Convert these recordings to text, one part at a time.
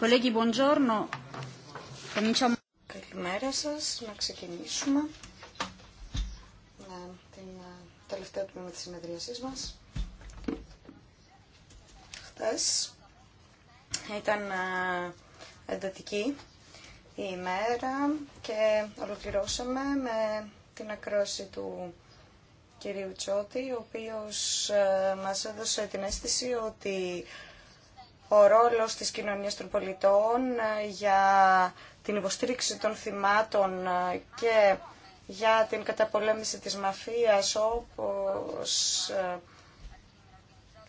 Colleghi, buongiorno. Καλημέρα σα Να ξεκινήσουμε με την ε, τελευταία τμήμα τη συνεδρίασή μα. Χθε ήταν ε, εντατική η ημέρα και ολοκληρώσαμε με την ακρόση του κυρίου Τσότη, ο οποίος ε, μας έδωσε την αίσθηση ότι ο ρόλος της κοινωνίας των πολιτών ε, για την υποστήριξη των θυμάτων ε, και για την καταπολέμηση της μαφίας όπως ε,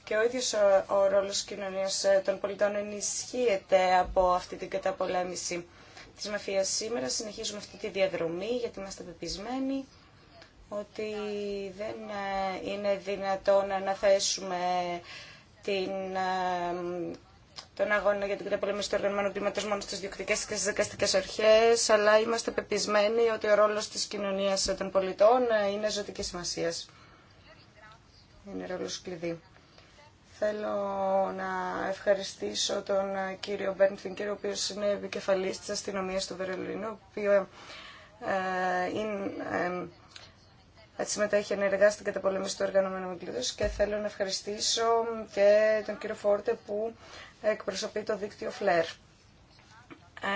και ο ίδιος ο ρόλος κοινωνίας των πολιτών ενισχύεται από αυτή την καταπολέμηση της μαφίας σήμερα. Συνεχίζουμε αυτή τη διαδρομή γιατί είμαστε πεπισμένοι ότι δεν είναι δυνατόν να θέσουμε την τον αγώνα για την καταπολέμηση του οργανωμένου κλίματο μόνο στι διοικητικέ και στι δικαστικέ αρχέ, αλλά είμαστε πεπισμένοι ότι ο ρόλο τη κοινωνία των πολιτών ε, είναι ζωτική σημασία. Είναι ρόλο κλειδί. Θέλω να ευχαριστήσω τον ε, κύριο Μπέρνφινκερ, ο οποίο είναι επικεφαλή τη αστυνομία του Βερολίνου, ο οποίο ε, συμμετέχει ενεργά στην καταπολέμηση του οργανωμένου κλίματο και θέλω να ευχαριστήσω και τον κύριο Φόρτε που εκπροσωπεί το δίκτυο Φλερ.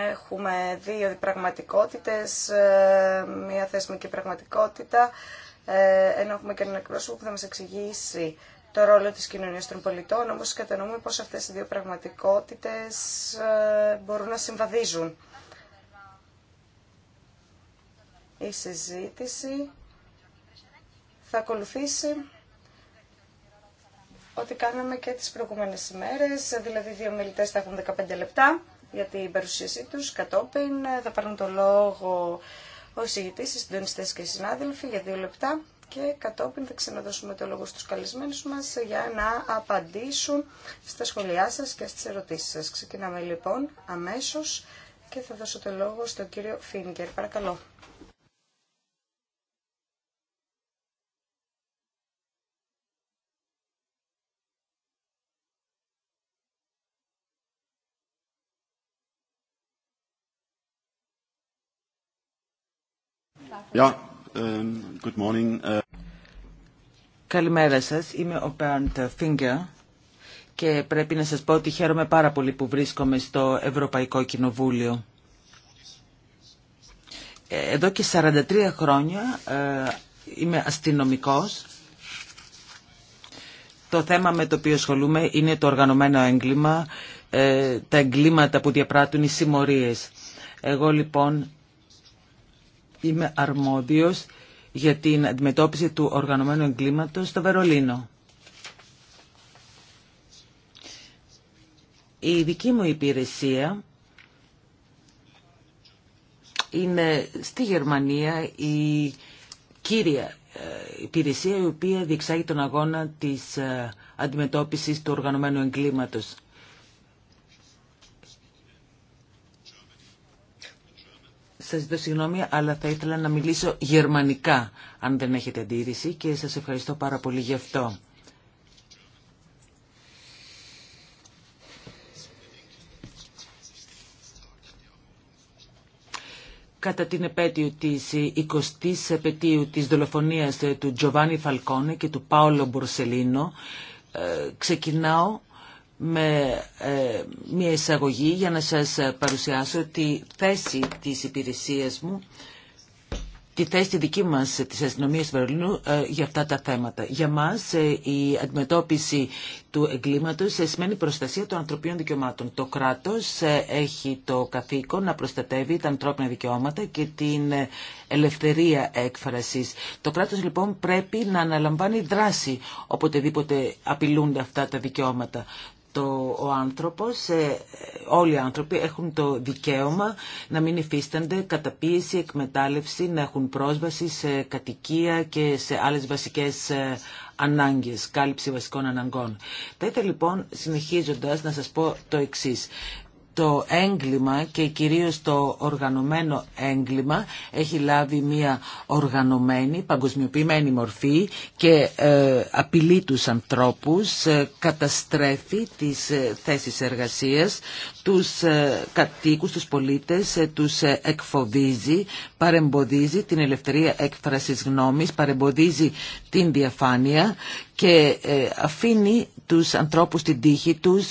Έχουμε δύο πραγματικότητες, ε, μία θεσμική πραγματικότητα, ε, ενώ έχουμε και έναν εκπρόσωπο που θα μας εξηγήσει το ρόλο της κοινωνίας των πολιτών, όμως κατανοούμε πως αυτές οι δύο πραγματικότητες ε, μπορούν να συμβαδίζουν. Η συζήτηση θα ακολουθήσει ό,τι κάναμε και τις προηγούμενες ημέρες, δηλαδή δύο μιλητές θα έχουν 15 λεπτά για την παρουσίασή τους, κατόπιν θα πάρουν το λόγο ο συγητής, οι συντονιστές και οι συνάδελφοι για δύο λεπτά και κατόπιν θα ξαναδώσουμε το λόγο στους καλεσμένους μας για να απαντήσουν στα σχόλιά σας και στις ερωτήσεις σας. Ξεκινάμε λοιπόν αμέσως και θα δώσω το λόγο στον κύριο Φίνγκερ. Παρακαλώ. Um, uh, Καλημέρα σας. Είμαι ο Πέρντ Φίγκερ και πρέπει να σας πω ότι χαίρομαι πάρα πολύ που βρίσκομαι στο Ευρωπαϊκό Κοινοβούλιο. Ε, εδώ και 43 χρόνια ε, είμαι αστυνομικός. Το θέμα με το οποίο ασχολούμαι είναι το οργανωμένο έγκλημα, ε, τα εγκλήματα που διαπράττουν οι συμμορίες. Εγώ λοιπόν είμαι αρμόδιος για την αντιμετώπιση του οργανωμένου εγκλήματος στο Βερολίνο. Η δική μου υπηρεσία είναι στη Γερμανία η κύρια ε, υπηρεσία η οποία διεξάγει τον αγώνα της ε, αντιμετώπισης του οργανωμένου εγκλήματος. Σα ζητώ συγγνώμη, αλλά θα ήθελα να μιλήσω γερμανικά, αν δεν έχετε αντίρρηση και σας ευχαριστώ πάρα πολύ γι' αυτό. κατά την επέτειο της 20ης επαιτίου της δολοφονίας του Τζοβάνι Φαλκόνε και του Πάολο Μπορσελίνο ξεκινάω με ε, μια εισαγωγή για να σας παρουσιάσω τη θέση της υπηρεσίας μου, τη θέση τη δική μας της αστυνομίας του Βερολίνου ε, για αυτά τα θέματα. Για μας ε, η αντιμετώπιση του εγκλήματος σημαίνει προστασία των ανθρωπίνων δικαιωμάτων. Το κράτος έχει το καθήκον να προστατεύει τα ανθρώπινα δικαιώματα και την ελευθερία έκφρασης. Το κράτος λοιπόν πρέπει να αναλαμβάνει δράση οποτεδήποτε απειλούνται αυτά τα δικαιώματα το, ο άνθρωπος, ε, όλοι οι άνθρωποι έχουν το δικαίωμα να μην υφίστανται καταπίεση, εκμετάλλευση, να έχουν πρόσβαση σε κατοικία και σε άλλες βασικές ε, ανάγκες, κάλυψη βασικών αναγκών. Θα ήθελα λοιπόν συνεχίζοντας να σας πω το εξής το έγκλημα και κυρίως το οργανωμένο έγκλημα έχει λάβει μια οργανωμένη, παγκοσμιοποιημένη μορφή και ε, απειλεί τους ανθρώπους, ε, καταστρέφει τις ε, θέσεις εργασίας τους ε, κατοίκους, τους πολίτες, ε, τους ε, εκφοβίζει, παρεμποδίζει την ελευθερία έκφρασης γνώμης, παρεμποδίζει την διαφάνεια και αφήνει τους ανθρώπους την τύχη τους,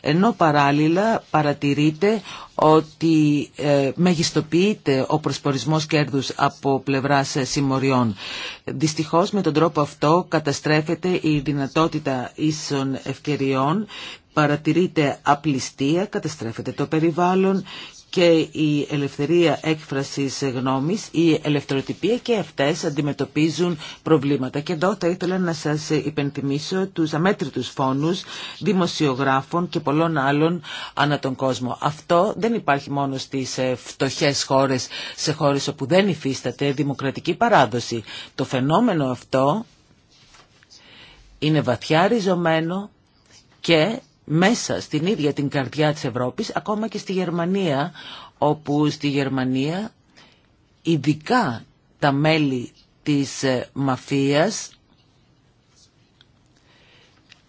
ενώ παράλληλα παρατηρείται ότι μεγιστοποιείται ο προσπορισμός κέρδους από πλευράς συμμοριών. Δυστυχώς με τον τρόπο αυτό καταστρέφεται η δυνατότητα ίσων ευκαιριών παρατηρείται απληστία, καταστρέφεται το περιβάλλον και η ελευθερία έκφρασης γνώμης, η ελευθεροτυπία και αυτές αντιμετωπίζουν προβλήματα. Και εδώ θα ήθελα να σας υπενθυμίσω τους αμέτρητους φόνους δημοσιογράφων και πολλών άλλων ανά τον κόσμο. Αυτό δεν υπάρχει μόνο στις ε, φτωχές χώρες, σε χώρες όπου δεν υφίσταται δημοκρατική παράδοση. Το φαινόμενο αυτό είναι βαθιά ριζωμένο και μέσα στην ίδια την καρδιά της Ευρώπης, ακόμα και στη Γερμανία, όπου στη Γερμανία ειδικά τα μέλη της ε, μαφίας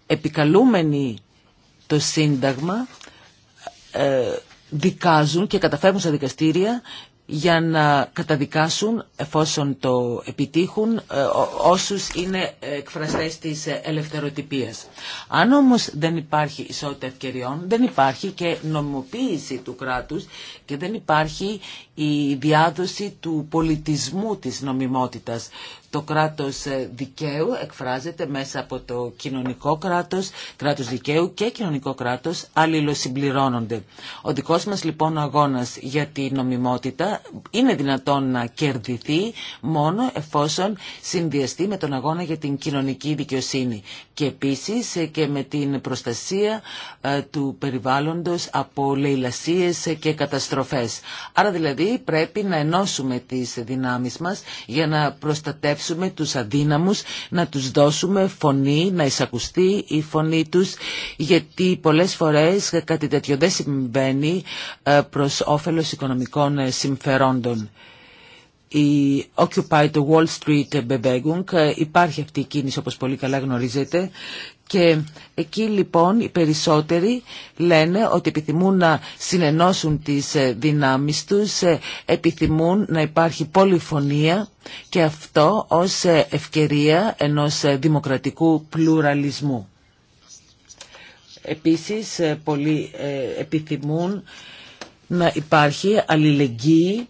επικαλούμενοι το Σύνταγμα ε, δικάζουν και καταφέρουν στα δικαστήρια για να καταδικάσουν, εφόσον το επιτύχουν, ε, όσους είναι εκφραστές της ελευθεροτυπίας. Αν όμως δεν υπάρχει ισότητα ευκαιριών, δεν υπάρχει και νομιμοποίηση του κράτους και δεν υπάρχει η διάδοση του πολιτισμού της νομιμότητας. Το κράτος ε, δικαίου εκφράζεται μέσα από το κοινωνικό κράτος, κράτος δικαίου και κοινωνικό κράτος αλληλοσυμπληρώνονται. Ο δικός μας λοιπόν αγώνας για τη νομιμότητα είναι δυνατόν να κερδιθεί μόνο εφόσον συνδυαστεί με τον αγώνα για την κοινωνική δικαιοσύνη και επίσης ε, και με την προστασία ε, του περιβάλλοντος από λαιλασίες και καταστροφές. Άρα δηλαδή πρέπει να ενώσουμε τις δυνάμεις μας για να προστατεύσουμε βοηθήσουμε τους αδύναμους, να τους δώσουμε φωνή, να εισακουστεί η φωνή τους, γιατί πολλές φορές κάτι τέτοιο δεν συμβαίνει ε, προς όφελος οικονομικών ε, συμφερόντων η Occupy the Wall Street Bebegung, ε, υπάρχει αυτή η κίνηση όπως πολύ καλά γνωρίζετε και εκεί λοιπόν οι περισσότεροι λένε ότι επιθυμούν να συνενώσουν τις ε, δυνάμεις τους, ε, επιθυμούν να υπάρχει πολυφωνία και αυτό ως ευκαιρία ενός δημοκρατικού πλουραλισμού. Επίσης πολλοί επιθυμούν να υπάρχει αλληλεγγύη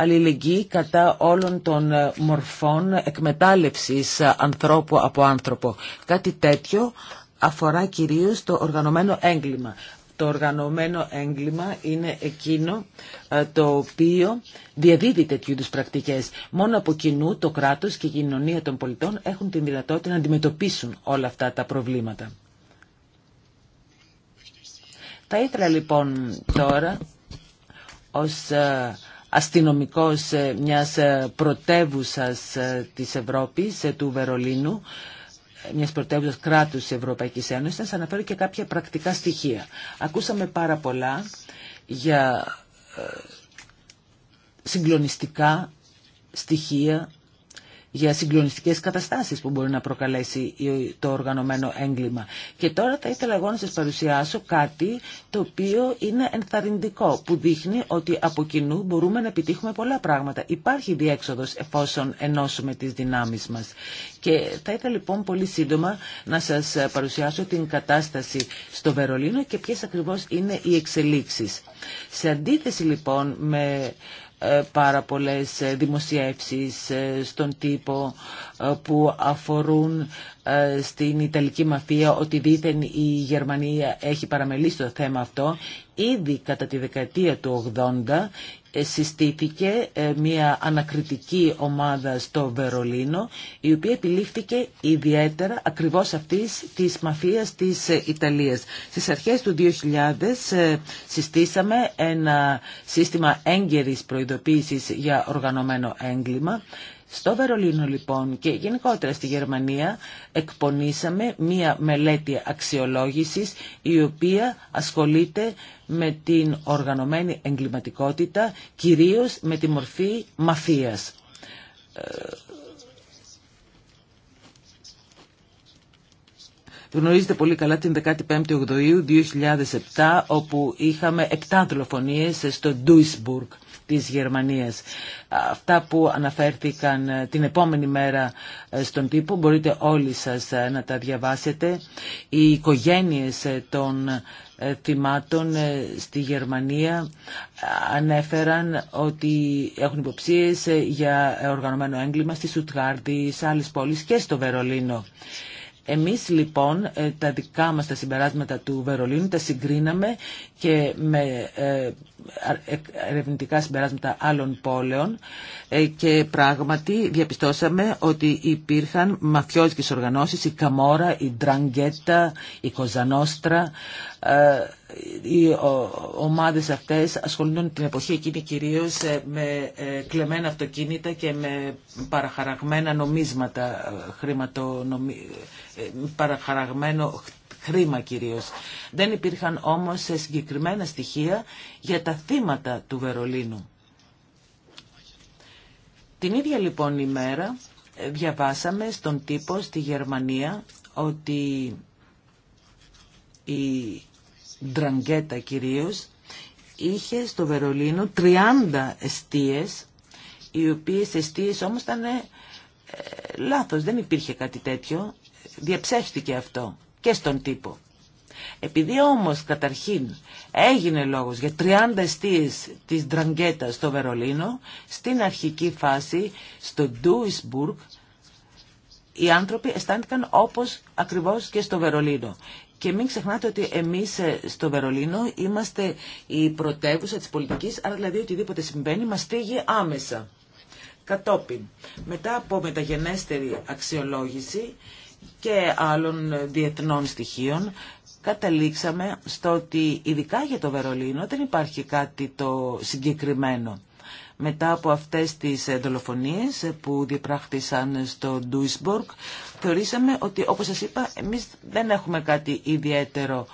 αλληλεγγύη κατά όλων των ε, μορφών εκμετάλλευσης ε, ανθρώπου από άνθρωπο. Κάτι τέτοιο αφορά κυρίως το οργανωμένο έγκλημα. Το οργανωμένο έγκλημα είναι εκείνο ε, το οποίο διαδίδει τέτοιου είδου πρακτικέ. Μόνο από κοινού το κράτο και η κοινωνία των πολιτών έχουν την δυνατότητα να αντιμετωπίσουν όλα αυτά τα προβλήματα. Θα ήθελα λοιπόν τώρα ως αστυνομικός ε, ε, ε, μιας πρωτεύουσας της Ευρώπης, του Βερολίνου, μιας πρωτεύουσα κράτους της Ευρωπαϊκής Ένωσης, θα αναφέρω και κάποια πρακτικά στοιχεία. Ακούσαμε πάρα πολλά για συγκλονιστικά στοιχεία για συγκλονιστικές καταστάσεις που μπορεί να προκαλέσει το οργανωμένο έγκλημα. Και τώρα θα ήθελα εγώ να σας παρουσιάσω κάτι το οποίο είναι ενθαρρυντικό, που δείχνει ότι από κοινού μπορούμε να επιτύχουμε πολλά πράγματα. Υπάρχει διέξοδος εφόσον ενώσουμε τις δυνάμεις μας. Και θα ήθελα λοιπόν πολύ σύντομα να σας παρουσιάσω την κατάσταση στο Βερολίνο και ποιες ακριβώς είναι οι εξελίξεις. Σε αντίθεση λοιπόν με ε, πάρα πολλές ε, δημοσιεύσεις ε, στον τύπο που αφορούν ε, στην Ιταλική μαφία ότι δήθεν η Γερμανία έχει παραμελήσει το θέμα αυτό. Ήδη κατά τη δεκαετία του 80 ε, συστήθηκε ε, μια ανακριτική ομάδα στο Βερολίνο η οποία επιλήφθηκε ιδιαίτερα ακριβώς αυτής της μαφίας της Ιταλίας. Στις αρχές του 2000 συστήσαμε ένα σύστημα έγκαιρης προειδοποίησης για οργανωμένο έγκλημα στο Βερολίνο λοιπόν και γενικότερα στη Γερμανία εκπονήσαμε μία μελέτη αξιολόγησης η οποία ασχολείται με την οργανωμένη εγκληματικότητα κυρίως με τη μορφή μαφίας. Ε, γνωρίζετε πολύ καλά την 15η Οκτωβρίου 2007 όπου είχαμε επτά δολοφονίες στο Duisburg της Γερμανίας. Αυτά που αναφέρθηκαν ε, την επόμενη μέρα ε, στον τύπο μπορείτε όλοι σας ε, να τα διαβάσετε. Οι οικογένειες των θυμάτων στη Γερμανία ανέφεραν ότι έχουν υποψίες για οργανωμένο έγκλημα στη Σουτγάρδη, σε άλλες πόλεις και στο Βερολίνο. Εμείς λοιπόν ε, τα δικά μας τα συμπεράσματα του Βερολίνου τα συγκρίναμε και με ε, ε, ερευνητικά συμπεράσματα άλλων πόλεων και πράγματι διαπιστώσαμε ότι υπήρχαν μαφιόζικες οργανώσεις, η Καμόρα, η Ντραγκέτα, η Κοζανόστρα, οι ομάδες αυτές ασχολούνταν την εποχή εκείνη κυρίως ε, με ε, κλεμμένα αυτοκίνητα και με παραχαραγμένα νομίσματα, ε, χρηματονομι... παραχαραγμένο χρήμα κυρίως. Δεν υπήρχαν όμως συγκεκριμένα στοιχεία για τα θύματα του Βερολίνου. Την ίδια λοιπόν ημέρα διαβάσαμε στον τύπο στη Γερμανία ότι η Δραγκέτα κυρίως, είχε στο Βερολίνο 30 εστίες, οι οποίες εστίες όμως ήταν ε, λάθος, δεν υπήρχε κάτι τέτοιο, διαψεύστηκε αυτό και στον τύπο. Επειδή όμως καταρχήν έγινε λόγος για 30 εστίες της Δραγκέτα στο Βερολίνο, στην αρχική φάση, στο Ντούισμπουργκ, οι άνθρωποι αισθάνθηκαν όπως ακριβώς και στο Βερολίνο. Και μην ξεχνάτε ότι εμείς ε, στο Βερολίνο είμαστε η πρωτεύουσα της πολιτικής, άρα δηλαδή οτιδήποτε συμβαίνει μας στείγει άμεσα. Κατόπιν, μετά από μεταγενέστερη αξιολόγηση και άλλων διεθνών στοιχείων, καταλήξαμε στο ότι ειδικά για το Βερολίνο δεν υπάρχει κάτι το συγκεκριμένο μετά από αυτές τις δολοφονίες που διαπράχτησαν στο Ντουισμπορκ θεωρήσαμε ότι όπως σας είπα εμείς δεν έχουμε κάτι ιδιαίτερο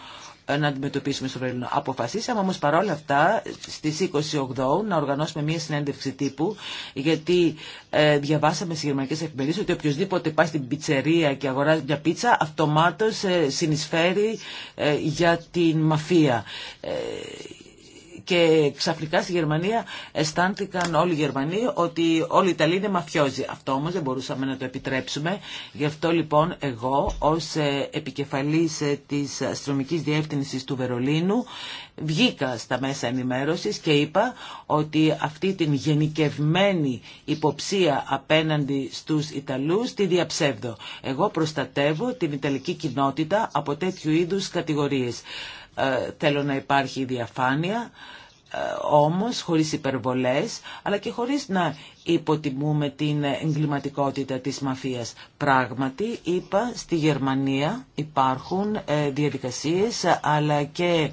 ε, να αντιμετωπίσουμε στο Βερολίνο. Αποφασίσαμε όμως παρόλα αυτά στις 28 να οργανώσουμε μια συνέντευξη τύπου γιατί ε, διαβάσαμε στις γερμανικές εφημερίες ότι οποιοδήποτε πάει στην πιτσερία και αγοράζει μια πίτσα αυτομάτως ε, συνεισφέρει ε, για την μαφία και ξαφνικά στη Γερμανία αισθάνθηκαν όλοι οι Γερμανοί ότι όλοι οι Ιταλοί είναι Αυτό όμως δεν μπορούσαμε να το επιτρέψουμε. Γι' αυτό λοιπόν εγώ ως ε, επικεφαλής ε, της αστρομικής διεύθυνσης του Βερολίνου βγήκα στα μέσα ενημέρωσης και είπα ότι αυτή την γενικευμένη υποψία απέναντι στους Ιταλούς τη διαψεύδω. Εγώ προστατεύω την Ιταλική κοινότητα από τέτοιου είδους κατηγορίες. Ε, θέλω να υπάρχει διαφάνεια, ε, όμως χωρίς υπερβολές αλλά και χωρίς να υποτιμούμε την εγκληματικότητα της μαφίας. Πράγματι, είπα, στη Γερμανία υπάρχουν ε, διαδικασίες αλλά και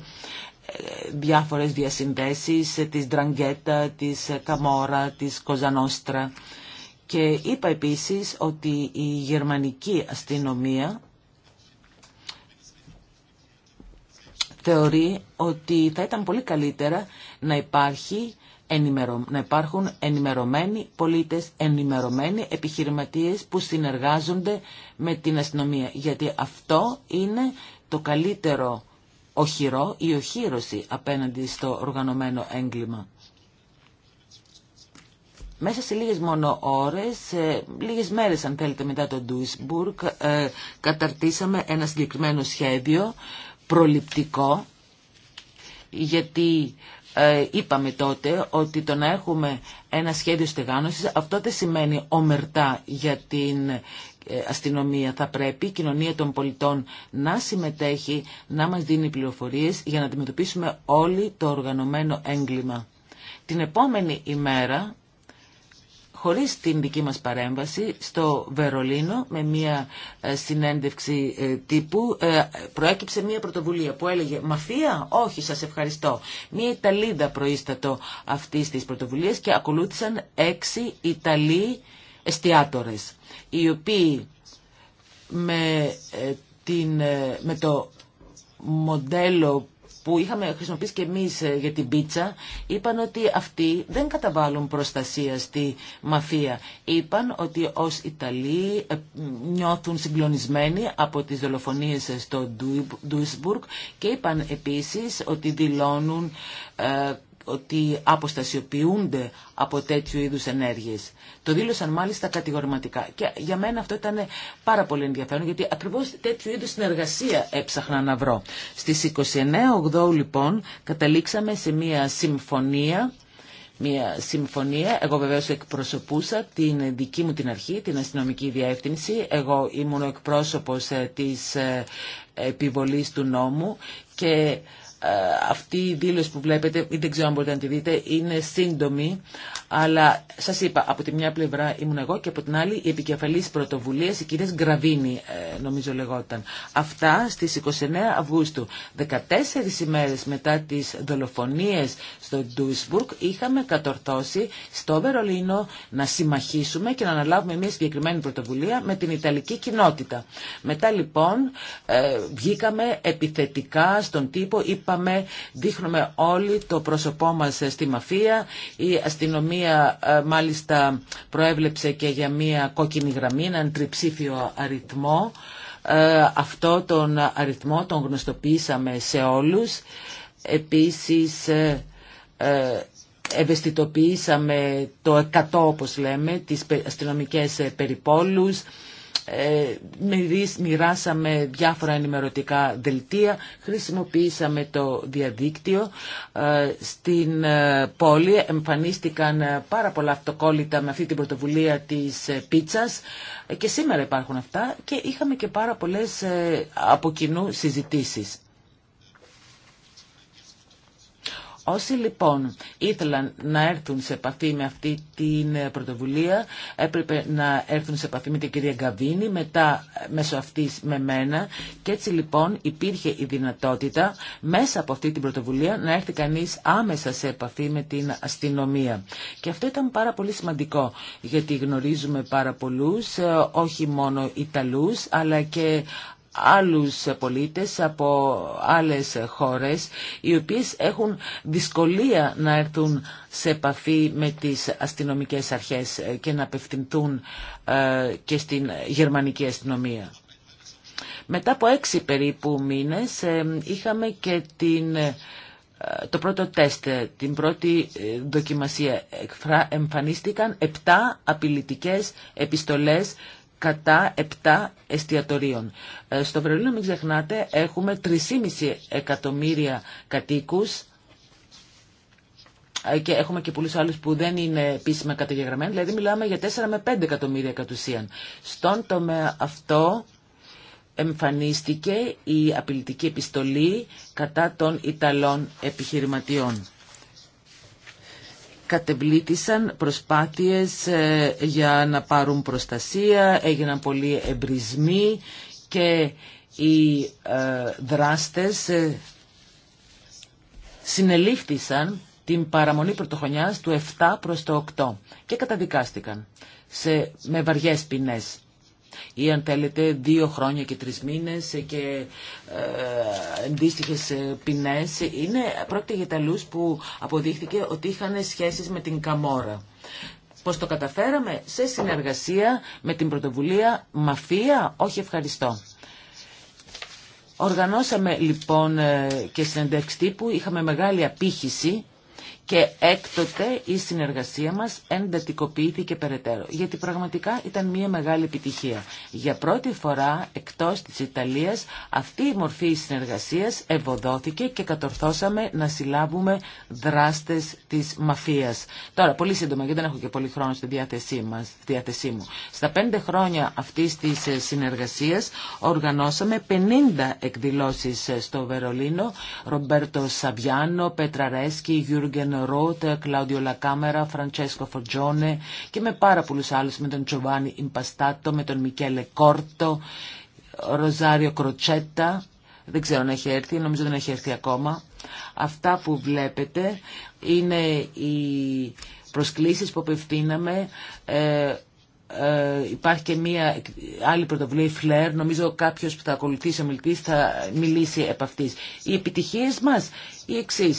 ε, διάφορες διασυνδέσεις της Δραγκέτα, της Καμόρα, της Κοζανόστρα. Και είπα επίσης ότι η γερμανική αστυνομία θεωρεί ότι θα ήταν πολύ καλύτερα να υπάρχει να υπάρχουν ενημερωμένοι πολίτες, ενημερωμένοι επιχειρηματίες που συνεργάζονται με την αστυνομία. Γιατί αυτό είναι το καλύτερο οχυρό ή οχύρωση απέναντι στο οργανωμένο έγκλημα. Μέσα σε λίγες μόνο ώρες, λίγες μέρες αν θέλετε μετά το Duisburg, ε, καταρτήσαμε ένα συγκεκριμένο σχέδιο προληπτικό γιατί ε, είπαμε τότε ότι το να έχουμε ένα σχέδιο στεγάνωσης αυτό δεν σημαίνει ομερτά για την ε, αστυνομία. Θα πρέπει η κοινωνία των πολιτών να συμμετέχει, να μας δίνει πληροφορίες για να αντιμετωπίσουμε όλοι το οργανωμένο έγκλημα. Την επόμενη ημέρα χωρίς την δική μας παρέμβαση στο Βερολίνο με μια ε, συνέντευξη ε, τύπου ε, προέκυψε μια πρωτοβουλία που έλεγε «Μαφία, όχι σας ευχαριστώ». Μια Ιταλίδα προείστατο αυτής της πρωτοβουλίας και ακολούθησαν έξι Ιταλοί εστιατόρες, οι οποίοι με, με το μοντέλο που είχαμε χρησιμοποιήσει και εμείς ε, για την πίτσα είπαν ότι αυτοί δεν καταβάλουν προστασία στη μαφία. Είπαν ότι ως Ιταλοί ε, νιώθουν συγκλονισμένοι από τις δολοφονίες ε, στο Ντουισμπουργκ και είπαν επίσης ότι δηλώνουν ότι αποστασιοποιούνται από τέτοιου είδους ενέργειες. Το δήλωσαν μάλιστα κατηγορηματικά. Και για μένα αυτό ήταν πάρα πολύ ενδιαφέρον, γιατί ακριβώς τέτοιου είδους συνεργασία έψαχνα να βρω. Στις 29 8 λοιπόν καταλήξαμε σε μια συμφωνία μια συμφωνία. Εγώ βεβαίως εκπροσωπούσα την δική μου την αρχή, την αστυνομική διεύθυνση. Εγώ ήμουν ο εκπρόσωπος ε, της ε, επιβολής του νόμου και ε, αυτή η δήλωση που βλέπετε, δεν ξέρω αν μπορείτε να τη δείτε, είναι σύντομη, αλλά σας είπα, από τη μια πλευρά ήμουν εγώ και από την άλλη η επικεφαλής πρωτοβουλίας, η κυρία Γκραβίνη ε, νομίζω λεγόταν. Αυτά στις 29 Αυγούστου, 14 ημέρες μετά τις δολοφονίες στο Ντουισμπουργκ, είχαμε κατορθώσει στο Βερολίνο να συμμαχίσουμε και να αναλάβουμε μια συγκεκριμένη πρωτοβουλία με την Ιταλική κοινότητα. Μετά λοιπόν ε, βγήκαμε επιθετικά στον τύπο, είπα είπαμε, δείχνουμε όλοι το πρόσωπό μας στη μαφία. Η αστυνομία ε, μάλιστα προέβλεψε και για μια κόκκινη γραμμή, έναν τριψήφιο αριθμό. Ε, αυτό τον αριθμό τον γνωστοποιήσαμε σε όλους. Επίσης ε, ευαισθητοποιήσαμε το 100 όπως λέμε, τις αστυνομικές περιπόλους ε, μοιράσαμε διάφορα ενημερωτικά δελτία, χρησιμοποίησαμε το διαδίκτυο. Ε, στην ε, πόλη εμφανίστηκαν πάρα πολλά αυτοκόλλητα με αυτή την πρωτοβουλία της πίτσας και σήμερα υπάρχουν αυτά και είχαμε και πάρα πολλές από κοινού συζητήσεις. Όσοι λοιπόν ήθελαν να έρθουν σε επαφή με αυτή την ε, πρωτοβουλία έπρεπε να έρθουν σε επαφή με την κυρία Γκαβίνη μετά ε, μέσω αυτής με μένα και έτσι λοιπόν υπήρχε η δυνατότητα μέσα από αυτή την πρωτοβουλία να έρθει κανείς άμεσα σε επαφή με την αστυνομία. Και αυτό ήταν πάρα πολύ σημαντικό γιατί γνωρίζουμε πάρα πολλούς ε, όχι μόνο Ιταλούς αλλά και άλλους πολίτες από άλλες χώρες οι οποίες έχουν δυσκολία να έρθουν σε επαφή με τις αστυνομικές αρχές και να απευθυνθούν ε, και στην γερμανική αστυνομία. Μετά από έξι περίπου μήνες ε, είχαμε και την, ε, το πρώτο τεστ, την πρώτη δοκιμασία. Εμφανίστηκαν επτά απειλητικές επιστολές κατά 7 εστιατορίων. Ε, στο Βερολίνο, μην ξεχνάτε, έχουμε 3,5 εκατομμύρια κατοίκους ε, και έχουμε και πολλούς άλλους που δεν είναι επίσημα καταγεγραμμένοι, δηλαδή μιλάμε για 4 με 5 εκατομμύρια κατ' ουσίαν. Στον τομέα αυτό εμφανίστηκε η απειλητική επιστολή κατά των Ιταλών επιχειρηματιών κατεβλήτησαν προσπάθειες ε, για να πάρουν προστασία, έγιναν πολλοί εμπρισμοί και οι ε, δράστες ε, συνελήφθησαν την παραμονή πρωτοχρονιάς του 7 προς το 8 και καταδικάστηκαν σε, με βαριές ποινές ή αν θέλετε δύο χρόνια και τρεις μήνες και ε, αντίστοιχε ε, ποινές. Είναι, πρόκειται για Ιταλούς που αποδείχθηκε ότι είχαν σχέσεις με την Καμόρα. Πώς το καταφέραμε? Σε συνεργασία με την πρωτοβουλία Μαφία, όχι ευχαριστώ. Οργανώσαμε λοιπόν ε, και συνεντεύξη που είχαμε μεγάλη απήχηση και έκτοτε η συνεργασία μας εντατικοποιήθηκε περαιτέρω, γιατί πραγματικά ήταν μια μεγάλη επιτυχία. Για πρώτη φορά εκτός της Ιταλίας αυτή η μορφή συνεργασίας ευωδόθηκε και κατορθώσαμε να συλλάβουμε δράστες της μαφίας. Τώρα, πολύ σύντομα, γιατί δεν έχω και πολύ χρόνο στη διάθεσή, μας, στη διάθεσή μου. Στα πέντε χρόνια αυτή της συνεργασίας οργανώσαμε 50 εκδηλώσεις στο Βερολίνο, Ρομπέρτο Σαβιάνο, Πετραρέσκι, Γιούργεν Ρότ, Κλάουδιο Λακάμερα, Φραντσέσκο Φοτζόνε και με πάρα πολλούς άλλους, με τον Τζοβάνι Ιμπαστάτο, με τον Μικέλε Κόρτο, Ροζάριο Κροτσέτα, δεν ξέρω αν έχει έρθει, νομίζω δεν έχει έρθει ακόμα. Αυτά που βλέπετε είναι οι προσκλήσεις που απευθύναμε ε, ε, υπάρχει και μία άλλη πρωτοβουλία, η Φλερ. Νομίζω κάποιο που θα ακολουθήσει ο μιλητή θα μιλήσει επ' αυτής. Οι επιτυχίε μα, οι εξή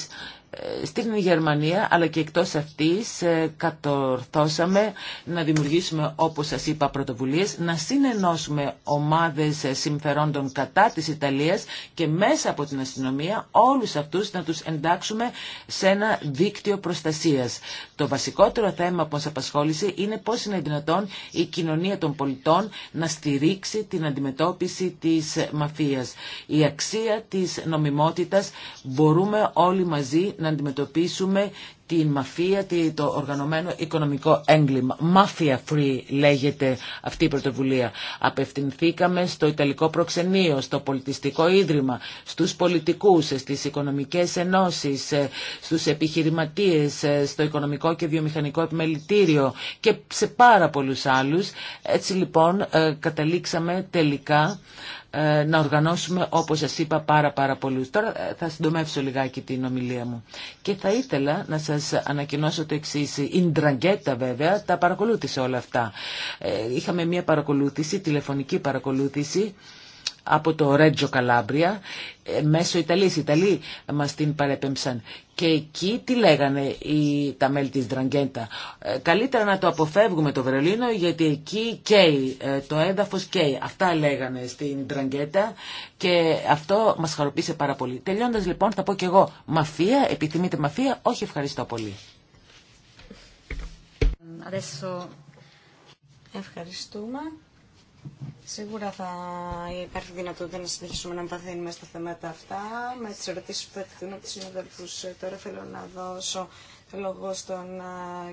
στην Γερμανία αλλά και εκτός αυτής ε, κατορθώσαμε να δημιουργήσουμε όπως σας είπα πρωτοβουλίες να συνενώσουμε ομάδες ε, συμφερόντων κατά της Ιταλίας και μέσα από την αστυνομία όλους αυτούς να τους εντάξουμε σε ένα δίκτυο προστασίας. Το βασικότερο θέμα που μας απασχόλησε είναι πώς είναι δυνατόν η κοινωνία των πολιτών να στηρίξει την αντιμετώπιση της μαφίας. Η αξία της νομιμότητας μπορούμε όλοι μαζί να αντιμετωπίσουμε την μαφία, το οργανωμένο οικονομικό έγκλημα. Mafia Free λέγεται αυτή η πρωτοβουλία. Απευθυνθήκαμε στο Ιταλικό Προξενείο, στο Πολιτιστικό Ίδρυμα, στους πολιτικούς, στις οικονομικές ενώσεις, ε, στους επιχειρηματίες, ε, στο Οικονομικό και Βιομηχανικό Επιμελητήριο και σε πάρα πολλούς άλλους. Έτσι λοιπόν ε, καταλήξαμε τελικά ε, να οργανώσουμε, όπως σας είπα, πάρα πάρα πολλούς. Τώρα ε, θα συντομεύσω λιγάκι την ομιλία μου. Και θα ήθελα να σας ανακοινώσω το εξή. Η Ντραγκέτα βέβαια τα παρακολούθησε όλα αυτά. Ε, είχαμε μια παρακολούθηση, τηλεφωνική παρακολούθηση, από το Ρέτζο Καλάμπρια ε, μέσω Ιταλής. Οι Ιταλοί μας την παρέπεμψαν. Και εκεί τι λέγανε οι, τα μέλη της Δραγκέντα. Ε, καλύτερα να το αποφεύγουμε το Βερολίνο γιατί εκεί καίει, ε, το έδαφος καίει. Αυτά λέγανε στην Δραγκέντα και αυτό μας χαροποίησε πάρα πολύ. Τελειώντας λοιπόν θα πω και εγώ μαφία, επιθυμείτε μαφία, όχι ευχαριστώ πολύ. Ευχαριστούμε. Σίγουρα θα υπάρχει δυνατότητα να συνεχίσουμε να εμβαθύνουμε στα θέματα αυτά. Με τι ερωτήσει που θα εκτεθούν από του συναδέλφου, ε, τώρα θέλω να δώσω λόγο στον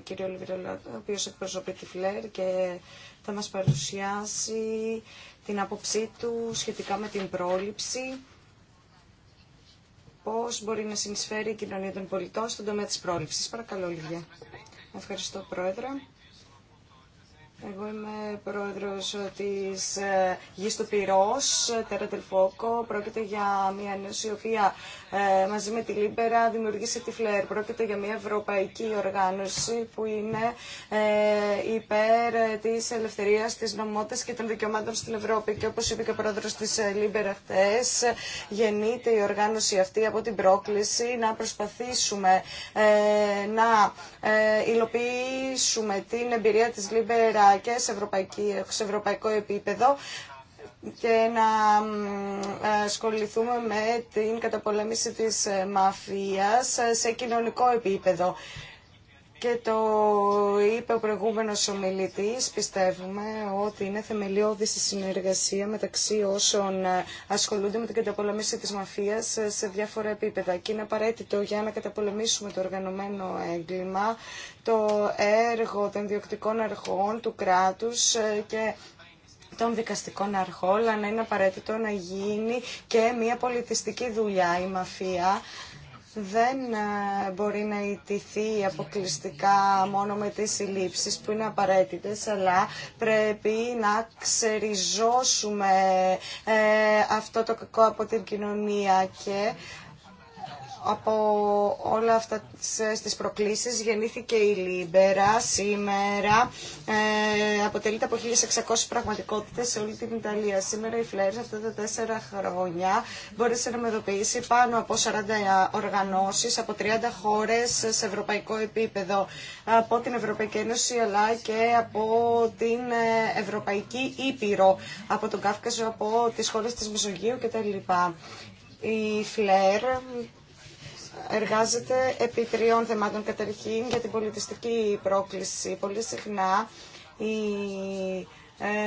κύριο Λιβυρολό, ο οποίος εκπροσωπεί τη ΦΛΕΡ και θα μα παρουσιάσει την άποψή του σχετικά με την πρόληψη Πώ μπορεί να συνεισφέρει η κοινωνία των πολιτών στον τομέα τη πρόληψη. Παρακαλώ, Λιβιά. Ευχαριστώ, Πρόεδρε. Εγώ είμαι πρόεδρος της ε, Γης του Πυρός, Τέρα ε, Τελφόκο. Πρόκειται για μια ενώση η οποία ε, μαζί με τη Λίμπερα δημιουργήσε τη Φλερ. Πρόκειται για μια ευρωπαϊκή οργάνωση που είναι υπέρ της ελευθερίας, της νομότητας και των δικαιωμάτων στην Ευρώπη. Και όπως είπε και ο πρόεδρος της Λίμπερα χτες, γεννείται η οργάνωση αυτή από την πρόκληση να προσπαθήσουμε να υλοποιήσουμε την εμπειρία της Λίμπερα και σε, ευρωπαϊκό επίπεδο και να ε, ασχοληθούμε με την καταπολέμηση της ε, μαφίας ε, σε κοινωνικό επίπεδο. Και το είπε ο προηγούμενος ομιλητής, πιστεύουμε ότι είναι θεμελιώδης η συνεργασία μεταξύ όσων ασχολούνται με την καταπολέμηση της μαφίας σε διάφορα επίπεδα. Και είναι απαραίτητο για να καταπολεμήσουμε το οργανωμένο έγκλημα το έργο των διοκτικών αρχών του κράτους ε, και των δικαστικών αρχών, αλλά να είναι απαραίτητο να γίνει και μια πολιτιστική δουλειά η μαφία δεν ε, μπορεί να ιτηθεί αποκλειστικά μόνο με τις συλλήψεις που είναι απαραίτητες, αλλά πρέπει να ξεριζώσουμε ε, αυτό το κακό από την κοινωνία και από όλα αυτά τις προκλήσεις γεννήθηκε η Λίμπερα σήμερα ε, αποτελείται από 1600 πραγματικότητες σε όλη την Ιταλία σήμερα η Φλέρς αυτά τα τέσσερα χρόνια μπόρεσε να μεδοποιήσει πάνω από 40 οργανώσεις από 30 χώρες σε ευρωπαϊκό επίπεδο από την Ευρωπαϊκή Ένωση αλλά και από την ε, Ευρωπαϊκή Ήπειρο από τον Κάφκαζο, από τις χώρες της Μεσογείου κτλ. Η Φλερ εργάζεται επί τριών θεμάτων. Καταρχήν για την πολιτιστική πρόκληση. Πολύ συχνά η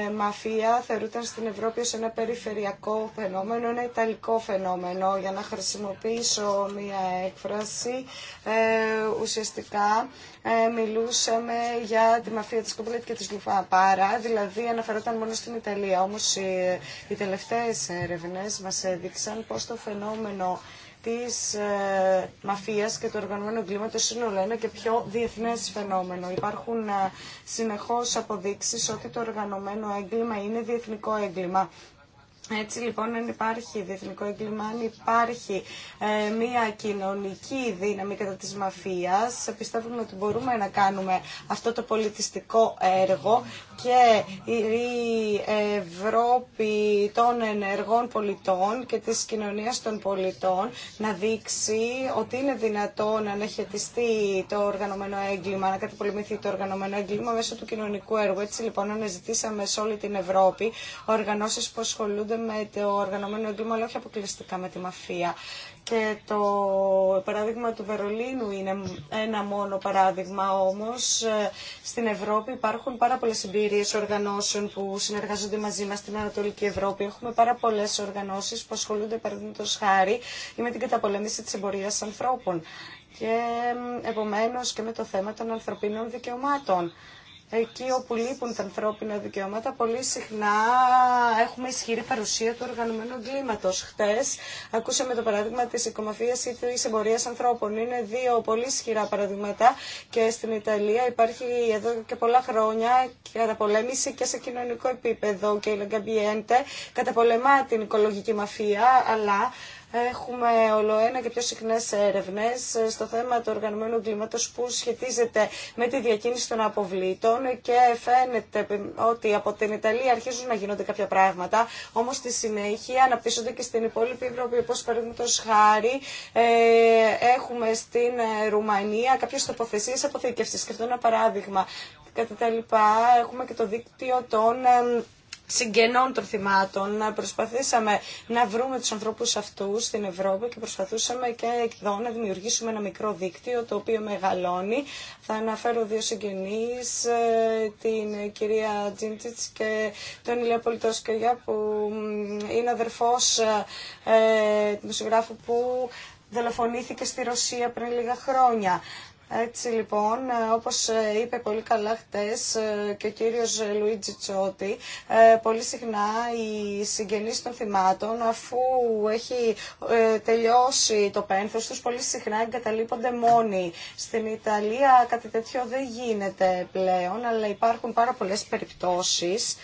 ε, μαφία θεωρούταν στην Ευρώπη ως ένα περιφερειακό φαινόμενο, ένα ιταλικό φαινόμενο. Για να χρησιμοποιήσω μία έκφραση, ε, ουσιαστικά ε, μιλούσαμε για τη μαφία της Κομπλέτ και της Λουφαπάρα, δηλαδή αναφερόταν μόνο στην Ιταλία. Όμως οι, οι τελευταίες έρευνες μας έδειξαν πως το φαινόμενο της ε, μαφίας και του οργανωμένου εγκλήματος είναι όλο ένα και πιο διεθνές φαινόμενο. Υπάρχουν ε, συνεχώς αποδείξεις ότι το οργανωμένο έγκλημα είναι διεθνικό έγκλημα. Έτσι λοιπόν αν υπάρχει διεθνικό έγκλημα, αν υπάρχει ε, μια κοινωνική δύναμη κατά της μαφίας, πιστεύουμε ότι μπορούμε να κάνουμε αυτό το πολιτιστικό έργο και η Ευρώπη των ενεργών πολιτών και της κοινωνίας των πολιτών να δείξει ότι είναι δυνατό να αναχαιτιστεί το οργανωμένο έγκλημα, να καταπολεμηθεί το οργανωμένο έγκλημα μέσω του κοινωνικού έργου. Έτσι λοιπόν αναζητήσαμε σε όλη την Ευρώπη οργανώσεις που ασχολούνται με το οργανωμένο έγκλημα αλλά όχι αποκλειστικά με τη μαφία. Και το παράδειγμα του Βερολίνου είναι ένα μόνο παράδειγμα όμως. Ε, στην Ευρώπη υπάρχουν πάρα πολλές εμπειρίες οργανώσεων που συνεργάζονται μαζί μας στην Ανατολική Ευρώπη. Έχουμε πάρα πολλές οργανώσεις που ασχολούνται παραδείγματος χάρη ή με την καταπολέμηση της εμπορίας ανθρώπων και επομένως και με το θέμα των ανθρωπίνων δικαιωμάτων εκεί όπου λείπουν τα ανθρώπινα δικαιώματα, πολύ συχνά έχουμε ισχυρή παρουσία του οργανωμένου εγκλήματο. Χτε ακούσαμε το παράδειγμα τη οικομαφία ή τη εμπορία ανθρώπων. Είναι δύο πολύ ισχυρά παραδείγματα και στην Ιταλία υπάρχει εδώ και πολλά χρόνια καταπολέμηση και σε κοινωνικό επίπεδο. Και η Λαγκαμπιέντε καταπολεμά την οικολογική μαφία, αλλά Έχουμε ολοένα και πιο συχνέ έρευνε στο θέμα του οργανωμένου εγκλήματο που σχετίζεται με τη διακίνηση των αποβλήτων και φαίνεται ότι από την Ιταλία αρχίζουν να γίνονται κάποια πράγματα, όμω στη συνέχεια αναπτύσσονται και στην υπόλοιπη Ευρώπη. Όπω παραδείγματο χάρη, ε, έχουμε στην Ρουμανία κάποιε τοποθεσίε αποθήκευση. Και αυτό ένα παράδειγμα. Κατά τα λοιπά, έχουμε και το δίκτυο των ε, συγγενών των θυμάτων. Προσπαθήσαμε να βρούμε τους ανθρώπους αυτούς στην Ευρώπη και προσπαθούσαμε και εδώ να δημιουργήσουμε ένα μικρό δίκτυο το οποίο μεγαλώνει. Θα αναφέρω δύο συγγενείς, ε, την κυρία Τζίντιτς και τον Ηλία που είναι αδερφός ε, ε, του συγγράφου που δολοφονήθηκε στη Ρωσία πριν λίγα χρόνια. Έτσι λοιπόν, ε, όπως ε, είπε πολύ καλά χτες ε, και ο κύριος Λουίτζι Τσότη, πολύ συχνά οι συγγενείς των θυμάτων, αφού έχει τελειώσει το πένθος τους, πολύ συχνά εγκαταλείπονται μόνοι. Στην Ιταλία κάτι τέτοιο δεν γίνεται πλέον, αλλά υπάρχουν πάρα πολλές περιπτώσεις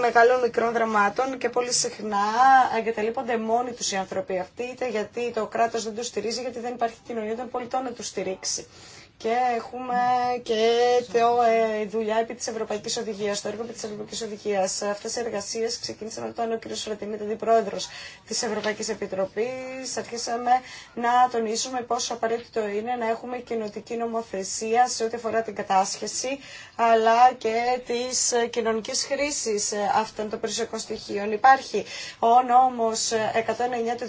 μεγάλων μικρών δραμάτων και πολύ συχνά εγκαταλείπονται μόνοι τους οι άνθρωποι αυτοί, είτε γιατί το κράτος δεν τους στηρίζει, γιατί δεν υπάρχει κοινωνία των πολιτών να τους στηρίξει. Και έχουμε και το, ε, δουλειά επί της Ευρωπαϊκής Οδηγίας, το έργο επί τη Ευρωπαϊκή Οδηγία. Αυτέ οι εργασίε ξεκίνησαν όταν ο κ. Φρατιμή, δηλαδή ήταν Πρόεδρο τη Ευρωπαϊκή Επιτροπή. Αρχίσαμε να τονίσουμε πόσο απαραίτητο είναι να έχουμε κοινοτική νομοθεσία σε ό,τι αφορά την κατάσχεση, αλλά και τη κοινωνική χρήση αυτών των περιουσιακών στοιχείων. Υπάρχει ο νόμος 109 του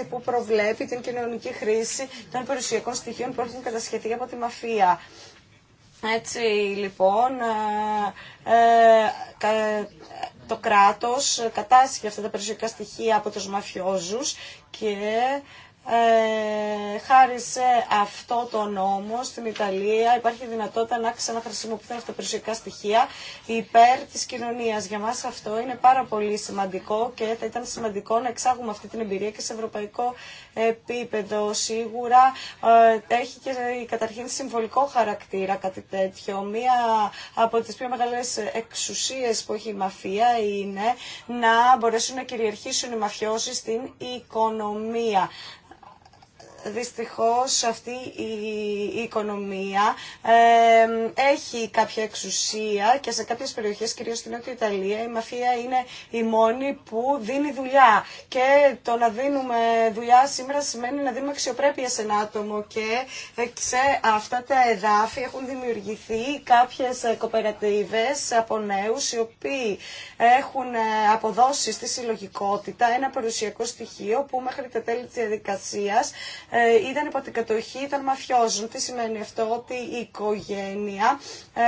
2006 που προβλέπει την κοινωνική χρήση των περιουσιακών στοιχείων που έχουν κατασχεθεί από την μαφία. Έτσι λοιπόν, ε, ε, το κράτος κατάσχει αυτά τα περιουσιακά στοιχεία από τους μαφιόζους και ε, χάρη σε αυτό το νόμο στην Ιταλία υπάρχει δυνατότητα να ξαναχρησιμοποιηθούν αυτά τα περιουσιακά στοιχεία υπέρ της κοινωνίας. Για μας αυτό είναι πάρα πολύ σημαντικό και θα ήταν σημαντικό να εξάγουμε αυτή την εμπειρία και σε ευρωπαϊκό επίπεδο. Σίγουρα ε, έχει και καταρχήν συμβολικό χαρακτήρα κάτι τέτοιο. Μία από τις πιο μεγάλες εξουσίες που έχει η μαφία είναι να μπορέσουν να κυριαρχήσουν οι μαφιώσεις στην οικονομία δυστυχώς αυτή η οικονομία ε, έχει κάποια εξουσία και σε κάποιες περιοχές, κυρίως στην Νότια Ιταλία, η μαφία είναι η μόνη που δίνει δουλειά. Και το να δίνουμε δουλειά σήμερα σημαίνει να δίνουμε αξιοπρέπεια σε ένα άτομο και σε αυτά τα εδάφη έχουν δημιουργηθεί κάποιες κοπερατίβες από νέους οι οποίοι έχουν ε, αποδώσει στη συλλογικότητα ένα παρουσιακό στοιχείο που μέχρι τα τέλη της διαδικασίας ε, ήταν υπό την κατοχή των μαφιόζων. Τι σημαίνει αυτό, ότι η οικογένεια ε,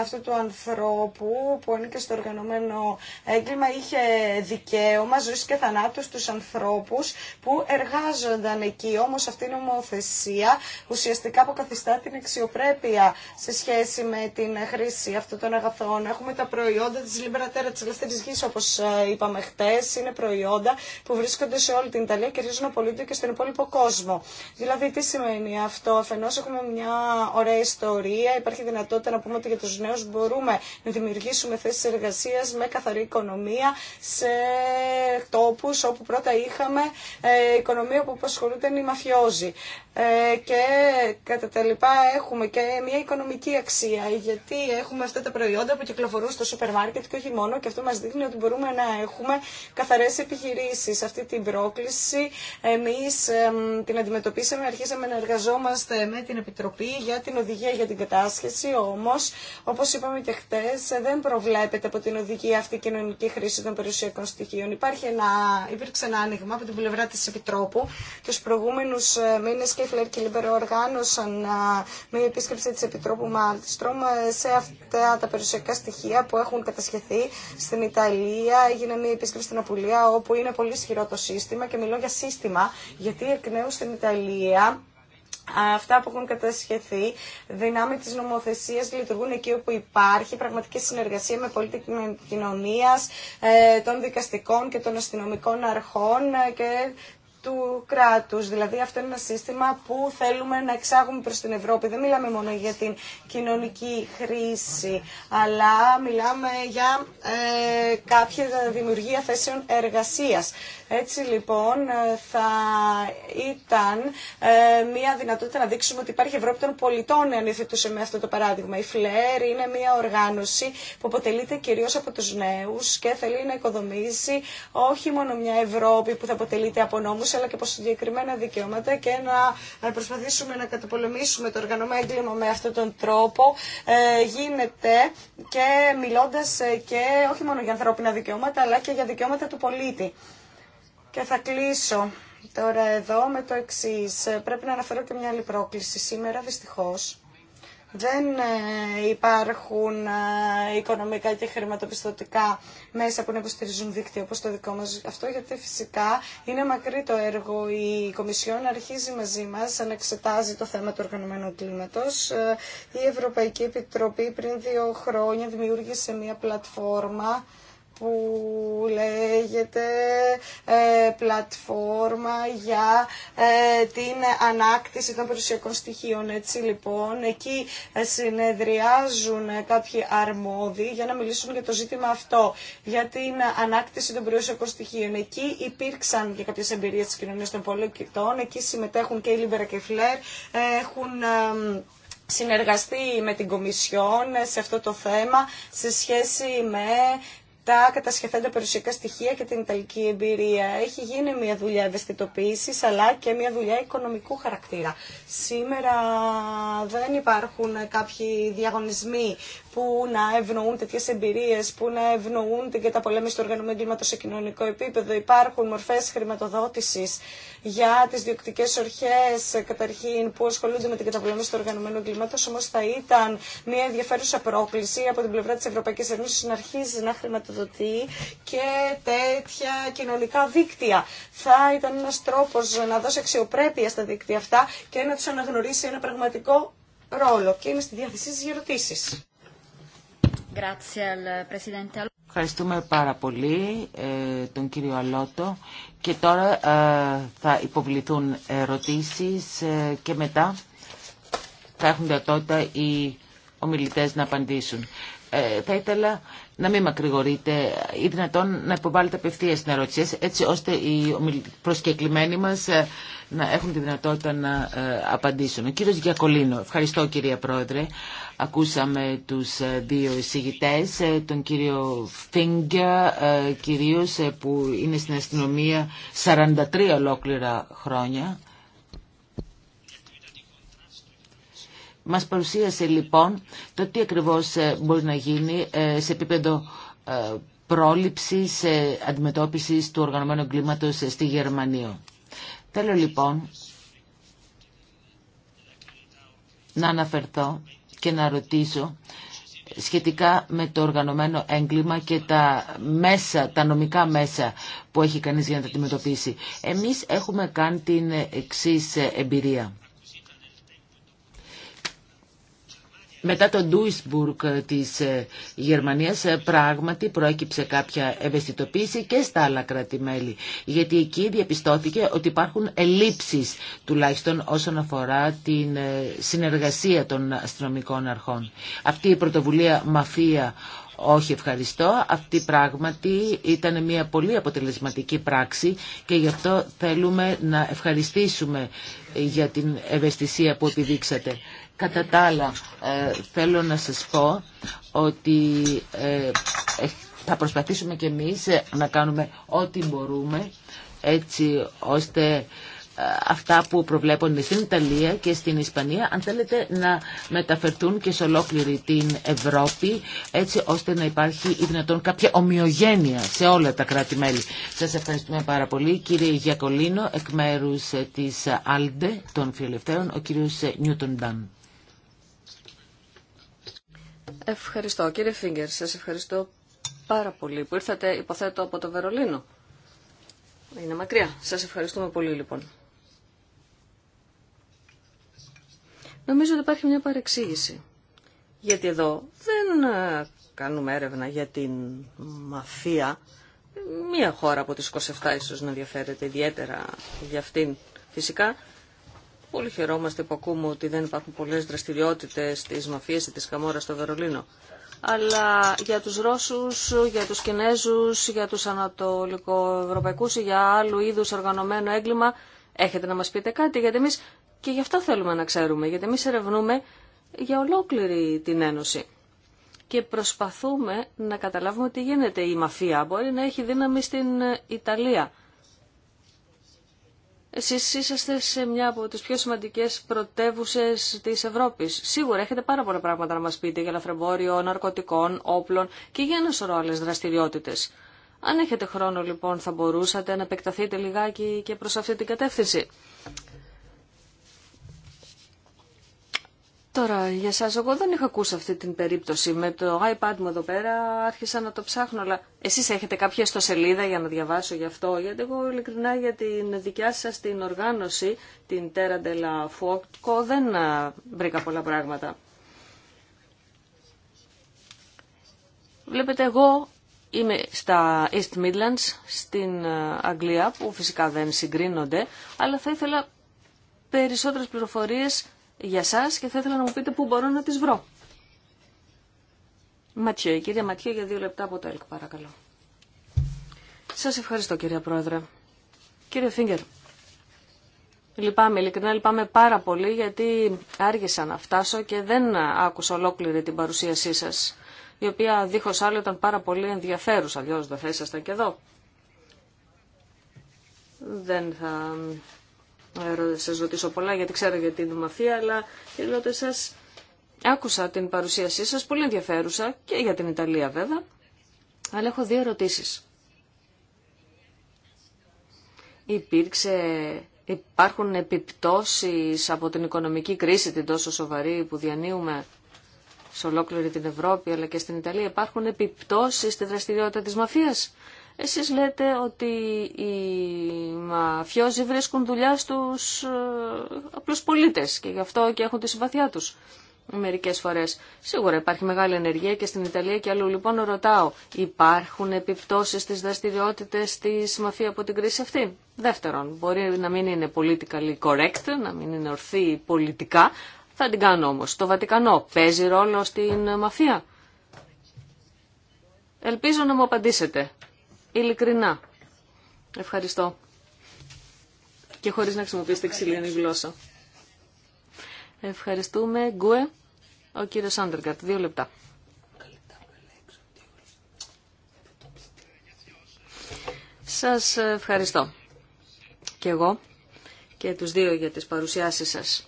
αυτού του ανθρώπου που είναι και στο οργανωμένο έγκλημα είχε δικαίωμα ζωής και θανάτου στους ανθρώπους που εργάζονταν εκεί. Όμως αυτή η νομοθεσία ουσιαστικά αποκαθιστά την αξιοπρέπεια σε σχέση με την χρήση αυτών των αγαθών. Έχουμε τα προϊόντα της Λιμπερατέρα, της ελεύθερης γης όπως ε, είπαμε χτες, είναι προϊόντα που βρίσκονται σε όλη την Ιταλία και αρχίζουν να και στον υπόλοιπο κόσμο. Δηλαδή, τι σημαίνει αυτό. Αφενό, έχουμε μια ωραία ιστορία. Υπάρχει δυνατότητα να πούμε ότι για του νέου μπορούμε να δημιουργήσουμε θέσει εργασία με καθαρή οικονομία σε τόπου όπου πρώτα είχαμε ε, οικονομία που απασχολούνταν οι μαφιόζοι. Ε, και κατά τα λοιπά έχουμε και μια οικονομική αξία γιατί έχουμε αυτά τα προϊόντα που κυκλοφορούν στο σούπερ μάρκετ και όχι μόνο και αυτό μας δείχνει ότι μπορούμε να έχουμε καθαρές επιχειρήσεις. Αυτή την πρόκληση εμείς την αντιμετωπίσαμε, αρχίσαμε να εργαζόμαστε με την Επιτροπή για την οδηγία για την κατάσχεση όμως όπως είπαμε και χτες δεν προβλέπεται από την οδηγία αυτή η κοινωνική χρήση των περιουσιακών στοιχείων. Υπάρχει ένα, υπήρξε ένα άνοιγμα από την πλευρά της Επιτρόπου τους προηγούμενους ε, μήνες και Φλέρ και Λιμπερ οργάνωσαν με επίσκεψη της Επιτρόπου Μάλτστρομ ε, σε αυτά τα περιουσιακά στοιχεία που έχουν κατασχεθεί στην Ιταλία. Έγινε μια επίσκεψη στην Απουλία όπου είναι πολύ ισχυρό το σύστημα και μιλώ για σύστημα γιατί εκ νέου στην Ιταλία αυτά που έχουν κατασχεθεί, δυνάμει τη νομοθεσία, λειτουργούν εκεί όπου υπάρχει πραγματική συνεργασία με πολιτική κοινωνία ε, των δικαστικών και των αστυνομικών αρχών ε, και του κράτους. Δηλαδή αυτό είναι ένα σύστημα που θέλουμε να εξάγουμε προς την Ευρώπη. Δεν μιλάμε μόνο για την κοινωνική χρήση, αλλά μιλάμε για ε, κάποια δημιουργία θέσεων εργασίας. Έτσι λοιπόν ε, θα ήταν ε, μια δυνατότητα να δείξουμε ότι υπάρχει Ευρώπη των πολιτών αν υιοθετούσε με αυτό το παράδειγμα. Η ΦΛΕΡ είναι μια οργάνωση που αποτελείται κυρίως από τους νέους και θέλει να οικοδομήσει όχι μόνο μια Ευρώπη που θα αποτελείται από νόμους, αλλά και από συγκεκριμένα δικαιώματα και να προσπαθήσουμε να καταπολεμήσουμε το οργανωμένο έγκλημα με αυτόν τον τρόπο ε, γίνεται και μιλώντας ε, και όχι μόνο για ανθρώπινα δικαιώματα αλλά και για δικαιώματα του πολίτη. Και θα κλείσω τώρα εδώ με το εξής. Ε, πρέπει να αναφέρω και μια άλλη πρόκληση σήμερα δυστυχώς δεν ε, υπάρχουν ε, οικονομικά και χρηματοπιστωτικά μέσα που να υποστηρίζουν δίκτυα όπως το δικό μας αυτό, γιατί φυσικά είναι μακρύ το έργο. Η Κομισιόν αρχίζει μαζί μας να εξετάζει το θέμα του οργανωμένου κλίματος. Ε, η Ευρωπαϊκή Επιτροπή πριν δύο χρόνια δημιούργησε μια πλατφόρμα που λέγεται ε, πλατφόρμα για ε, την ανάκτηση των περιουσιακών στοιχείων. Έτσι λοιπόν, εκεί ε, συνεδριάζουν κάποιοι αρμόδιοι για να μιλήσουν για το ζήτημα αυτό, για την ανάκτηση των περιουσιακών στοιχείων. Εκεί υπήρξαν και κάποιες εμπειρίες της κοινωνίας των πολιτών, εκεί συμμετέχουν και η Λίμπερα και η Φλερ, έχουν... Ε, συνεργαστεί με την Κομισιόν σε αυτό το θέμα σε σχέση με τα κατασχεθέντα περιουσιακά στοιχεία και την ιταλική εμπειρία. Έχει γίνει μια δουλειά ευαισθητοποίηση αλλά και μια δουλειά οικονομικού χαρακτήρα. Σήμερα δεν υπάρχουν κάποιοι διαγωνισμοί που να ευνοούν τέτοιε εμπειρίε που να ευνοούν την καταπολέμηση του οργανωμένου εγκλήματο σε κοινωνικό επίπεδο. Υπάρχουν μορφέ χρηματοδότηση για τι διοκτικέ ορχέ καταρχήν, που ασχολούνται με την καταπολέμηση του οργανωμένου εγκλήματο. όμω θα ήταν μια ενδιαφέρουσα πρόκληση από την πλευρά τη Ευρωπαϊκή Ένωση, να αρχίζει να χρηματοδοτεί και τέτοια κοινωνικά δίκτυα. Θα ήταν ένα τρόπο να δώσει αξιοπρέπεια στα δίκτυα αυτά και να του αναγνωρίσει ένα πραγματικό ρόλο. Και είμαι στη διάθεσή σας για ερωτήσεις. Ευχαριστούμε πάρα πολύ ε, τον κύριο Αλότο και τώρα ε, θα υποβληθούν ερωτήσεις ε, και μετά θα έχουν δυνατότητα οι ομιλητές να απαντήσουν. Θα ήθελα να μην μακρηγορείτε ή δυνατόν να υποβάλλετε απευθεία την ερώτηση έτσι ώστε οι προσκεκλημένοι μας να έχουν τη δυνατότητα να απαντήσουν. Ο κύριος Γιακολίνο, ευχαριστώ κυρία Πρόεδρε. Ακούσαμε τους ε, δύο εισηγητές, ε, τον κύριο Φίνγκια, ε, κυρίως που είναι στην αστυνομία 43 ολόκληρα χρόνια. Μας παρουσίασε λοιπόν το τι ακριβώς μπορεί να γίνει σε επίπεδο πρόληψης, αντιμετώπισης του οργανωμένου εγκλήματος στη Γερμανία. Θέλω λοιπόν να αναφερθώ και να ρωτήσω σχετικά με το οργανωμένο έγκλημα και τα μέσα, τα νομικά μέσα που έχει κανείς για να τα αντιμετωπίσει. Εμείς έχουμε κάνει την εξής εμπειρία. μετά το Ντούισμπουργκ της ε, Γερμανίας ε, πράγματι προέκυψε κάποια ευαισθητοποίηση και στα άλλα κράτη-μέλη. Γιατί εκεί διαπιστώθηκε ότι υπάρχουν ελλείψεις τουλάχιστον όσον αφορά την ε, συνεργασία των αστυνομικών αρχών. Αυτή η πρωτοβουλία μαφία όχι ευχαριστώ. Αυτή πράγματι ήταν μια πολύ αποτελεσματική πράξη και γι' αυτό θέλουμε να ευχαριστήσουμε για την ευαισθησία που επιδείξατε. Κατά τα άλλα, ε, θέλω να σας πω ότι ε, ε, θα προσπαθήσουμε κι εμείς να κάνουμε ό,τι μπορούμε έτσι ώστε αυτά που προβλέπονται στην Ιταλία και στην Ισπανία αν θέλετε να μεταφερθούν και σε ολόκληρη την Ευρώπη έτσι ώστε να υπάρχει ή δυνατόν κάποια ομοιογένεια σε όλα τα κράτη-μέλη. Σας ευχαριστούμε πάρα πολύ κύριε Γιακολίνο εκ μέρου ε, της ΑΛΔΕ των Φιλελευθέρων ο κύριος ε, Νιούτον Ντάν. Ευχαριστώ κύριε Φίγκερ, σας ευχαριστώ πάρα πολύ που ήρθατε υποθέτω από το Βερολίνο. Είναι μακριά. Σας ευχαριστούμε πολύ λοιπόν. Νομίζω ότι υπάρχει μια παρεξήγηση. Γιατί εδώ δεν ε, κάνουμε έρευνα για την μαφία. Μία χώρα από τις 27 ίσως να ενδιαφέρεται ιδιαίτερα για αυτήν φυσικά. Πολύ χαιρόμαστε που ακούμε ότι δεν υπάρχουν πολλές δραστηριότητες της μαφίας ή της Καμόρας στο Βερολίνο. Αλλά για τους Ρώσους, για τους Κινέζους, για τους Ανατολικοευρωπαϊκούς ή για άλλου είδους οργανωμένο έγκλημα έχετε να μας πείτε κάτι γιατί εμείς και γι' αυτό θέλουμε να ξέρουμε, γιατί εμεί ερευνούμε για ολόκληρη την Ένωση. Και προσπαθούμε να καταλάβουμε τι γίνεται. Η μαφία μπορεί να έχει δύναμη στην Ιταλία. Εσείς είσαστε σε μια από τις πιο σημαντικές πρωτεύουσε της Ευρώπης. Σίγουρα έχετε πάρα πολλά πράγματα να μας πείτε για λαθρεμπόριο, ναρκωτικών, όπλων και για ένα σωρό άλλες δραστηριότητες. Αν έχετε χρόνο λοιπόν θα μπορούσατε να επεκταθείτε λιγάκι και προς αυτή την κατεύθυνση. Τώρα, για σας, εγώ δεν είχα ακούσει αυτή την περίπτωση. Με το iPad μου εδώ πέρα άρχισα να το ψάχνω, αλλά εσείς έχετε κάποια ιστοσελίδα για να διαβάσω γι' αυτό, γιατί εγώ ειλικρινά για την δικιά σας την οργάνωση, την Terra de la Fuoco, δεν βρήκα πολλά πράγματα. Βλέπετε, εγώ είμαι στα East Midlands, στην Αγγλία, που φυσικά δεν συγκρίνονται, αλλά θα ήθελα περισσότερες πληροφορίες για σας και θα ήθελα να μου πείτε πού μπορώ να τις βρω. Ματιέ, η κυρία Ματιέ για δύο λεπτά από το ΕΛΚ παρακαλώ. Σας ευχαριστώ κυρία Πρόεδρε. Κύριε Φίγκερ, λυπάμαι, ειλικρινά λυπάμαι πάρα πολύ γιατί άργησα να φτάσω και δεν άκουσα ολόκληρη την παρουσίασή σας, η οποία δίχως άλλο ήταν πάρα πολύ ενδιαφέρουσα, αλλιώς δεν θα ήσασταν και εδώ. Δεν θα Σα ρωτήσω πολλά γιατί ξέρω για την μαφία, αλλά κύριε Λότε σα άκουσα την παρουσίασή σας, πολύ ενδιαφέρουσα και για την Ιταλία βέβαια, αλλά έχω δύο ερωτήσεις. Υπήρξε, υπάρχουν επιπτώσεις από την οικονομική κρίση την τόσο σοβαρή που διανύουμε σε ολόκληρη την Ευρώπη αλλά και στην Ιταλία. Υπάρχουν επιπτώσεις στη δραστηριότητα της μαφίας. Εσείς λέτε ότι οι μαφιόζοι βρίσκουν δουλειά στους ε, απλούς πολίτες και γι' αυτό και έχουν τη συμπαθιά τους μερικές φορές. Σίγουρα υπάρχει μεγάλη ενεργεία και στην Ιταλία και αλλού. Λοιπόν, ρωτάω, υπάρχουν επιπτώσεις στις δραστηριότητες της μαφία από την κρίση αυτή. Δεύτερον, μπορεί να μην είναι politically correct, να μην είναι ορθή πολιτικά. Θα την κάνω όμως. Το Βατικανό παίζει ρόλο στην μαφία. Ελπίζω να μου απαντήσετε ειλικρινά. Ευχαριστώ. Και χωρίς να χρησιμοποιήσετε ξυλίνη γλώσσα. Ευχαριστούμε. Γκουε, ο κύριος Άντεργκαρτ. Δύο λεπτά. Σας ευχαριστώ. Και εγώ και τους δύο για τις παρουσιάσεις σας.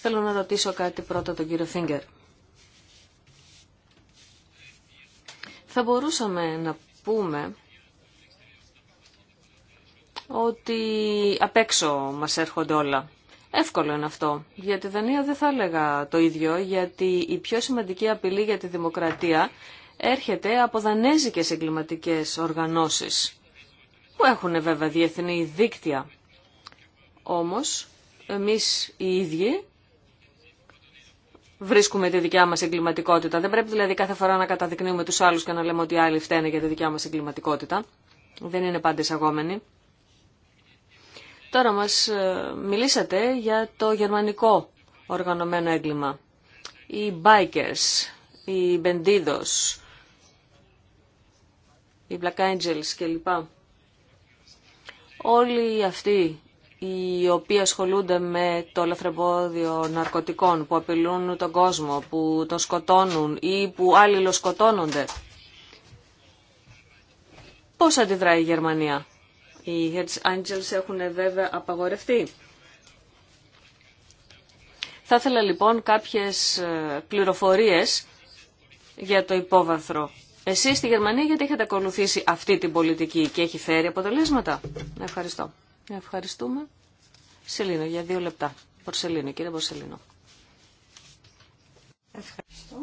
Θέλω να ρωτήσω κάτι πρώτα τον κύριο Φίγκερ. Θα μπορούσαμε να πούμε ότι απ' έξω μας έρχονται όλα. Εύκολο είναι αυτό. Για τη Δανία δεν θα έλεγα το ίδιο, γιατί η πιο σημαντική απειλή για τη δημοκρατία έρχεται από δανέζικες εγκληματικές οργανώσεις, που έχουν βέβαια διεθνή δίκτυα. Όμως, εμείς οι ίδιοι βρίσκουμε τη δικιά μας εγκληματικότητα. Δεν πρέπει δηλαδή κάθε φορά να καταδεικνύουμε τους άλλους και να λέμε ότι οι άλλοι φταίνε για τη δικιά μας εγκληματικότητα. Δεν είναι πάντα εισαγόμενοι. Τώρα μας ε, μιλήσατε για το γερμανικό οργανωμένο έγκλημα. Οι bikers, οι bendidos, οι black angels κλπ. Όλοι αυτοί οι οποίοι ασχολούνται με το λαθρεμπόδιο ναρκωτικών που απειλούν τον κόσμο, που τον σκοτώνουν ή που άλλοι σκοτώνονται. Πώς αντιδράει η Γερμανία. Οι hedge Angels έχουν βέβαια απαγορευτεί. Θα ήθελα λοιπόν κάποιες ε, πληροφορίες για το υπόβαθρο. Εσείς στη Γερμανία γιατί έχετε ακολουθήσει αυτή την πολιτική και έχει φέρει αποτελέσματα. Ευχαριστώ. Ευχαριστούμε. Σελήνο για δύο λεπτά. κύριε Πορσελίνο. Ευχαριστώ.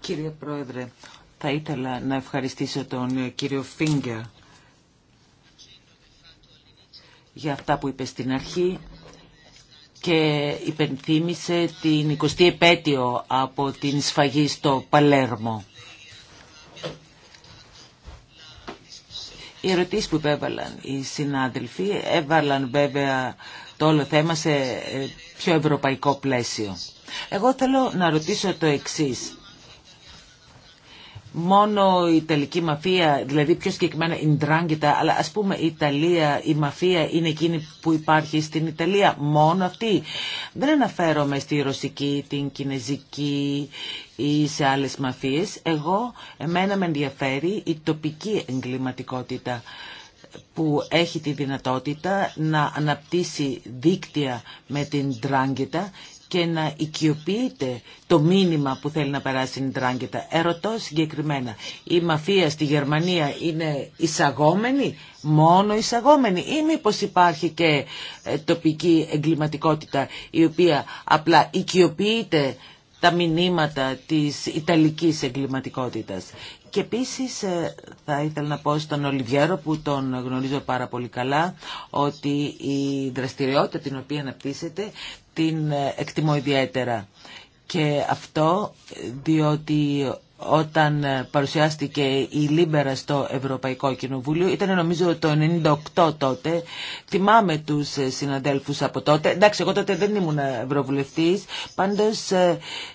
Κύριε Πρόεδρε, θα ήθελα να ευχαριστήσω τον κύριο Φίγκερ για αυτά που είπε στην αρχή και υπενθύμησε την 20η επέτειο από την σφαγή στο Παλέρμο. Οι ερωτήσεις που υπέβαλαν οι συνάδελφοι έβαλαν βέβαια το όλο θέμα σε ε, πιο ευρωπαϊκό πλαίσιο. Εγώ θέλω να ρωτήσω το εξής μόνο η Ιταλική μαφία, δηλαδή πιο συγκεκριμένα η Ντράγκητα, αλλά ας πούμε η Ιταλία, η μαφία είναι εκείνη που υπάρχει στην Ιταλία, μόνο αυτή. Δεν αναφέρομαι στη Ρωσική, την Κινέζικη ή σε άλλες μαφίες. Εγώ, εμένα με ενδιαφέρει η τοπική εγκληματικότητα που έχει τη δυνατότητα να αναπτύσσει δίκτυα με την Ντράγκητα και να οικειοποιείται το μήνυμα που θέλει να περάσει η Ντράγκετα. Ερωτώ συγκεκριμένα, η μαφία στη Γερμανία είναι εισαγόμενη, μόνο εισαγόμενη ή μήπως υπάρχει και ε, τοπική εγκληματικότητα η οποία απλά οικειοποιείται τα μηνύματα της Ιταλικής εγκληματικότητας. Και επίσης ε, θα ήθελα να πω στον Ολιβιέρο που τον γνωρίζω πάρα πολύ καλά ότι η δραστηριότητα την οποία αναπτύσσεται την ε, εκτιμώ ιδιαίτερα. Και αυτό διότι όταν ε, παρουσιάστηκε η Λίμπερα στο Ευρωπαϊκό Κοινοβούλιο. Ήταν νομίζω το 98 τότε. Θυμάμαι τους ε, συναδέλφους από τότε. Εντάξει, εγώ τότε δεν ήμουν ευρωβουλευτής. Πάντως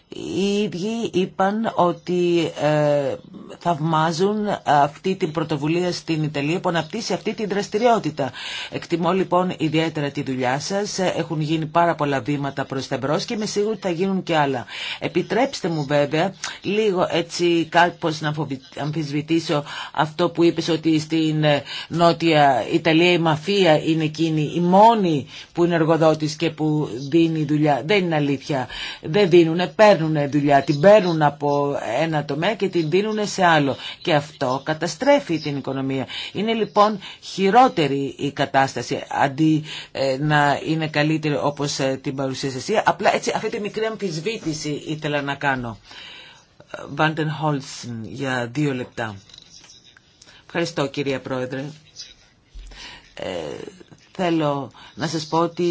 οι ίδιοι είπαν ότι ε, θαυμάζουν αυτή την πρωτοβουλία στην Ιταλία που αναπτύσσει αυτή την δραστηριότητα. Εκτιμώ λοιπόν ιδιαίτερα τη δουλειά σας. Έχουν γίνει πάρα πολλά βήματα προς τα μπρος και είμαι σίγουρη ότι θα γίνουν και άλλα. Επιτρέψτε μου βέβαια λίγο έτσι κάπως να αμφισβητήσω αυτό που είπες ότι στην ε, Νότια Ιταλία η μαφία είναι εκείνη η μόνη που είναι εργοδότης και που δίνει δουλειά. Δεν είναι αλήθεια. Δεν δίνουν παίρνουν δουλειά, την παίρνουν από ένα τομέα και την δίνουν σε άλλο. Και αυτό καταστρέφει την οικονομία. Είναι λοιπόν χειρότερη η κατάσταση αντί ε, να είναι καλύτερη όπως ε, την παρουσίασε εσύ. Απλά έτσι αυτή τη μικρή αμφισβήτηση ήθελα να κάνω. Βάντεν Χόλσεν για δύο λεπτά. Ευχαριστώ κυρία Πρόεδρε. Ε, θέλω να σας πω ότι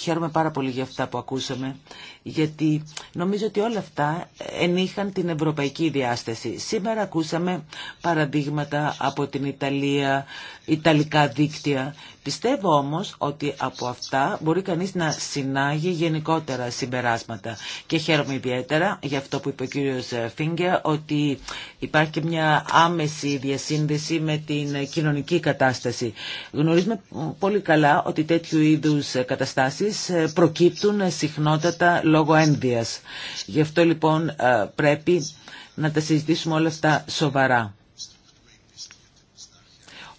χαίρομαι πάρα πολύ για αυτά που ακούσαμε γιατί νομίζω ότι όλα αυτά ενείχαν την ευρωπαϊκή διάσταση. Σήμερα ακούσαμε παραδείγματα από την Ιταλία, Ιταλικά δίκτυα. Πιστεύω όμως ότι από αυτά μπορεί κανείς να συνάγει γενικότερα συμπεράσματα. Και χαίρομαι ιδιαίτερα για αυτό που είπε ο κύριος Φίγκε, ότι υπάρχει μια άμεση διασύνδεση με την κοινωνική κατάσταση. Γνωρίζουμε πολύ καλά ότι τέτοιου είδους καταστάσεις προκύπτουν συχνότατα λόγω λόγω ένδυας. Γι' αυτό λοιπόν ε, πρέπει να τα συζητήσουμε όλα αυτά σοβαρά.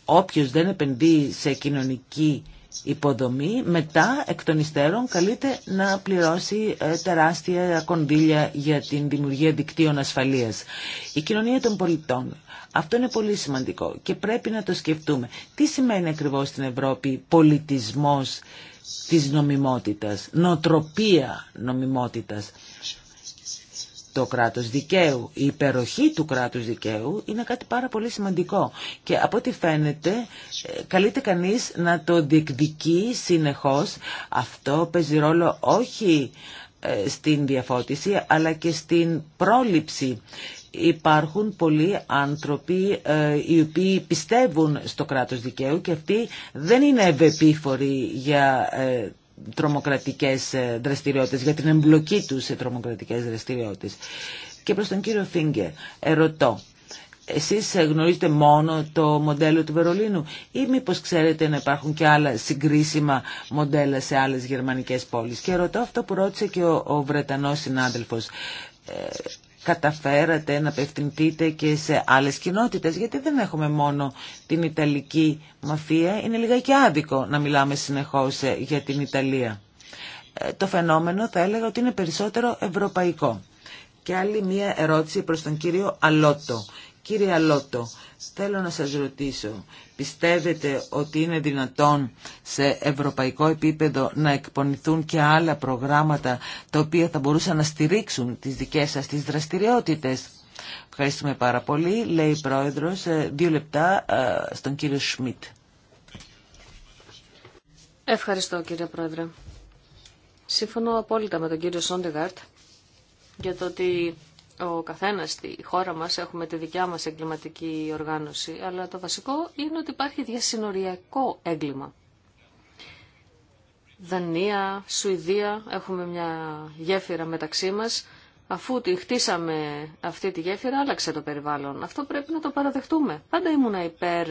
Όποιος δεν επενδύει σε κοινωνική υποδομή, μετά εκ των υστέρων καλείται να πληρώσει ε, τεράστια κονδύλια για την δημιουργία δικτύων ασφαλείας. Η κοινωνία των πολιτών. Αυτό είναι πολύ σημαντικό και πρέπει να το σκεφτούμε. Τι σημαίνει ακριβώς στην Ευρώπη πολιτισμός της νομιμότητας, νοτροπία νομιμότητας. Το κράτος δικαίου, η υπεροχή του κράτους δικαίου είναι κάτι πάρα πολύ σημαντικό και από ό,τι φαίνεται ε, καλείται κανείς να το διεκδικεί συνεχώς. Αυτό παίζει ρόλο όχι ε, στην διαφώτιση αλλά και στην πρόληψη υπάρχουν πολλοί άνθρωποι ε, οι οποίοι πιστεύουν στο κράτος δικαίου και αυτοί δεν είναι ευεπίφοροι για ε, τρομοκρατικές ε, δραστηριότητες, για την εμπλοκή τους σε τρομοκρατικές δραστηριότητες. Και προς τον κύριο Φίγκε, ερωτώ, εσείς γνωρίζετε μόνο το μοντέλο του Βερολίνου ή μήπως ξέρετε να υπάρχουν και άλλα συγκρίσιμα μοντέλα σε άλλες γερμανικές πόλεις. Και ρωτώ αυτό που ρώτησε και ο, ο Βρετανός συνάδελφος καταφέρατε να απευθυνθείτε και σε άλλες κοινότητες, γιατί δεν έχουμε μόνο την Ιταλική μαφία, είναι λιγάκι άδικο να μιλάμε συνεχώς ε, για την Ιταλία. Ε, το φαινόμενο θα έλεγα ότι είναι περισσότερο ευρωπαϊκό. Και άλλη μία ερώτηση προς τον κύριο Αλότο. Κύριε Αλότο, Θέλω να σας ρωτήσω, πιστεύετε ότι είναι δυνατόν σε ευρωπαϊκό επίπεδο να εκπονηθούν και άλλα προγράμματα τα οποία θα μπορούσαν να στηρίξουν τις δικές σας τις δραστηριότητες. Ευχαριστούμε πάρα πολύ. Λέει η Πρόεδρος, ε, δύο λεπτά ε, στον κύριο Σμιτ. Ευχαριστώ κύριε Πρόεδρε. Σύμφωνο απόλυτα με τον κύριο Σόντεγαρτ για το ότι ο καθένα στη χώρα μας έχουμε τη δικιά μας εγκληματική οργάνωση, αλλά το βασικό είναι ότι υπάρχει διασυνοριακό έγκλημα. Δανία, Σουηδία, έχουμε μια γέφυρα μεταξύ μας. Αφού τη χτίσαμε αυτή τη γέφυρα, άλλαξε το περιβάλλον. Αυτό πρέπει να το παραδεχτούμε. Πάντα ήμουνα υπέρ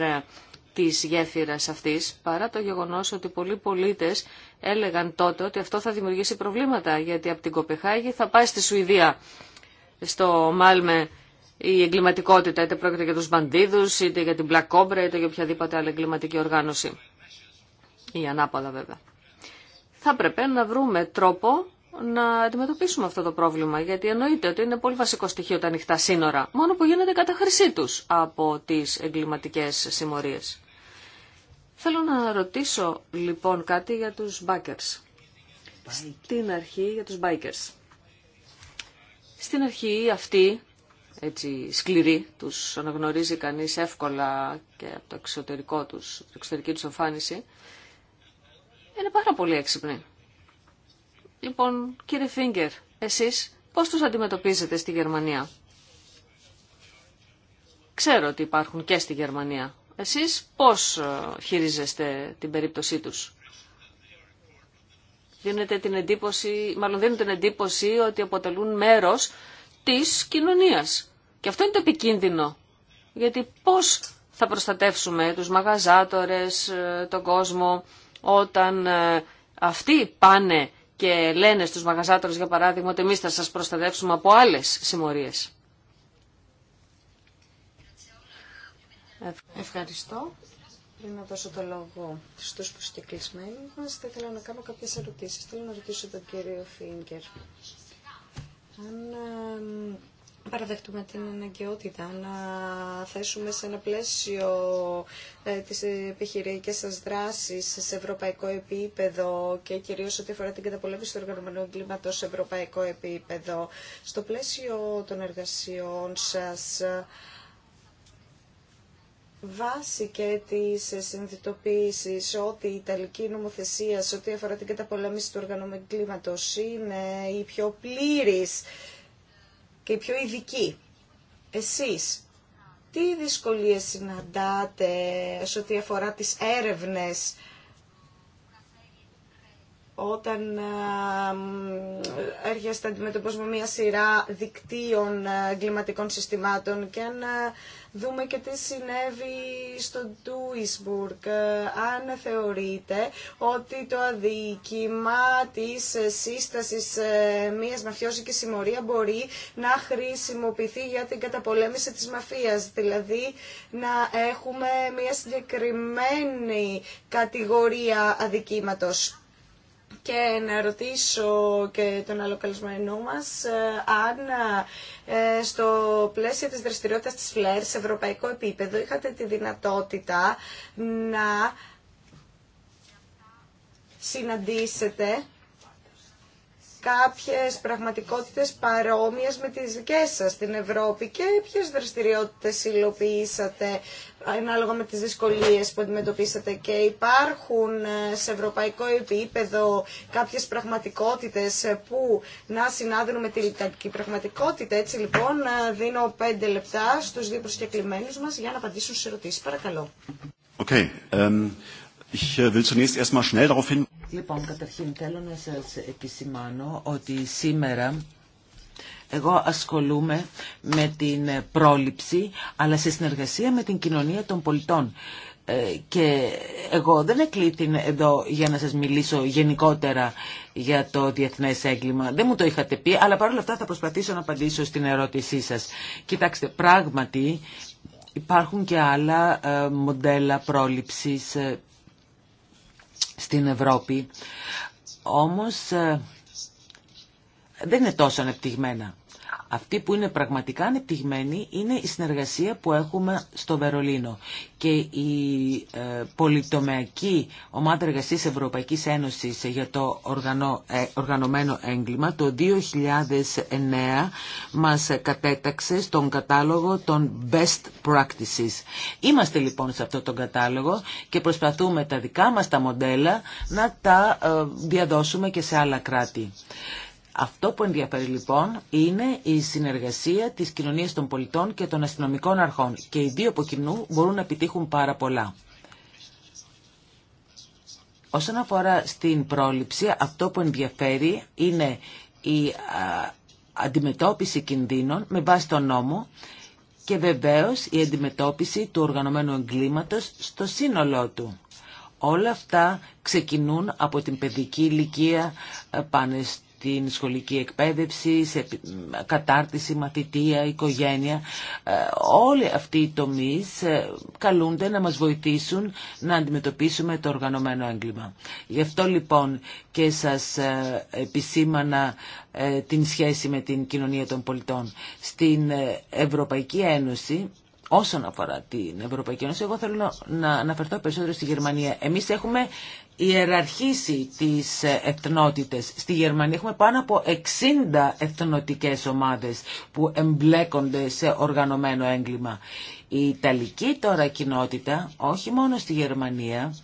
της γέφυρας αυτής, παρά το γεγονό ότι πολλοί πολίτε έλεγαν τότε ότι αυτό θα δημιουργήσει προβλήματα, γιατί από την Κοπεχάγη θα πάει στη Σουηδία στο Μάλμε η εγκληματικότητα, είτε πρόκειται για τους μπαντίδους, είτε για την Black Cobra, είτε για οποιαδήποτε άλλη εγκληματική οργάνωση. Ή ανάποδα βέβαια. Θα πρέπει να βρούμε τρόπο να αντιμετωπίσουμε αυτό το πρόβλημα, γιατί εννοείται ότι είναι πολύ βασικό στοιχείο τα ανοιχτά σύνορα, μόνο που γίνεται κατά χρυσή τους από τις εγκληματικές συμμορίες. Θέλω να ρωτήσω λοιπόν κάτι για τους bikers. Στην αρχή για τους bikers. Στην αρχή αυτή, έτσι σκληρή, τους αναγνωρίζει κανείς εύκολα και από το εξωτερικό τους, την εξωτερική τους εμφάνιση, είναι πάρα πολύ έξυπνοι. Λοιπόν, κύριε Φίγκερ, εσείς πώς τους αντιμετωπίζετε στη Γερμανία. Ξέρω ότι υπάρχουν και στη Γερμανία. Εσείς πώς ε, χειρίζεστε την περίπτωσή τους δίνεται την εντύπωση, μάλλον δίνουν την εντύπωση ότι αποτελούν μέρος της κοινωνίας. Και αυτό είναι το επικίνδυνο. Γιατί πώς θα προστατεύσουμε τους μαγαζάτορες, ε, τον κόσμο, όταν ε, αυτοί πάνε και λένε στους μαγαζάτορες, για παράδειγμα, ότι εμείς θα σας προστατεύσουμε από άλλες συμμορίες. Ευχαριστώ. Πριν να δώσω το λόγο στους προσκεκλεισμένους μας, θα ήθελα να κάνω κάποιες ερωτήσεις. Θέλω να ρωτήσω τον κύριο Φίνκερ. Αν παραδεχτούμε την αναγκαιότητα να θέσουμε σε ένα πλαίσιο ε, τις επιχειρηματικές σας δράσεις σε ευρωπαϊκό επίπεδο και κυρίως ό,τι αφορά την καταπολέμηση του οργανωμένου εγκλήματος σε ευρωπαϊκό επίπεδο. Στο πλαίσιο των εργασιών σας, βάση και τις συνειδητοποίησης ότι η Ιταλική νομοθεσία σε ό,τι αφορά την καταπολέμηση του οργανωμένου κλίματος είναι η πιο πλήρης και η πιο ειδική. Εσείς, τι δυσκολίες συναντάτε σε ό,τι αφορά τις έρευνες όταν ε, έρχεστε αντιμετωπώς με μια σειρά δικτύων ε, εγκληματικών συστημάτων και αν ε, δούμε και τι συνέβη στο Duisburg. Αν θεωρείτε ότι το αδίκημα της σύστασης μιας μαφιόζικης συμμορία μπορεί να χρησιμοποιηθεί για την καταπολέμηση της μαφίας, δηλαδή να έχουμε μια συγκεκριμένη κατηγορία αδικήματος και να ρωτήσω και τον άλλο καλεσμένο μας ε, αν ε, στο πλαίσιο της δραστηριότητας της ΦΛΕΡ σε ευρωπαϊκό επίπεδο είχατε τη δυνατότητα να συναντήσετε κάποιες πραγματικότητες παρόμοιες με τις δικές σας στην Ευρώπη και ποιες δραστηριότητες υλοποιήσατε ανάλογα με τις δυσκολίες που αντιμετωπίσατε και υπάρχουν ε, σε ευρωπαϊκό επίπεδο κάποιες πραγματικότητες ε, που να συνάδουν με τη λιτανική πραγματικότητα. Έτσι λοιπόν ε, δίνω πέντε λεπτά στους δύο προσκεκλημένους μας για να απαντήσουν στις ερωτήσεις. Παρακαλώ. Okay. Um... Ich äh, will zunächst Λοιπόν, καταρχήν θέλω να σας επισημάνω ότι σήμερα εγώ ασχολούμαι με την ε, πρόληψη, αλλά σε συνεργασία με την κοινωνία των πολιτών. Ε, και εγώ δεν εκλήθην εδώ για να σας μιλήσω γενικότερα για το διεθνές έγκλημα. Δεν μου το είχατε πει, αλλά παρόλα αυτά θα προσπαθήσω να απαντήσω στην ερώτησή σας. Κοιτάξτε, πράγματι υπάρχουν και άλλα ε, μοντέλα πρόληψης στην Ευρώπη, όμως ε, δεν είναι τόσο ανεπτυγμένα. Αυτή που είναι πραγματικά ανεπτυγμένη είναι η συνεργασία που έχουμε στο Βερολίνο και η ε, πολυτομεακή ομάδα εργασία Ευρωπαϊκής Ένωσης για το ε, οργανωμένο έγκλημα το 2009 μας κατέταξε στον κατάλογο των best practices. Είμαστε λοιπόν σε αυτό τον κατάλογο και προσπαθούμε τα δικά μας τα μοντέλα να τα ε, διαδώσουμε και σε άλλα κράτη. Αυτό που ενδιαφέρει λοιπόν είναι η συνεργασία της κοινωνίας των πολιτών και των αστυνομικών αρχών και οι δύο από κοινού μπορούν να επιτύχουν πάρα πολλά. Όσον αφορά στην πρόληψη, αυτό που ενδιαφέρει είναι η αντιμετώπιση κινδύνων με βάση τον νόμο και βεβαίως η αντιμετώπιση του οργανωμένου εγκλήματος στο σύνολό του. Όλα αυτά ξεκινούν από την παιδική ηλικία, ε, πάνε την σχολική εκπαίδευση, σε κατάρτιση, μαθητεία, οικογένεια. Ε, όλοι αυτοί οι τομείς ε, καλούνται να μας βοηθήσουν να αντιμετωπίσουμε το οργανωμένο έγκλημα. Γι' αυτό λοιπόν και σας ε, επισήμανα την σχέση με την κοινωνία των πολιτών. Στην Ευρωπαϊκή Ένωση όσον αφορά την Ευρωπαϊκή Ένωση. Εγώ θέλω να αναφερθώ περισσότερο στη Γερμανία. Εμείς έχουμε ιεραρχήσει τις εθνότητες. Στη Γερμανία έχουμε πάνω από 60 εθνοτικές ομάδες που εμπλέκονται σε οργανωμένο έγκλημα. Η Ιταλική τώρα κοινότητα, όχι μόνο στη Γερμανία,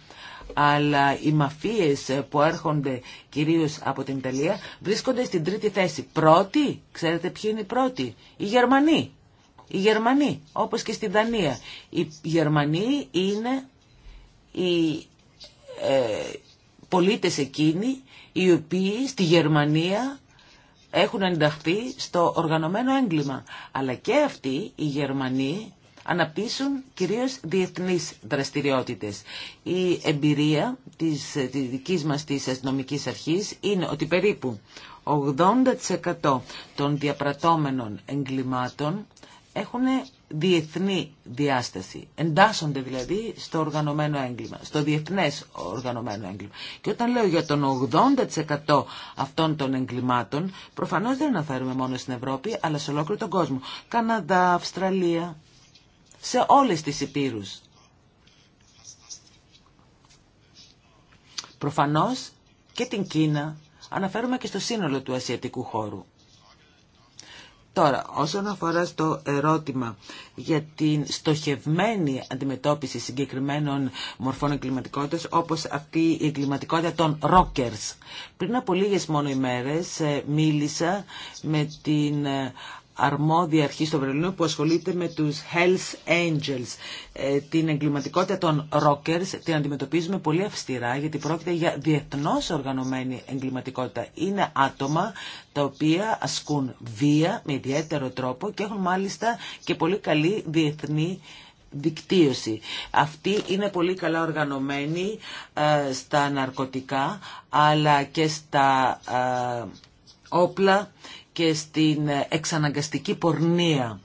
αλλά οι μαφίες που έρχονται κυρίως από την Ιταλία βρίσκονται στην τρίτη θέση. Πρώτη, ξέρετε ποιοι είναι οι πρώτοι, οι Γερμανοί οι Γερμανοί, όπως και στην Δανία. Οι Γερμανοί είναι οι ε, πολίτες εκείνοι οι οποίοι στη Γερμανία έχουν ενταχθεί στο οργανωμένο έγκλημα. Αλλά και αυτοί οι Γερμανοί αναπτύσσουν κυρίως διεθνείς δραστηριότητες. Η εμπειρία της, της δικής μας της αστυνομικής αρχής είναι ότι περίπου 80% των διαπρατώμενων εγκλημάτων έχουν διεθνή διάσταση. Εντάσσονται δηλαδή στο οργανωμένο έγκλημα, στο διεθνές οργανωμένο έγκλημα. Και όταν λέω για τον 80% αυτών των εγκλημάτων, προφανώς δεν αναφέρουμε μόνο στην Ευρώπη, αλλά σε ολόκληρο τον κόσμο. Καναδά, Αυστραλία, σε όλες τις υπήρους. Προφανώς και την Κίνα αναφέρουμε και στο σύνολο του ασιατικού χώρου. Τώρα, όσον αφορά στο ερώτημα για την στοχευμένη αντιμετώπιση συγκεκριμένων μορφών εγκληματικότητας, όπως αυτή η εγκληματικότητα των rockers. Πριν από λίγες μόνο ημέρες ε, μίλησα με την ε, αρμόδια αρχή στο Βερολίνο που ασχολείται με τους Hells Angels. Ε, την εγκληματικότητα των rockers την αντιμετωπίζουμε πολύ αυστηρά γιατί πρόκειται για διεθνώς οργανωμένη εγκληματικότητα. Είναι άτομα τα οποία ασκούν βία με ιδιαίτερο τρόπο και έχουν μάλιστα και πολύ καλή διεθνή δικτύωση. Αυτή είναι πολύ καλά οργανωμένη ε, στα ναρκωτικά αλλά και στα ε, όπλα και στην εξαναγκαστική πορνεία.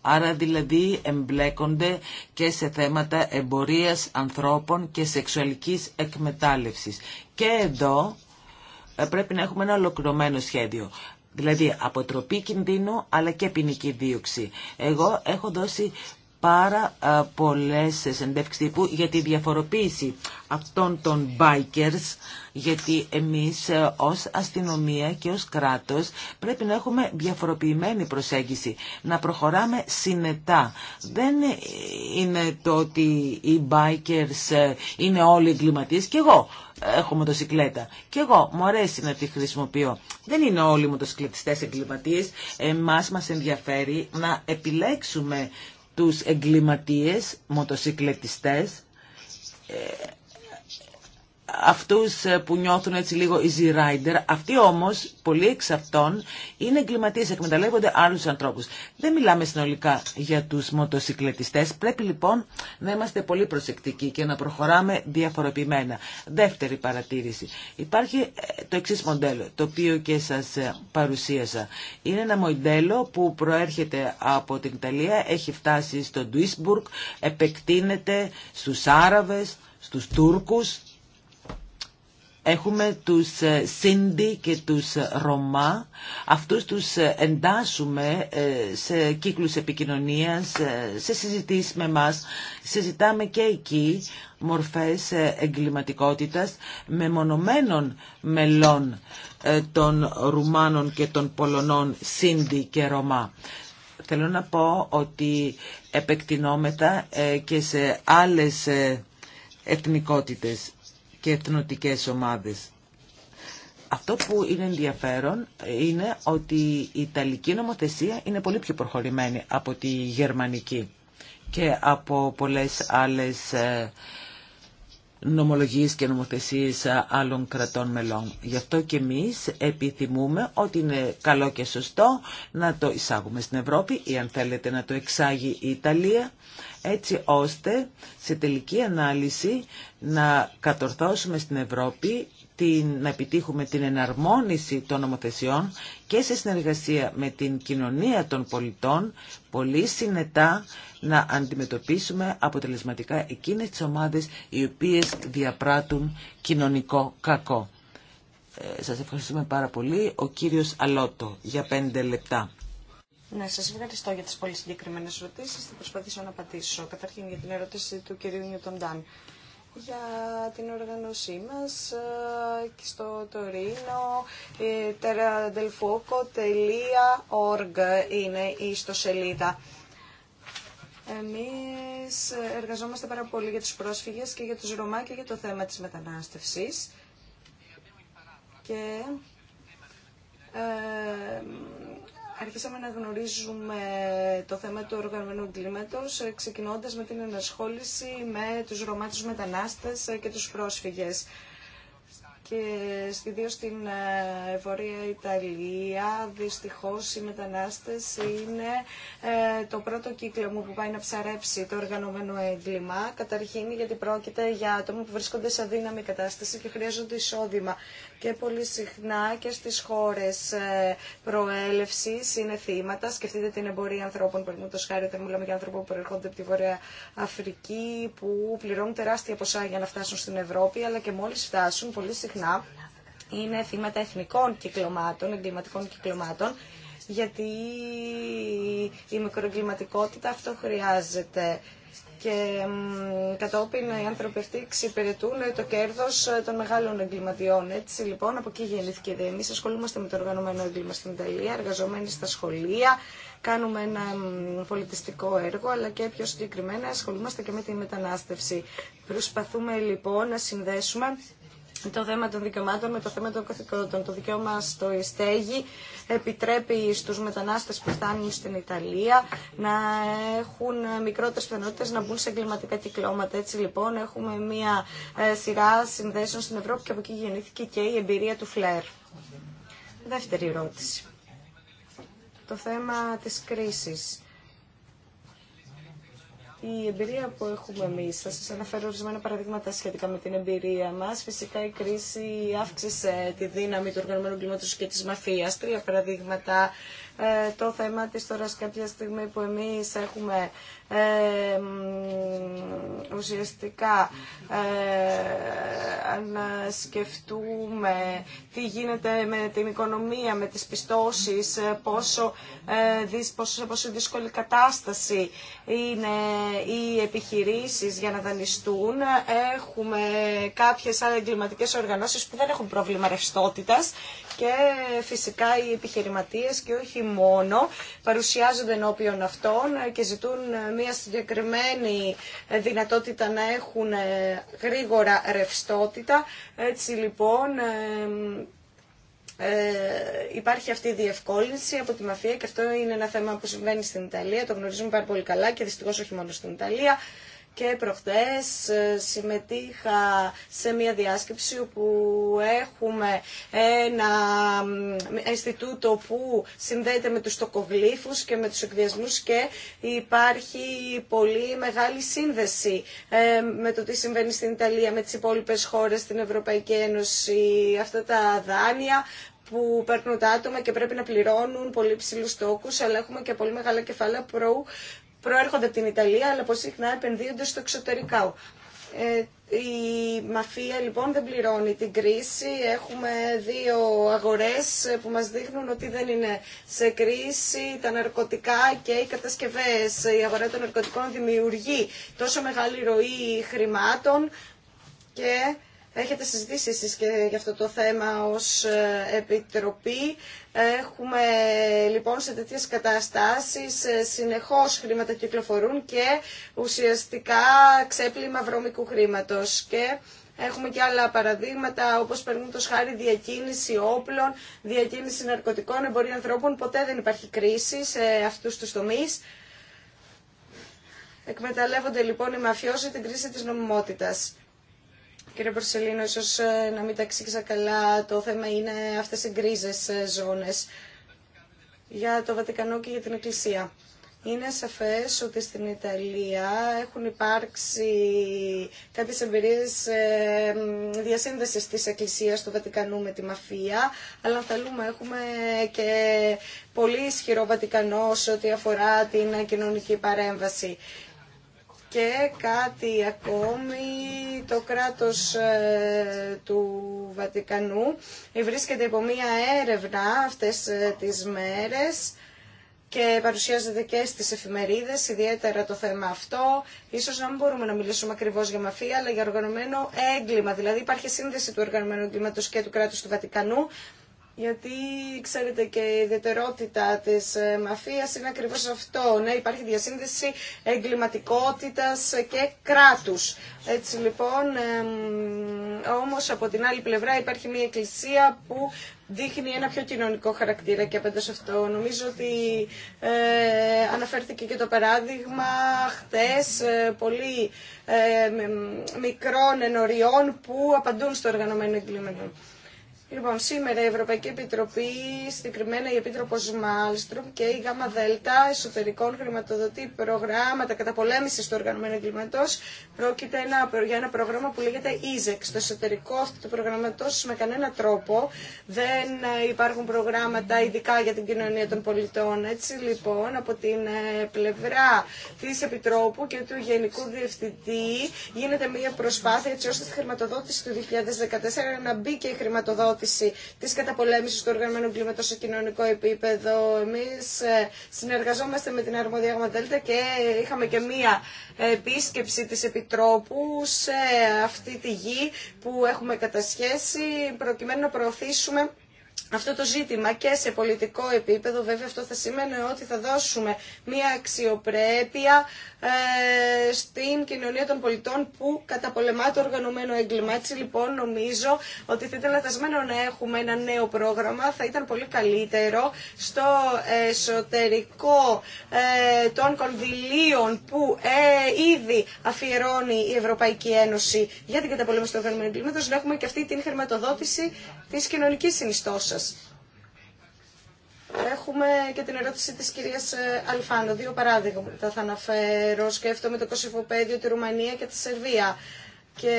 Άρα δηλαδή εμπλέκονται και σε θέματα εμπορίας ανθρώπων και σεξουαλικής εκμετάλλευσης. Και εδώ ε, πρέπει να έχουμε ένα ολοκληρωμένο σχέδιο. Δηλαδή αποτροπή κινδύνου αλλά και ποινική δίωξη. Εγώ έχω δώσει πάρα πολλές συνεντεύξεις τύπου για τη διαφοροποίηση αυτών των bikers γιατί εμείς ε, ως αστυνομία και ως κράτος πρέπει να έχουμε διαφοροποιημένη προσέγγιση, να προχωράμε συνετά. Δεν είναι το ότι οι bikers ε, είναι όλοι εγκληματίε και εγώ έχω μοτοσυκλέτα. Και εγώ μου αρέσει να τη χρησιμοποιώ. Δεν είναι όλοι οι μοτοσυκλετιστές εγκληματίε. Εμάς μας ενδιαφέρει να επιλέξουμε τους εγκληματίες, μοτοσυκλετιστές, ε, αυτούς ε, που νιώθουν έτσι λίγο easy rider. Αυτοί όμως, πολλοί εξ αυτών, είναι εγκληματίες, εκμεταλλεύονται άλλους ανθρώπους. Δεν μιλάμε συνολικά για τους μοτοσυκλετιστές. Πρέπει λοιπόν να είμαστε πολύ προσεκτικοί και να προχωράμε διαφοροποιημένα. Δεύτερη παρατήρηση. Υπάρχει ε, το εξή μοντέλο, το οποίο και σας ε, παρουσίασα. Είναι ένα μοντέλο που προέρχεται από την Ιταλία, έχει φτάσει στο Ντουίσμπουργκ, επεκτείνεται στους Άραβες, στους Τούρκους, Έχουμε τους ε, Σίντι και τους ε, Ρωμά. Αυτούς τους ε, εντάσσουμε σε κύκλους επικοινωνίας, σε συζητήσεις με μας. Συζητάμε και εκεί μορφές εγκληματικότητας μονομένων μελών των Ρουμάνων και των Πολωνών Σίντι και Ρωμά. Θέλω να πω ότι επεκτηνόμετα και σε άλλες εθνικότητες και εθνοτικές ομάδες. Αυτό που είναι ενδιαφέρον είναι ότι η Ιταλική νομοθεσία είναι πολύ πιο προχωρημένη από τη Γερμανική και από πολλές άλλες ε, νομολογίες και νομοθεσίες άλλων κρατών μελών. Γι' αυτό και εμείς επιθυμούμε ότι είναι καλό και σωστό να το εισάγουμε στην Ευρώπη ή αν θέλετε να το εξάγει η Ιταλία έτσι ώστε σε τελική ανάλυση να κατορθώσουμε στην Ευρώπη την, να επιτύχουμε την εναρμόνιση των νομοθεσιών και σε συνεργασία με την κοινωνία των πολιτών πολύ συνετά να αντιμετωπίσουμε αποτελεσματικά εκείνες τις ομάδες οι οποίες διαπράττουν κοινωνικό κακό. Ε, σας ευχαριστούμε πάρα πολύ. Ο κύριος Αλότο για πέντε λεπτά. Ναι, σας ευχαριστώ για τις πολύ συγκεκριμένες ερωτήσεις. Θα προσπαθήσω να απαντήσω. Καταρχήν για την ερώτηση του κυρίου Νιουτοντάν για την οργανωσή μας ε, και στο Τωρίνο teradelfoco.org ε, είναι η ιστοσελίδα. Εμείς εργαζόμαστε πάρα πολύ για τους πρόσφυγες και για τους Ρωμά και για το θέμα της μετανάστευσης και ε, αρχίσαμε να γνωρίζουμε το θέμα του οργανωμένου κλίματος, ε, ξεκινώντας με την ενασχόληση με τους Ρωμά, τους μετανάστες ε, και τους πρόσφυγες και ιδίω στην ε, Βορεια Ιταλία δυστυχώς οι μετανάστες είναι ε, το πρώτο κύκλο μου που πάει να ψαρέψει το οργανωμένο έγκλημα. Καταρχήν γιατί πρόκειται για άτομα που βρίσκονται σε αδύναμη κατάσταση και χρειάζονται εισόδημα και πολύ συχνά και στις χώρες ε, προέλευσης είναι θύματα. Σκεφτείτε την εμπορία ανθρώπων, παραδείγματο χάρη όταν μιλάμε για ανθρώπου που προερχόνται από τη Βορεια Αφρική που πληρώνουν τεράστια ποσά για να φτάσουν στην Ευρώπη αλλά και μόλις φτάσουν πολύ συχνά συχνά είναι θύματα εθνικών κυκλωμάτων, εγκληματικών κυκλωμάτων, γιατί η μικροεγκληματικότητα αυτό χρειάζεται. Και κατόπιν οι άνθρωποι αυτοί εξυπηρετούν το κέρδος των μεγάλων εγκληματιών. Έτσι λοιπόν από εκεί γεννήθηκε η ασχολούμαστε με το οργανωμένο έγκλημα στην Ιταλία, εργαζομένοι στα σχολεία, κάνουμε ένα πολιτιστικό έργο, αλλά και πιο συγκεκριμένα ασχολούμαστε και με τη μετανάστευση. Προσπαθούμε λοιπόν να συνδέσουμε το θέμα των δικαιωμάτων με το θέμα των καθηκόντων. Το δικαίωμα στο στέγη επιτρέπει στους μετανάστες που φτάνουν στην Ιταλία να έχουν μικρότερες πιθανότητες να μπουν σε εγκληματικά κυκλώματα. Έτσι λοιπόν έχουμε μία ε, σειρά συνδέσεων στην Ευρώπη και από εκεί γεννήθηκε και η εμπειρία του Φλερ. Δεύτερη ερώτηση. Το θέμα της κρίσης η εμπειρία που έχουμε εμεί, θα σα αναφέρω ορισμένα παραδείγματα σχετικά με την εμπειρία μα. Φυσικά η κρίση αύξησε τη δύναμη του οργανωμένου κλίματο και τη μαφία. Τρία παραδείγματα. Ε, το θέμα τη τώρα κάποια στιγμή που εμεί έχουμε ε, ουσιαστικά ε, να σκεφτούμε τι γίνεται με την οικονομία, με τις πιστώσεις, ε, πόσο, ε, πόσο, πόσο δύσκολη κατάσταση είναι οι επιχειρήσεις για να δανειστούν. Έχουμε κάποιες άλλες εγκληματικές οργανώσεις που δεν έχουν πρόβλημα ρευστότητας και φυσικά οι επιχειρηματίες και όχι μόνο παρουσιάζονται ενώπιον αυτών και ζητούν μια συγκεκριμένη ε, δυνατότητα να έχουν ε, γρήγορα ρευστότητα. Έτσι λοιπόν ε, ε, υπάρχει αυτή η διευκόλυνση από τη μαφία και αυτό είναι ένα θέμα που συμβαίνει στην Ιταλία, το γνωρίζουμε πάρα πολύ καλά και δυστυχώς όχι μόνο στην Ιταλία και προχτές ε, συμμετείχα σε μια διάσκεψη όπου έχουμε ένα Ινστιτούτο που συνδέεται με τους τοκογλήφους και με τους εκδιασμούς και υπάρχει πολύ μεγάλη σύνδεση ε, με το τι συμβαίνει στην Ιταλία, με τις υπόλοιπες χώρες στην Ευρωπαϊκή Ένωση, αυτά τα δάνεια που παίρνουν τα άτομα και πρέπει να πληρώνουν πολύ ψηλούς τόκους, αλλά έχουμε και πολύ μεγάλα κεφάλαια προ προέρχονται από την Ιταλία, αλλά πολύ συχνά επενδύονται στο εξωτερικό. Ε, η μαφία λοιπόν δεν πληρώνει την κρίση. Έχουμε δύο αγορές που μας δείχνουν ότι δεν είναι σε κρίση. Τα ναρκωτικά και οι κατασκευές. Η αγορά των ναρκωτικών δημιουργεί τόσο μεγάλη ροή χρημάτων και Έχετε συζητήσει εσείς και για αυτό το θέμα ως ε, Επιτροπή. Έχουμε λοιπόν σε τέτοιες καταστάσεις ε, συνεχώς χρήματα κυκλοφορούν και ουσιαστικά ξέπλυμα βρώμικου χρήματος. Και Έχουμε και άλλα παραδείγματα, όπω το χάρη διακίνηση όπλων, διακίνηση ναρκωτικών, εμπορία ανθρώπων. Ποτέ δεν υπάρχει κρίση σε αυτού του τομεί. Εκμεταλλεύονται λοιπόν οι μαφιόζοι την κρίση της νομιμότητας. Κύριε Μπορσελίνο, ίσω ε, να μην τα καλά, το θέμα είναι αυτέ οι γκρίζες ε, ζώνες για το Βατικανό και για την Εκκλησία. Είναι σαφές ότι στην Ιταλία έχουν υπάρξει κάποιες εμπειρίες ε, διασύνδεσης της Εκκλησίας του Βατικανού με τη μαφία, αλλά θέλουμε έχουμε και πολύ ισχυρό Βατικανό σε ό,τι αφορά την κοινωνική παρέμβαση. Και κάτι ακόμη, το κράτος ε, του Βατικανού βρίσκεται υπό μία έρευνα αυτές ε, τις μέρες και παρουσιάζεται και στις εφημερίδες, ιδιαίτερα το θέμα αυτό. Ίσως να μην μπορούμε να μιλήσουμε ακριβώς για μαφία, αλλά για οργανωμένο έγκλημα. Δηλαδή υπάρχει σύνδεση του οργανωμένου έγκληματος και του κράτους του Βατικανού γιατί ξέρετε και η ιδιαιτερότητα της ε, μαφίας είναι ακριβώς αυτό. Ναι, υπάρχει διασύνδεση εγκληματικότητας και κράτους. Έτσι λοιπόν, όμως από την άλλη πλευρά υπάρχει μια εκκλησία που δείχνει ένα πιο κοινωνικό χαρακτήρα και απέναντι σε αυτό. Νομίζω ότι ε, αναφέρθηκε και το παράδειγμα χτες ε, πολύ μικρών ενοριών που απαντούν στο οργανωμένο εγκλήμα. Λοιπόν, σήμερα η Ευρωπαϊκή Επιτροπή, συγκεκριμένα η Επίτροπο Μάλστρομ και η ΓΑΜΑ ΔΕΛΤΑ εσωτερικών χρηματοδοτεί προγράμματα καταπολέμηση του οργανωμένου εγκλήματο. Πρόκειται ένα, για ένα πρόγραμμα που λέγεται EZEX. Στο εσωτερικό αυτού του προγραμματό με κανένα τρόπο δεν ε, υπάρχουν προγράμματα ειδικά για την κοινωνία των πολιτών. Έτσι λοιπόν, από την ε, πλευρά τη Επιτρόπου και του Γενικού Διευθυντή γίνεται μια προσπάθεια έτσι ώστε στη χρηματοδότηση του 2014 να μπει και η χρηματοδότηση Τη της καταπολέμησης του οργανωμένου κλίματος σε κοινωνικό επίπεδο. Εμείς ε, συνεργαζόμαστε με την Αρμόδια και είχαμε και μία επίσκεψη της Επιτρόπου σε αυτή τη γη που έχουμε κατασχέσει προκειμένου να προωθήσουμε αυτό το ζήτημα και σε πολιτικό επίπεδο βέβαια αυτό θα σημαίνει ότι θα δώσουμε μια αξιοπρέπεια ε, στην κοινωνία των πολιτών που καταπολεμά το οργανωμένο έγκλημα. Έτσι λοιπόν νομίζω ότι θα ήταν λατασμένο να έχουμε ένα νέο πρόγραμμα, θα ήταν πολύ καλύτερο στο εσωτερικό ε, των κονδυλίων που ε, ήδη αφιερώνει η Ευρωπαϊκή Ένωση για την καταπολέμηση του οργανωμένου έγκληματος να έχουμε και αυτή την χρηματοδότηση της κοινωνικής συνιστώσας. Έχουμε και την ερώτηση της κυρίας ε, Αλφάνο. Δύο παράδειγματα θα αναφέρω. Σκέφτομαι το Κωσυφοπαίδιο, τη Ρουμανία και τη Σερβία. Και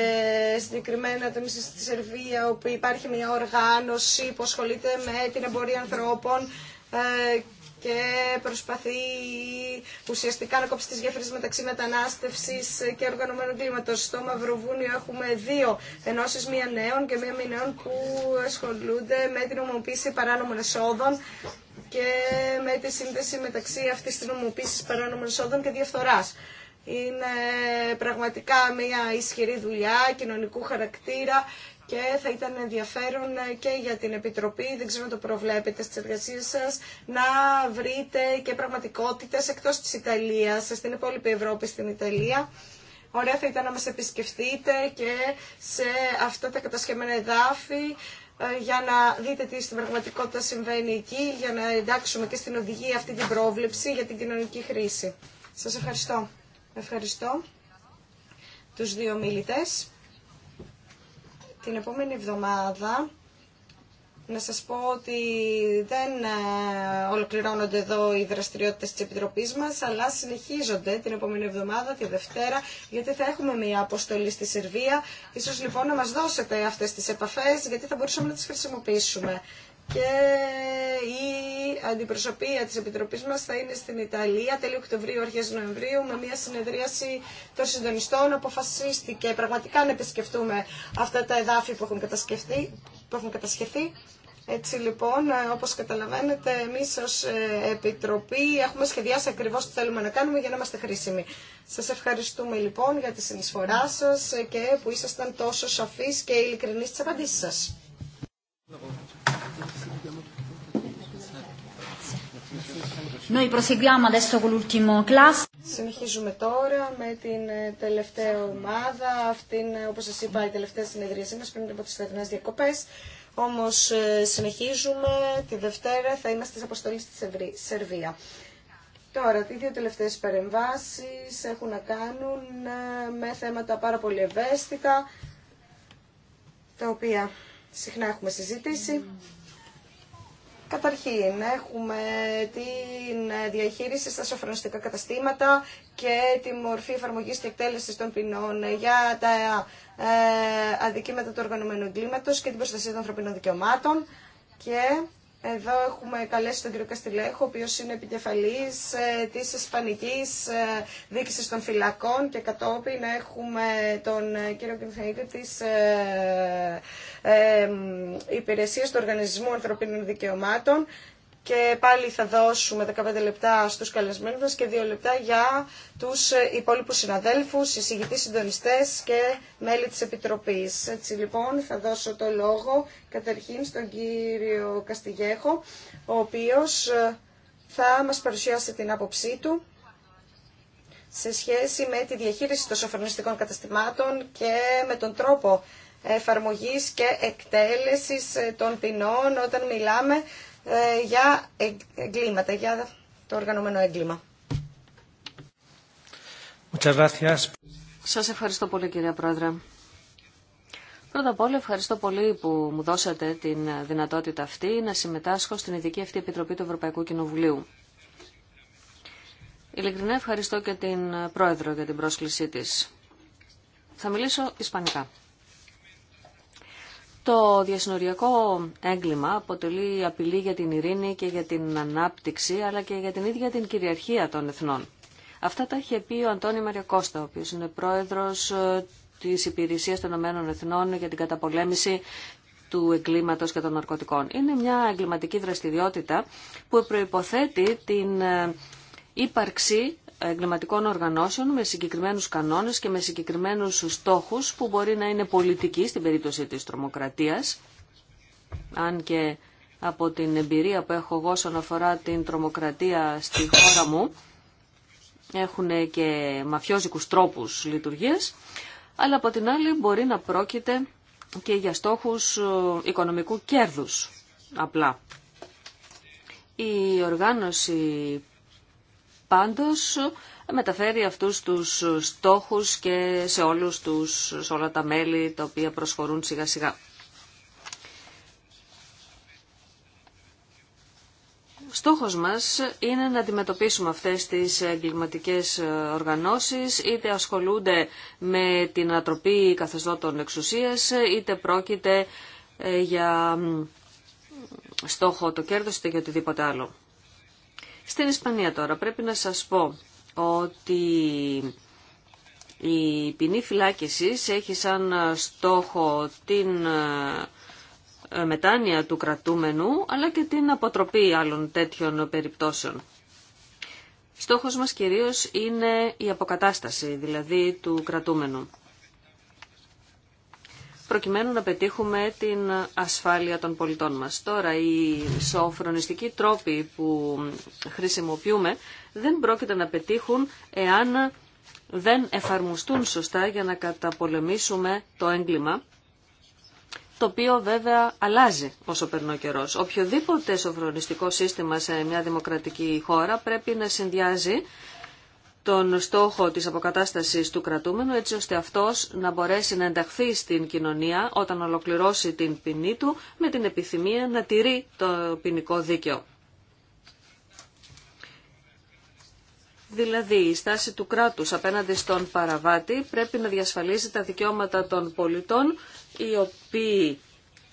συγκεκριμένα το νησί στη Σερβία, όπου υπάρχει μια οργάνωση που ασχολείται με την εμπορία ανθρώπων ε, και προσπαθεί ουσιαστικά να κόψει τις γέφυρες μεταξύ μετανάστευσης και οργανωμένου κλίματος. Στο Μαυροβούνιο έχουμε δύο ενώσεις, μία νέων και μία μη νέων, που ασχολούνται με την ομοποίηση παράνομων εσόδων και με τη σύνδεση μεταξύ αυτής της νομοποίησης παράνομων εισόδων και διαφθοράς. Είναι πραγματικά μια ισχυρή δουλειά κοινωνικού χαρακτήρα και θα ήταν ενδιαφέρον και για την Επιτροπή, δεν ξέρω αν το προβλέπετε στις εργασίες σας, να βρείτε και πραγματικότητες εκτός της Ιταλίας, στην υπόλοιπη Ευρώπη, στην Ιταλία. Ωραία θα ήταν να μας επισκεφτείτε και σε αυτά τα κατασκευμένα εδάφη ε, για να δείτε τι στην πραγματικότητα συμβαίνει εκεί, για να εντάξουμε και στην οδηγία αυτή την πρόβλεψη για την κοινωνική χρήση. Σας ευχαριστώ. Ευχαριστώ τους δύο μίλητες. Την επόμενη εβδομάδα να σας πω ότι δεν ε, ολοκληρώνονται εδώ οι δραστηριότητες της Επιτροπής μας, αλλά συνεχίζονται την επόμενη εβδομάδα, τη Δευτέρα, γιατί θα έχουμε μια αποστολή στη Σερβία. Ίσως λοιπόν να μας δώσετε αυτές τις επαφές, γιατί θα μπορούσαμε να τις χρησιμοποιήσουμε. Και η αντιπροσωπεία της Επιτροπής μας θα είναι στην Ιταλία τέλειο Οκτωβρίου, αρχές Νοεμβρίου με μια συνεδρίαση των συντονιστών αποφασίστηκε πραγματικά να επισκεφτούμε αυτά τα εδάφη που έχουν κατασκευθεί, που έχουν κατασκευθεί έτσι λοιπόν, όπως καταλαβαίνετε, εμείς ως ε, Επιτροπή έχουμε σχεδιάσει ακριβώς τι θέλουμε να κάνουμε για να είμαστε χρήσιμοι. Σας ευχαριστούμε λοιπόν για τη συνεισφορά σας και που ήσασταν τόσο σαφείς και ειλικρινείς στις απαντήσεις σας. Συνεχίζουμε τώρα με την ε, τελευταία ομάδα. Αυτήν, ε, όπως σας είπα, η τελευταία συνεδρίασή μας πριν από τις θερινές διακοπές. Όμως ε, συνεχίζουμε, τη Δευτέρα θα είμαστε στις αποστολή στη Σερβία. Τώρα, οι δύο τελευταίες παρεμβάσεις έχουν να κάνουν ε, με θέματα πάρα πολύ ευαίσθητα, τα οποία συχνά έχουμε συζητήσει. Καταρχήν, έχουμε την διαχείριση στα σοφρονιστικά καταστήματα και τη μορφή εφαρμογή και εκτέλεση των ποινών για τα ε, αδικήματα του οργανωμένου εγκλήματο και την προστασία των ανθρωπίνων δικαιωμάτων. Και εδώ έχουμε καλέσει τον κύριο Καστιλέχο, ο οποίος είναι επικεφαλής ε, της Ισπανικής ε, δίκηση των Φυλακών και κατόπιν έχουμε τον ε, κύριο ε, της υπηρεσία του Οργανισμού Ανθρωπίνων Δικαιωμάτων και πάλι θα δώσουμε 15 λεπτά στους καλεσμένους μας και 2 λεπτά για τους υπόλοιπους συναδέλφους, εισηγητές, συντονιστές και μέλη της Επιτροπής. Έτσι λοιπόν θα δώσω το λόγο καταρχήν στον κύριο Καστιγέχο, ο οποίος ε, θα μας παρουσιάσει την άποψή του σε σχέση με τη διαχείριση των σοφρονιστικών καταστημάτων και με τον τρόπο εφαρμογής και εκτέλεσης ε, των ποινών όταν μιλάμε ε, για εγκλήματα, για το οργανωμένο έγκλημα. Σας ευχαριστώ πολύ κυρία Πρόεδρε. Πρώτα απ' όλα ευχαριστώ πολύ που μου δώσατε την δυνατότητα αυτή να συμμετάσχω στην ειδική αυτή επιτροπή του Ευρωπαϊκού Κοινοβουλίου. Ειλικρινά ευχαριστώ και την Πρόεδρο για την πρόσκλησή της. Θα μιλήσω ισπανικά. Το διασυνοριακό έγκλημα αποτελεί απειλή για την ειρήνη και για την ανάπτυξη, αλλά και για την ίδια την κυριαρχία των εθνών. Αυτά τα είχε πει ο Αντώνη Μαριακώστα, ο οποίος είναι πρόεδρος ε, της Υπηρεσία των Ηνωμένων Εθνών για την καταπολέμηση του εγκλήματος και των ναρκωτικών. Είναι μια εγκληματική δραστηριότητα που προποθέτει την ε, ύπαρξη εγκληματικών οργανώσεων με συγκεκριμένους κανόνες και με συγκεκριμένους στόχους που μπορεί να είναι πολιτικοί στην περίπτωση της τρομοκρατίας, αν και από την εμπειρία που έχω εγώ όσον αφορά την τρομοκρατία στη χώρα μου, έχουν και μαφιόζικους τρόπους λειτουργίας, αλλά από την άλλη μπορεί να πρόκειται και για στόχους ε, οικονομικού κέρδους απλά. Η οργάνωση Πάντως μεταφέρει αυτούς τους στόχους και σε, όλους τους, σε όλα τα μέλη τα οποία προσχωρούν σιγά σιγά. Στόχος μας είναι να αντιμετωπίσουμε αυτές τις εγκληματικέ οργανώσεις, είτε ασχολούνται με την ανατροπή καθεστώτων εξουσίας, είτε πρόκειται ε, για στόχο το κέρδος, είτε για οτιδήποτε άλλο. Στην Ισπανία τώρα πρέπει να σας πω ότι η ποινή φυλάκισης έχει σαν στόχο την ε, μετάνοια του κρατούμενου, αλλά και την αποτροπή άλλων τέτοιων περιπτώσεων. Στόχος μας κυρίως είναι η αποκατάσταση, δηλαδή του κρατούμενου προκειμένου να πετύχουμε την ασφάλεια των πολιτών μας. Τώρα, οι σοφρονιστικοί τρόποι που χρησιμοποιούμε δεν πρόκειται να πετύχουν εάν δεν εφαρμοστούν σωστά για να καταπολεμήσουμε το έγκλημα, το οποίο βέβαια αλλάζει όσο περνά ο καιρός. Οποιοδήποτε σοφρονιστικό σύστημα σε μια δημοκρατική χώρα πρέπει να συνδυάζει τον στόχο της αποκατάστασης του κρατούμενου έτσι ώστε αυτός να μπορέσει να ενταχθεί στην κοινωνία όταν ολοκληρώσει την ποινή του με την επιθυμία να τηρεί το ποινικό δίκαιο. Δηλαδή, η στάση του κράτους απέναντι στον παραβάτη πρέπει να διασφαλίζει τα δικαιώματα των πολιτών οι οποίοι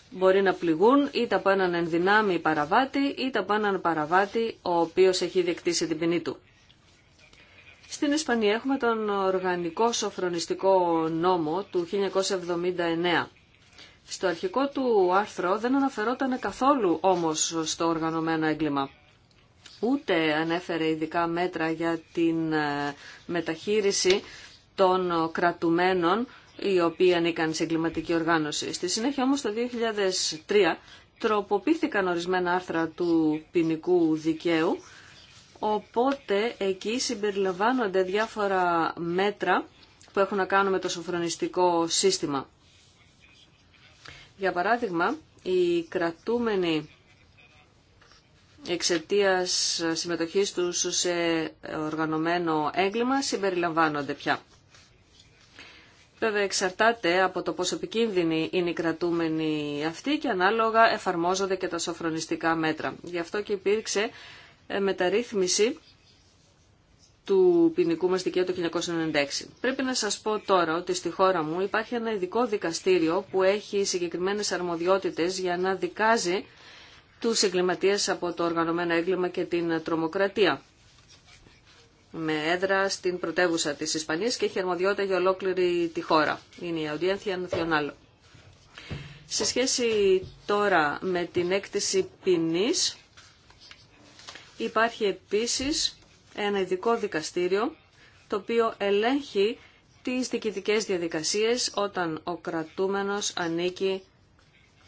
μπορεί να πληγούν είτε από έναν ενδυνάμει παραβάτη είτε από έναν παραβάτη ο οποίος έχει διεκτήσει την ποινή του. Στην Ισπανία έχουμε τον Οργανικό Σοφρονιστικό Νόμο του 1979. Στο αρχικό του άρθρο δεν αναφερόταν καθόλου όμως στο οργανωμένο έγκλημα. Ούτε ανέφερε ειδικά μέτρα για την ε, μεταχείριση των κρατουμένων οι οποίοι ανήκαν σε εγκληματική οργάνωση. Στη συνέχεια όμως το 2003 τροποποιήθηκαν ορισμένα άρθρα του ποινικού δικαίου Οπότε εκεί συμπεριλαμβάνονται διάφορα μέτρα που έχουν να κάνουν με το σοφρονιστικό σύστημα. Για παράδειγμα, οι κρατούμενοι εξαιτία συμμετοχής τους σε οργανωμένο έγκλημα συμπεριλαμβάνονται πια. Βέβαια εξαρτάται από το πόσο επικίνδυνοι είναι οι κρατούμενοι αυτοί και ανάλογα εφαρμόζονται και τα σοφρονιστικά μέτρα. Γι' αυτό και υπήρξε ε, μεταρρύθμιση του ποινικού μας δικαίου το 1996. Πρέπει να σας πω τώρα ότι στη χώρα μου υπάρχει ένα ειδικό δικαστήριο που έχει συγκεκριμένες αρμοδιότητες για να δικάζει τους εγκληματίες από το οργανωμένο έγκλημα και την τρομοκρατία με έδρα στην πρωτεύουσα της Ισπανίας και έχει αρμοδιότητα για ολόκληρη τη χώρα. Είναι η Αουδιένθια Nacional. Σε σχέση τώρα με την έκτηση ποινής, Υπάρχει επίσης ένα ειδικό δικαστήριο το οποίο ελέγχει τις διοικητικές διαδικασίες όταν ο κρατούμενος ανήκει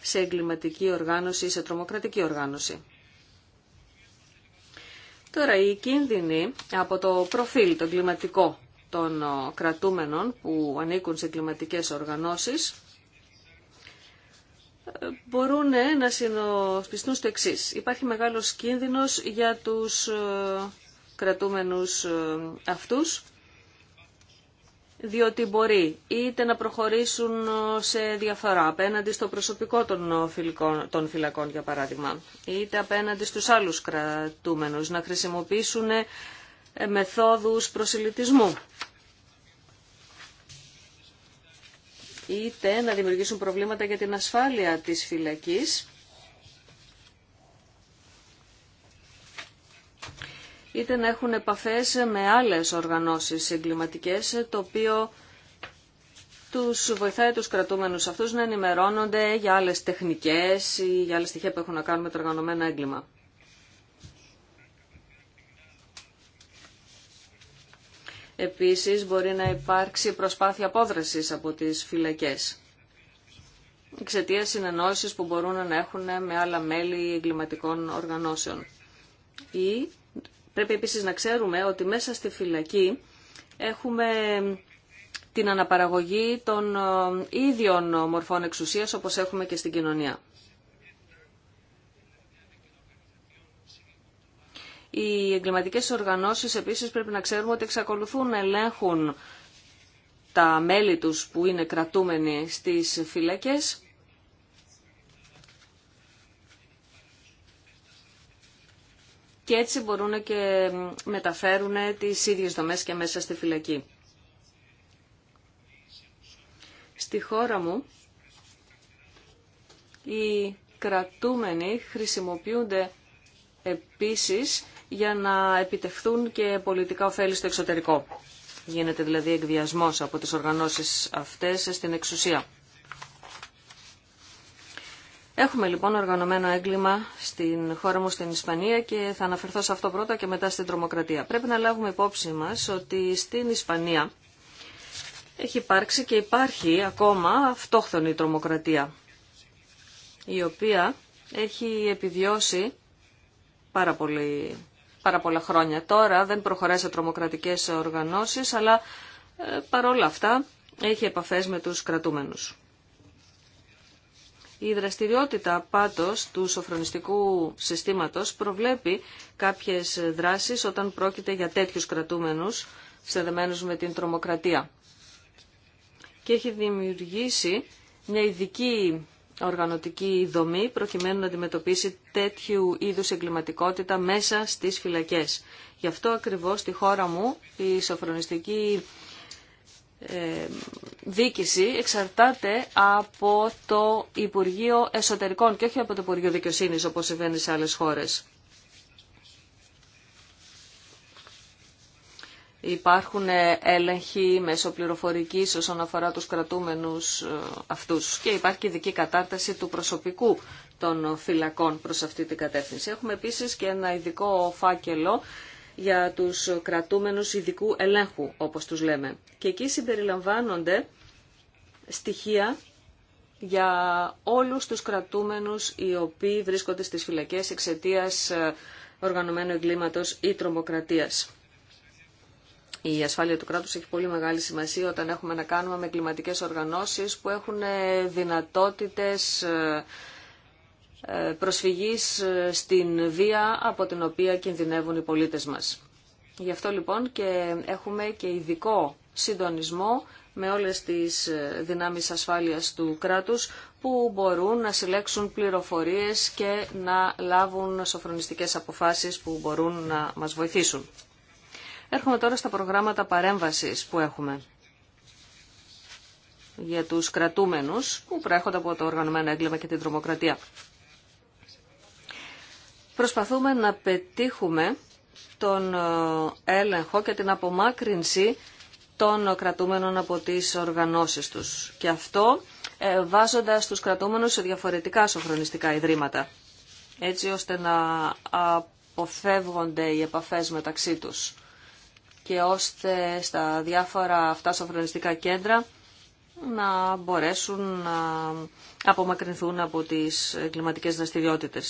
σε εγκληματική οργάνωση ή σε τρομοκρατική οργάνωση. Τώρα, η κινδυνη από το προφίλ, το εγκληματικό των κρατούμενων που ανήκουν σε εγκληματικές οργανώσεις μπορούν ε, να συνοσπιστούν στο εξή. Υπάρχει μεγάλος κίνδυνος για τους ε, κρατούμενους ε, αυτούς, διότι μπορεί είτε να προχωρήσουν σε διαφορά απέναντι στο προσωπικό των, των φυλακών, για παράδειγμα, είτε απέναντι στους άλλους κρατούμενους, να χρησιμοποιήσουν μεθόδους προσιλητισμού είτε να δημιουργήσουν προβλήματα για την ασφάλεια της φυλακής, είτε να έχουν επαφές με άλλες οργανώσεις εγκληματικές, το οποίο τους βοηθάει τους κρατούμενους αυτούς να ενημερώνονται για άλλες τεχνικές ή για άλλες στοιχεία που έχουν να κάνουν με το οργανωμένο έγκλημα. Επίσης μπορεί να υπάρξει προσπάθεια απόδρασης από τις φυλακές εξαιτία συνεννόησης που μπορούν να έχουν με άλλα μέλη εγκληματικών οργανώσεων. Ή πρέπει επίσης να ξέρουμε ότι μέσα στη φυλακή έχουμε την αναπαραγωγή των ε, ίδιων μορφών εξουσίας όπως έχουμε και στην κοινωνία. Οι εγκληματικέ οργανώσεις επίσης πρέπει να ξέρουμε ότι εξακολουθούν να ελέγχουν τα μέλη τους που είναι κρατούμενοι στις φυλακές. Και έτσι μπορούν και μεταφέρουν τις ίδιες δομές και μέσα στη φυλακή. Στη χώρα μου, οι κρατούμενοι χρησιμοποιούνται επίσης για να επιτευχθούν και πολιτικά ωφέλη στο εξωτερικό. Γίνεται δηλαδή εκβιασμός από τις οργανώσεις αυτές στην εξουσία. Έχουμε λοιπόν οργανωμένο έγκλημα στην χώρα μου στην Ισπανία και θα αναφερθώ σε αυτό πρώτα και μετά στην τρομοκρατία. Πρέπει να λάβουμε υπόψη μας ότι στην Ισπανία έχει υπάρξει και υπάρχει ακόμα αυτόχθονη τρομοκρατία η οποία έχει επιβιώσει πάρα πολύ πάρα πολλά χρόνια τώρα, δεν προχωράει σε τρομοκρατικές οργανώσεις, αλλά ε, παρόλα αυτά έχει επαφές με τους κρατούμενους. Η δραστηριότητα πάτος του σοφρονιστικού συστήματος προβλέπει κάποιες δράσεις όταν πρόκειται για τέτοιους κρατούμενους συνδεμένους με την τρομοκρατία. Και έχει δημιουργήσει μια ειδική οργανωτική δομή προκειμένου να αντιμετωπίσει τέτοιου είδους εγκληματικότητα μέσα στις φυλακές. Γι' αυτό ακριβώς στη χώρα μου η σοφρονιστική ε, δίκηση εξαρτάται από το Υπουργείο Εσωτερικών και όχι από το Υπουργείο Δικαιοσύνης όπως συμβαίνει σε άλλες χώρες. υπάρχουν ε, έλεγχοι μέσω πληροφορική όσον αφορά τους κρατούμενους ε, αυτούς και υπάρχει ειδική κατάρταση του προσωπικού των φυλακών προς αυτή την κατεύθυνση. Έχουμε επίσης και ένα ειδικό φάκελο για τους κρατούμενους ειδικού ελέγχου, όπως τους λέμε. Και εκεί συμπεριλαμβάνονται στοιχεία για όλους τους κρατούμενους οι οποίοι βρίσκονται στις φυλακές εξαιτίας ε, οργανωμένου εγκλήματος ή τρομοκρατίας. Η ασφάλεια του κράτους έχει πολύ μεγάλη σημασία όταν έχουμε να κάνουμε με κλιματικές οργανώσεις που έχουν ε, δυνατότητες ε, ε, προσφυγής στην βία από την οποία κινδυνεύουν οι πολίτες μας. Γι' αυτό λοιπόν και έχουμε και ειδικό συντονισμό με όλες τις δυνάμεις ασφάλειας του κράτους που μπορούν να συλλέξουν πληροφορίες και να λάβουν σοφρονιστικές αποφάσεις που μπορούν να μας βοηθήσουν. Έρχομαι τώρα στα προγράμματα παρέμβασης που έχουμε για τους κρατούμενους που προέρχονται από το οργανωμένο έγκλημα και την τρομοκρατία. Προσπαθούμε να πετύχουμε τον ε, έλεγχο και την απομάκρυνση των κρατούμενων από τις οργανώσεις τους. Και αυτό ε, βάζοντας τους κρατούμενους σε διαφορετικά σοφρονιστικά ιδρύματα, έτσι ώστε να αποφεύγονται οι επαφές μεταξύ τους και ώστε στα διάφορα αυτά σοφρονιστικά κέντρα να μπορέσουν να απομακρυνθούν από τις κλιματικές δραστηριότητε.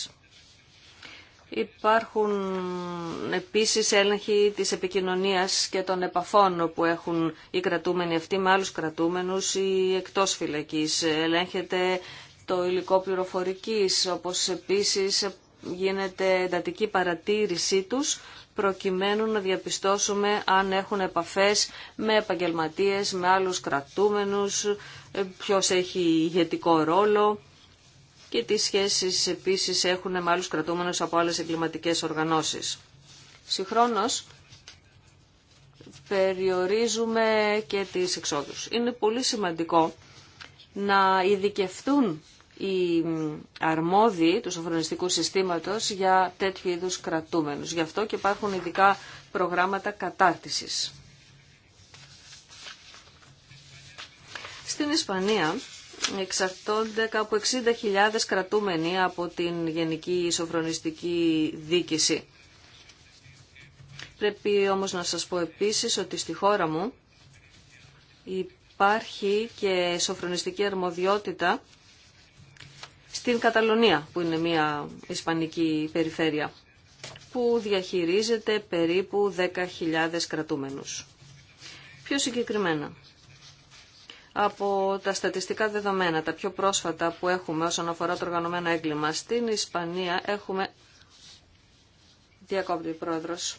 Υπάρχουν επίσης έλεγχοι της επικοινωνίας και των επαφών που έχουν οι κρατούμενοι αυτοί με άλλους κρατούμενους ή εκτός φυλακής. Ελέγχεται το υλικό πληροφορικής, όπως επίσης γίνεται εντατική παρατήρησή τους προκειμένου να διαπιστώσουμε αν έχουν επαφές με επαγγελματίες, με άλλους κρατούμενους, ε, ποιος έχει ηγετικό ρόλο και τι σχέσεις επίσης έχουν με άλλους κρατούμενους από άλλες εγκληματικές οργανώσεις. Συγχρόνως, περιορίζουμε και τις εξόδους. Είναι πολύ σημαντικό να ειδικευτούν οι αρμόδιοι του σοφρονιστικού συστήματος για τέτοιου είδους κρατούμενους. Γι' αυτό και υπάρχουν ειδικά προγράμματα κατάρτισης. Στην Ισπανία εξαρτώνται κάπου 60.000 κρατούμενοι από την Γενική Σοφρονιστική Δίκηση. Πρέπει όμως να σας πω επίσης ότι στη χώρα μου υπάρχει και σοφρονιστική αρμοδιότητα στην Καταλωνία, που είναι μια ισπανική περιφέρεια, που διαχειρίζεται περίπου 10.000 κρατούμενους. Πιο συγκεκριμένα, από τα στατιστικά δεδομένα, τα πιο πρόσφατα που έχουμε όσον αφορά το οργανωμένο έγκλημα, στην Ισπανία έχουμε... διακόπτει ο πρόεδρος.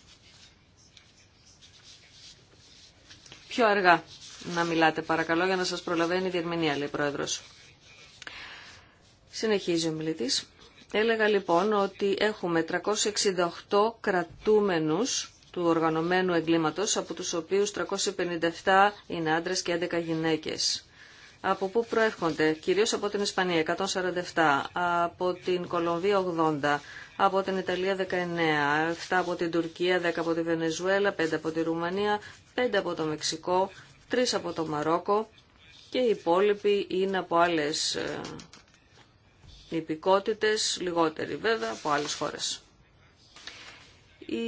Πιο αργά να μιλάτε παρακαλώ για να σας προλαβαίνει η διερμηνία, λέει πρόεδρος. Συνεχίζει ο μιλητής. Έλεγα λοιπόν ότι έχουμε 368 κρατούμενους του οργανωμένου εγκλήματος, από τους οποίους 357 είναι άντρες και 11 γυναίκες. Από πού προέρχονται, κυρίως από την Ισπανία 147, από την Κολομβία 80, από την Ιταλία 19, 7 από την Τουρκία, 10 από τη Βενεζουέλα, 5 από τη Ρουμανία, 5 από το Μεξικό, 3 από το Μαρόκο και οι υπόλοιποι είναι από άλλες ε, υπηκότητες, λιγότεροι βέβαια από άλλες χώρες. Οι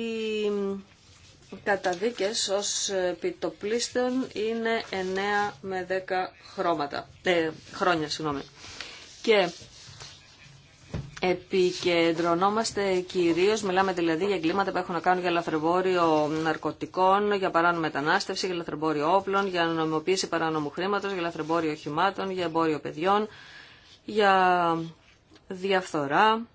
καταδίκες ως επιτοπλίστων είναι 9 με 10 χρώματα, ε, χρόνια. Και επικεντρωνόμαστε κυρίως, μιλάμε δηλαδή για εγκλήματα που έχουν να κάνουν για λαθρεμπόριο ναρκωτικών, για παράνομη μετανάστευση, για λαθρεμπόριο όπλων, για νομιμοποίηση παράνομου χρήματος, για λαθρεμπόριο οχημάτων, για εμπόριο παιδιών, για διαφθορά,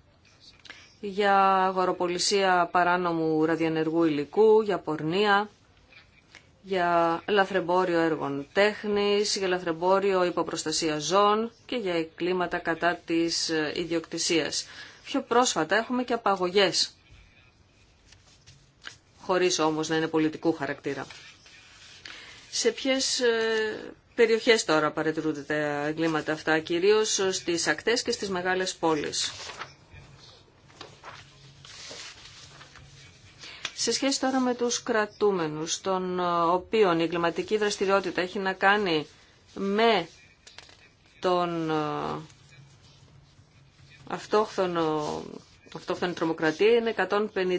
για αγοροπολισία παράνομου ραδιενεργού υλικού, για πορνεία, για λαθρεμπόριο έργων τέχνης, για λαθρεμπόριο υποπροστασία ζών και για κλίματα κατά της ε, ιδιοκτησίας. Πιο πρόσφατα έχουμε και απαγωγές, χωρίς όμως να είναι πολιτικού χαρακτήρα. Σε ποιες ε, περιοχές τώρα παρατηρούνται τα εγκλήματα αυτά, κυρίως στις ακτές και στις μεγάλες πόλεις. Σε σχέση τώρα με τους κρατούμενους, των ε, οποίων η εγκληματική δραστηριότητα έχει να κάνει με τον ε, αυτόχθονο, αυτόχθονη τρομοκρατία είναι 154.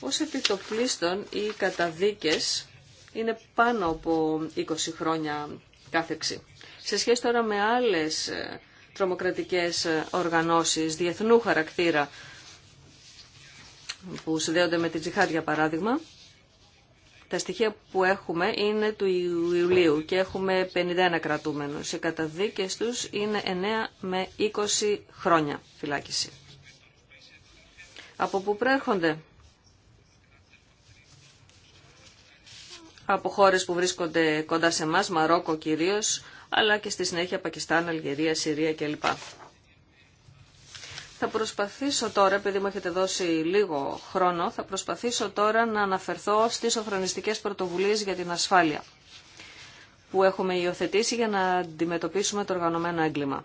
Ως επιτοπλίστων οι καταδίκες είναι πάνω από 20 χρόνια κάθεξη. Σε σχέση τώρα με άλλες ε, τρομοκρατικές ε, οργανώσεις διεθνού χαρακτήρα που συνδέονται με την Τζιχάτ για παράδειγμα, τα στοιχεία που έχουμε είναι του Ιουλίου και έχουμε 51 κρατούμενους. Οι καταδίκες τους είναι 9 με 20 χρόνια φυλάκιση. Από πού προέρχονται από χώρες που βρίσκονται κοντά σε εμά, Μαρόκο κυρίως, αλλά και στη συνέχεια Πακιστάν, Αλγερία, Συρία κλπ. Θα προσπαθήσω τώρα, επειδή μου έχετε δώσει λίγο χρόνο, θα προσπαθήσω τώρα να αναφερθώ στις οχρονιστικέ πρωτοβουλίες για την ασφάλεια που έχουμε υιοθετήσει για να αντιμετωπίσουμε το οργανωμένο έγκλημα.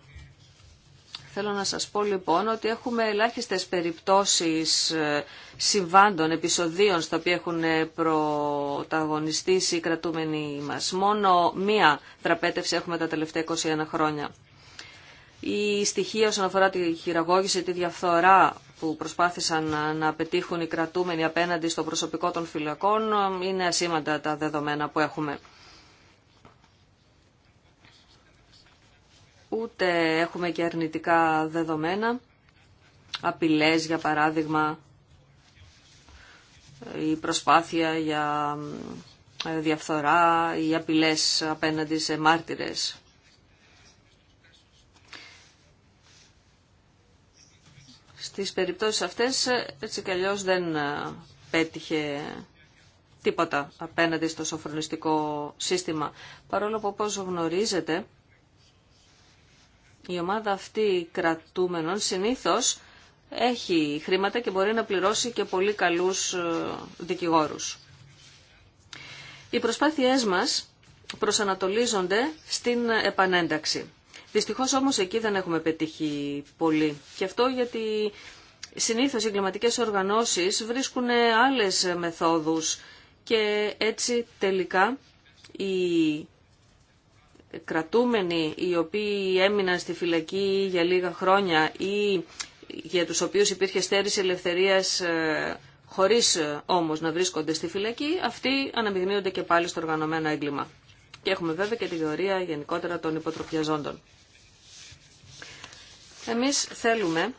Θέλω να σας πω λοιπόν ότι έχουμε ελάχιστες περιπτώσεις ε, συμβάντων, επεισοδίων στα οποία έχουν ε, πρωταγωνιστήσει οι κρατούμενοι μας. Μόνο μία τραπέτευση έχουμε τα τελευταία 21 χρόνια. Η στοιχεία όσον αφορά τη χειραγώγηση, τη διαφθορά που προσπάθησαν να πετύχουν οι κρατούμενοι απέναντι στο προσωπικό των φυλακών ε, είναι ασήμαντα τα δεδομένα που έχουμε. ούτε έχουμε και αρνητικά δεδομένα, απειλές για παράδειγμα, η προσπάθεια για ε, διαφθορά, οι απειλές απέναντι σε μάρτυρες. Στις περιπτώσεις αυτές έτσι κι αλλιώς δεν ε, πέτυχε τίποτα απέναντι στο σοφρονιστικό σύστημα. Παρόλο που όπως γνωρίζετε η ομάδα αυτή κρατούμενων συνήθως έχει χρήματα και μπορεί να πληρώσει και πολύ καλούς ε, δικηγόρους. Οι προσπάθειές μας προσανατολίζονται στην επανένταξη. Δυστυχώς όμως εκεί δεν έχουμε πετύχει πολύ. Και αυτό γιατί συνήθως οι εγκληματικές οργανώσεις βρίσκουν άλλες μεθόδους και έτσι τελικά οι κρατούμενοι οι οποίοι έμειναν στη φυλακή για λίγα χρόνια ή για τους οποίους υπήρχε στέρηση ελευθερίας ε, χωρίς ε, όμως να βρίσκονται στη φυλακή, αυτοί αναμειγνύονται και πάλι στο οργανωμένο έγκλημα. Και έχουμε βέβαια και τη θεωρία γενικότερα των υποτροπιαζόντων. Εμείς θέλουμε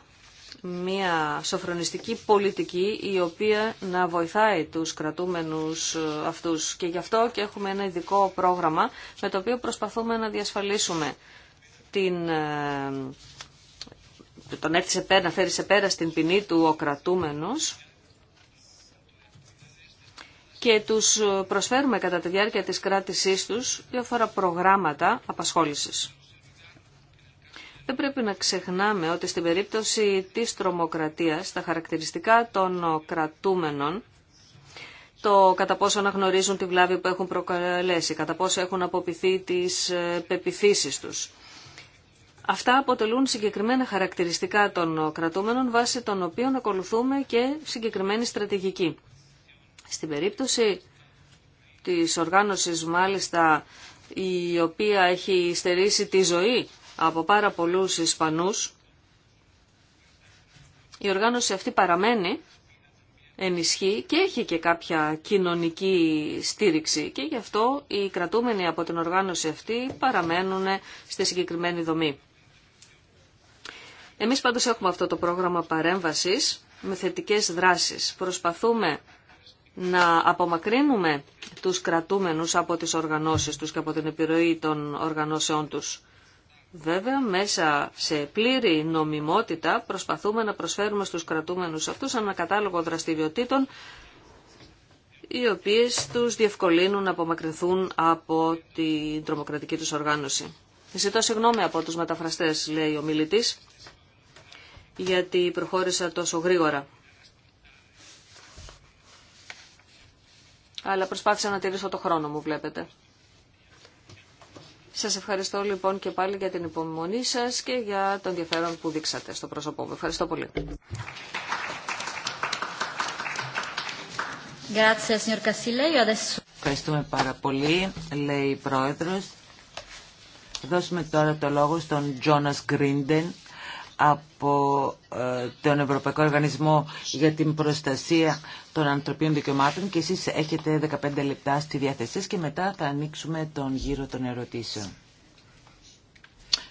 μια σοφρονιστική πολιτική η οποία να βοηθάει τους κρατούμενους ε, αυτούς. Και γι' αυτό και έχουμε ένα ειδικό πρόγραμμα με το οποίο προσπαθούμε να διασφαλίσουμε την, ε, τον έρθει σε πέρα, να φέρει σε πέρα στην ποινή του ο κρατούμενος και τους ε, προσφέρουμε κατά τη διάρκεια της κράτησής τους φορά προγράμματα απασχόλησης. Δεν πρέπει να ξεχνάμε ότι στην περίπτωση της τρομοκρατίας, τα χαρακτηριστικά των κρατούμενων, το κατά πόσο αναγνωρίζουν τη βλάβη που έχουν προκαλέσει, κατά πόσο έχουν αποποιηθεί τις ε, πεπιθήσεις τους. Αυτά αποτελούν συγκεκριμένα χαρακτηριστικά των κρατούμενων, βάσει των οποίων ακολουθούμε και συγκεκριμένη στρατηγική. Στην περίπτωση της οργάνωσης μάλιστα η οποία έχει στερήσει τη ζωή από πάρα πολλούς Ισπανούς, η οργάνωση αυτή παραμένει, ενισχύει και έχει και κάποια κοινωνική στήριξη και γι' αυτό οι κρατούμενοι από την οργάνωση αυτή παραμένουν στη συγκεκριμένη δομή. Εμείς πάντως έχουμε αυτό το πρόγραμμα παρέμβασης με θετικές δράσεις. Προσπαθούμε να απομακρύνουμε τους κρατούμενους από τις οργανώσεις τους και από την επιρροή των οργανώσεών τους. Βέβαια, μέσα σε πλήρη νομιμότητα προσπαθούμε να προσφέρουμε στους κρατούμενους αυτούς ένα κατάλογο δραστηριοτήτων οι οποίες τους διευκολύνουν να απομακρυνθούν από την τρομοκρατική τους οργάνωση. Ζητώ συγγνώμη από τους μεταφραστές, λέει ο μιλητής, γιατί προχώρησα τόσο γρήγορα. Αλλά προσπάθησα να τηρήσω το χρόνο μου, βλέπετε. Σας ευχαριστώ λοιπόν και πάλι για την υπομονή σας και για τον ενδιαφέρον που δείξατε στο πρόσωπό μου. Ευχαριστώ πολύ. Ευχαριστούμε πάρα πολύ, λέει η Πρόεδρος. Δώσουμε τώρα το λόγο στον Τζόνας Γκρίντεν, από ε, τον Ευρωπαϊκό Οργανισμό για την Προστασία των Ανθρωπίνων Δικαιωμάτων και εσείς έχετε 15 λεπτά στη διάθεσή και μετά θα ανοίξουμε τον γύρο των ερωτήσεων.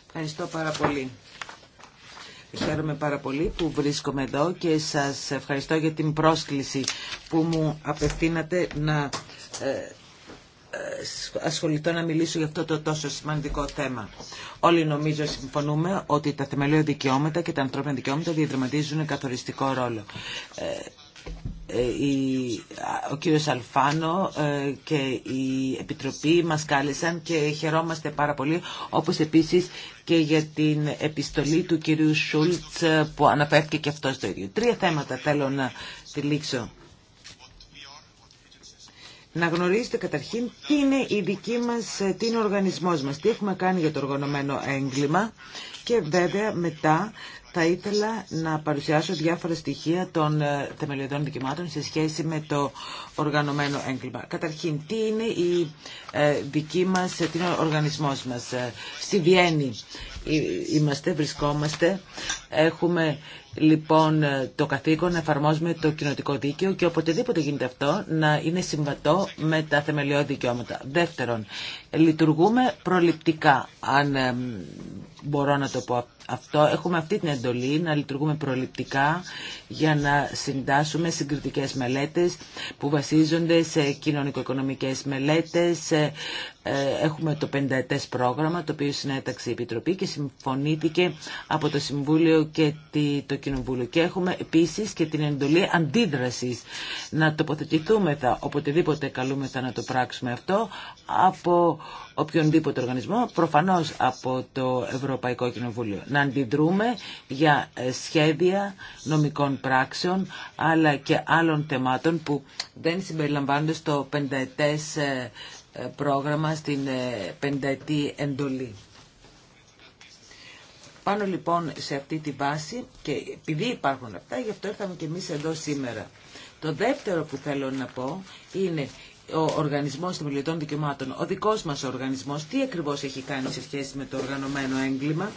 Ευχαριστώ πάρα πολύ. Χαίρομαι πάρα πολύ που βρίσκομαι εδώ και σας ευχαριστώ για την πρόσκληση που μου απευθύνατε να ε, ασχοληθώ να μιλήσω για αυτό το τόσο σημαντικό θέμα. Όλοι νομίζω συμφωνούμε ότι τα θεμελιώδη δικαιώματα και τα ανθρώπινα δικαιώματα διαδραματίζουν καθοριστικό ρόλο. Ε, ε, ο κύριος Αλφάνο ε, και η Επιτροπή μας κάλεσαν και χαιρόμαστε πάρα πολύ, όπως επίσης και για την επιστολή του κυρίου Σούλτς που αναφέρθηκε και αυτό στο ίδιο. Τρία θέματα θέλω να τυλίξω να γνωρίζετε καταρχήν τι είναι η δική μας, ε, τι είναι ο οργανισμός μας, τι έχουμε κάνει για το οργανωμένο έγκλημα και βέβαια μετά θα ήθελα να παρουσιάσω διάφορα στοιχεία των ε, θεμελιωδών δικαιωμάτων σε σχέση με το οργανωμένο έγκλημα. Καταρχήν, τι είναι η ε, δική μας, τι είναι ο οργανισμός μας. Στη Βιέννη είμαστε, βρισκόμαστε, έχουμε λοιπόν ε, το καθήκον να εφαρμόζουμε το κοινοτικό δίκαιο και οποτεδήποτε γίνεται αυτό να είναι συμβατό με τα θεμελιώδη δικαιώματα. Δεύτερον, λειτουργούμε προληπτικά αν μπορώ να το πω αυτό. Έχουμε αυτή την εντολή να λειτουργούμε προληπτικά για να συντάσσουμε συγκριτικές μελέτες που βασίζονται σε κοινωνικο-οικονομικές μελέτες. Ε, ε, έχουμε το πενταετές πρόγραμμα το οποίο συνέταξε η Επιτροπή και συμφωνήθηκε από το Συμβούλιο και το Κοινοβούλιο. Και έχουμε επίσης και την εντολή αντίδρασης να τοποθετηθούμε οποτεδήποτε καλούμεθα να το πράξουμε αυτό από οποιονδήποτε οργανισμό, προφανώς από το Ευρωπαϊκό Κοινοβούλιο. Να αντιδρούμε για ε, σχέδια νομικών πράξεων, αλλά και άλλων θεμάτων που δεν συμπεριλαμβάνονται στο πενταετές ε, ε, πρόγραμμα, στην πενταετή εντολή. Πάνω λοιπόν σε αυτή τη βάση και επειδή υπάρχουν αυτά, γι' αυτό ήρθαμε και εμείς εδώ σήμερα. Το δεύτερο που θέλω να πω είναι ο Οργανισμός των Πολιτών Δικαιωμάτων, ο δικός μας οργανισμός, τι ακριβώς έχει κάνει σε σχέση με το οργανωμένο έγκλημα.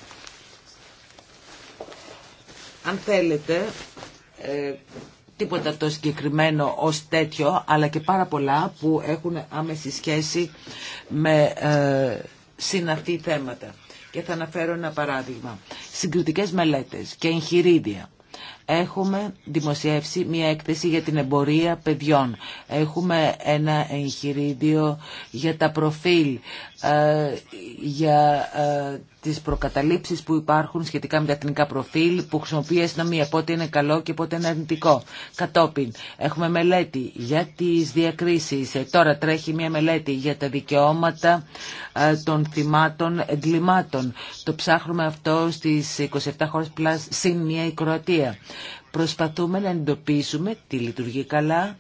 Αν θέλετε, ε, τίποτα το συγκεκριμένο ως τέτοιο, αλλά και πάρα πολλά που έχουν άμεση σχέση με ε, θέματα. Και θα αναφέρω ένα παράδειγμα. Συγκριτικές μελέτες και εγχειρίδια Έχουμε δημοσιεύσει μια έκθεση για την εμπορία παιδιών. Έχουμε ένα εγχειρίδιο για τα προφίλ, ε, για ε, τις προκαταλήψεις που υπάρχουν σχετικά με τα εθνικά προφίλ που χρησιμοποιεί η αστυνομία, πότε είναι καλό και πότε είναι αρνητικό. Κατόπιν έχουμε μελέτη για τις διακρίσεις. Ε, τώρα τρέχει μια μελέτη για τα δικαιώματα των θυμάτων εγκλημάτων. Το ψάχνουμε αυτό στις 27 χώρες πλάς συν μια η Κροατία. Προσπαθούμε να εντοπίσουμε τι λειτουργεί καλά,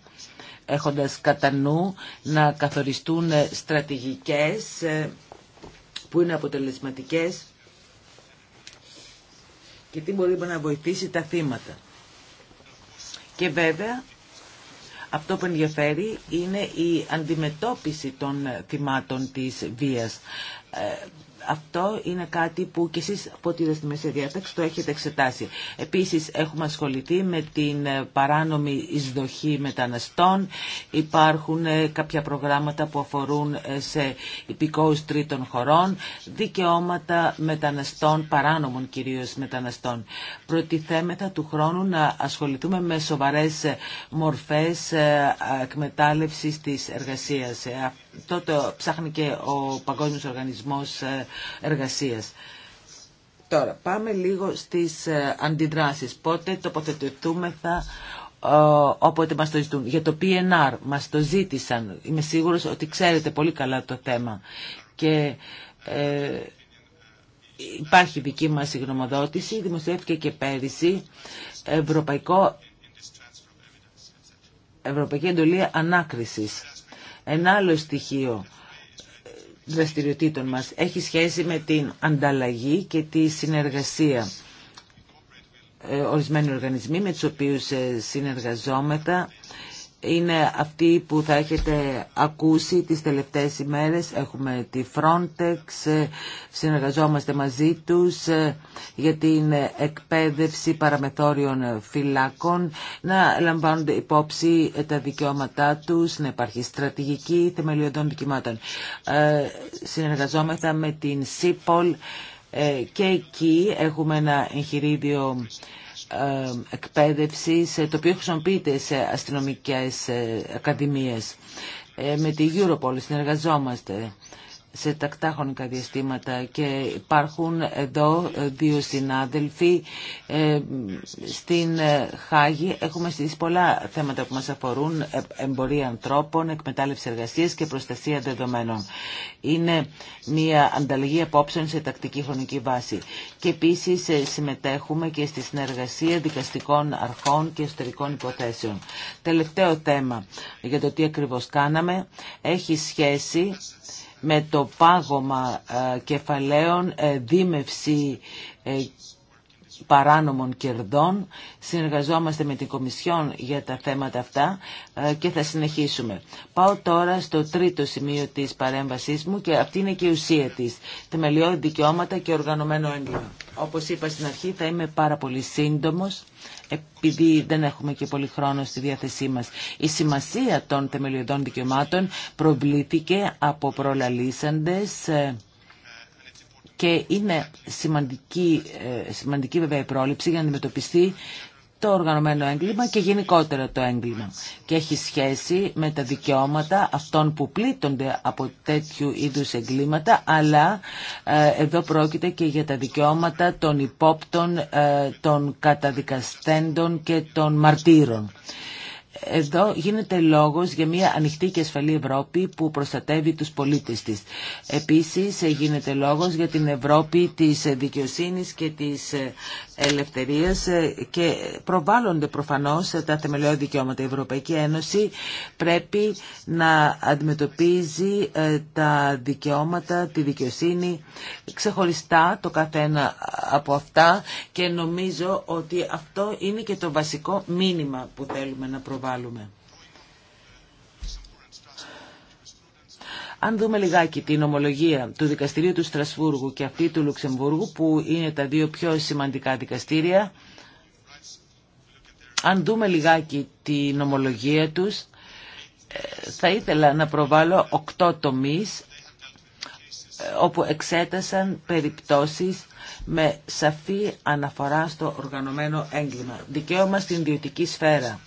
έχοντας κατά νου να καθοριστούν στρατηγικές ε, που είναι αποτελεσματικές και τι μπορεί να βοηθήσει τα θύματα. Και βέβαια, αυτό που ενδιαφέρει είναι η αντιμετώπιση των θυμάτων της βίας. Ε, αυτό είναι κάτι που κι εσείς από τη Μέση διάταξη το έχετε εξετάσει. Επίσης έχουμε ασχοληθεί με την ε, παράνομη εισδοχή μεταναστών. Υπάρχουν ε, κάποια προγράμματα που αφορούν ε, σε υπηκόους τρίτων χωρών, δικαιώματα μεταναστών, παράνομων κυρίως μεταναστών. Προτιθέμετα του χρόνου να ασχοληθούμε με σοβαρές μορφές εκμετάλλευσης της εργασίας. Τότε ψάχνει και ο Παγκόσμιος Οργανισμός ε, Εργασίας. Τώρα, πάμε λίγο στις ε, αντιδράσεις. Πότε τοποθετηθούμεθα ε, όποτε μας το ζητούν. Για το PNR μας το ζήτησαν. Είμαι σίγουρος ότι ξέρετε πολύ καλά το θέμα. Και υπάρχει δική μας γνωμοδότηση, δημοσιεύτηκε και πέρυσι, ευρωπαϊκό, ευρωπαϊκή εντολή ανάκρισης. Ένα άλλο στοιχείο ε, δραστηριοτήτων μας έχει σχέση με την ανταλλαγή και τη συνεργασία. Ε, ορισμένοι οργανισμοί με τους οποίους ε, συνεργαζόμετα είναι αυτή που θα έχετε ακούσει τις τελευταίες ημέρες. Έχουμε τη Frontex, ε, συνεργαζόμαστε μαζί τους ε, για την εκπαίδευση παραμεθόριων φυλάκων, να λαμβάνονται υπόψη τα δικαιώματά τους, να υπάρχει στρατηγική θεμελιωτών δικαιωμάτων. Ε, συνεργαζόμεθα με την ΣΥΠΟΛ και εκεί έχουμε ένα εγχειρίδιο εκπαίδευσης το οποίο χρησιμοποιείται σε αστυνομικές ε, ακαδημίες. Ε, με τη Europol συνεργαζόμαστε σε τακτά χρονικά διαστήματα και υπάρχουν εδώ δύο συνάδελφοι ε, στην ε, Χάγη έχουμε στις πολλά θέματα που μας αφορούν ε, εμπορία ανθρώπων, εκμετάλλευση εργασίας και προστασία δεδομένων είναι μια ανταλλαγή απόψεων σε τακτική χρονική βάση και επίσης συμμετέχουμε και στη συνεργασία δικαστικών αρχών και εσωτερικών υποθέσεων τελευταίο θέμα για το τι ακριβώς κάναμε έχει σχέση με το πάγωμα ε, κεφαλαίων, ε, δίμευση ε, παράνομων κερδών. Συνεργαζόμαστε με την Κομισιόν για τα θέματα αυτά και θα συνεχίσουμε. Πάω τώρα στο τρίτο σημείο της παρέμβασής μου και αυτή είναι και η ουσία της. Θεμελιώδη δικαιώματα και οργανωμένο έγκλημα. Όπως είπα στην αρχή θα είμαι πάρα πολύ σύντομος επειδή δεν έχουμε και πολύ χρόνο στη διάθεσή μας. Η σημασία των θεμελιωδών δικαιωμάτων προβλήθηκε από προλαλήσαντες ε, και είναι σημαντική, ε, σημαντική βέβαια η πρόληψη για να αντιμετωπιστεί το οργανωμένο έγκλημα και γενικότερα το έγκλημα και έχει σχέση με τα δικαιώματα αυτών που πλήττονται από τέτοιου είδους εγκλήματα αλλά ε, εδώ πρόκειται και για τα δικαιώματα των υπόπτων, ε, των καταδικαστέντων και των μαρτύρων. Εδώ γίνεται λόγος για μια ανοιχτή και ασφαλή Ευρώπη που προστατεύει τους πολίτες της. Επίσης ε, γίνεται λόγος για την Ευρώπη της δικαιοσύνης και της ελευθερίας ε, και προβάλλονται προφανώς τα θεμελιώδη δικαιώματα. Η Ευρωπαϊκή Ένωση πρέπει να αντιμετωπίζει ε, τα δικαιώματα, τη δικαιοσύνη ξεχωριστά το καθένα από αυτά και νομίζω ότι αυτό είναι και το βασικό μήνυμα που θέλουμε να προβάλλουμε. Αν δούμε λιγάκι την ομολογία του δικαστηρίου του Στρασβούργου και αυτή του Λουξεμβούργου που είναι τα δύο πιο σημαντικά δικαστήρια, αν δούμε λιγάκι την ομολογία τους, ε, θα ήθελα να προβάλλω οκτώ τομείς ε, όπου εξέτασαν περιπτώσεις με σαφή αναφορά στο οργανωμένο έγκλημα. Δικαίωμα στην ιδιωτική σφαίρα,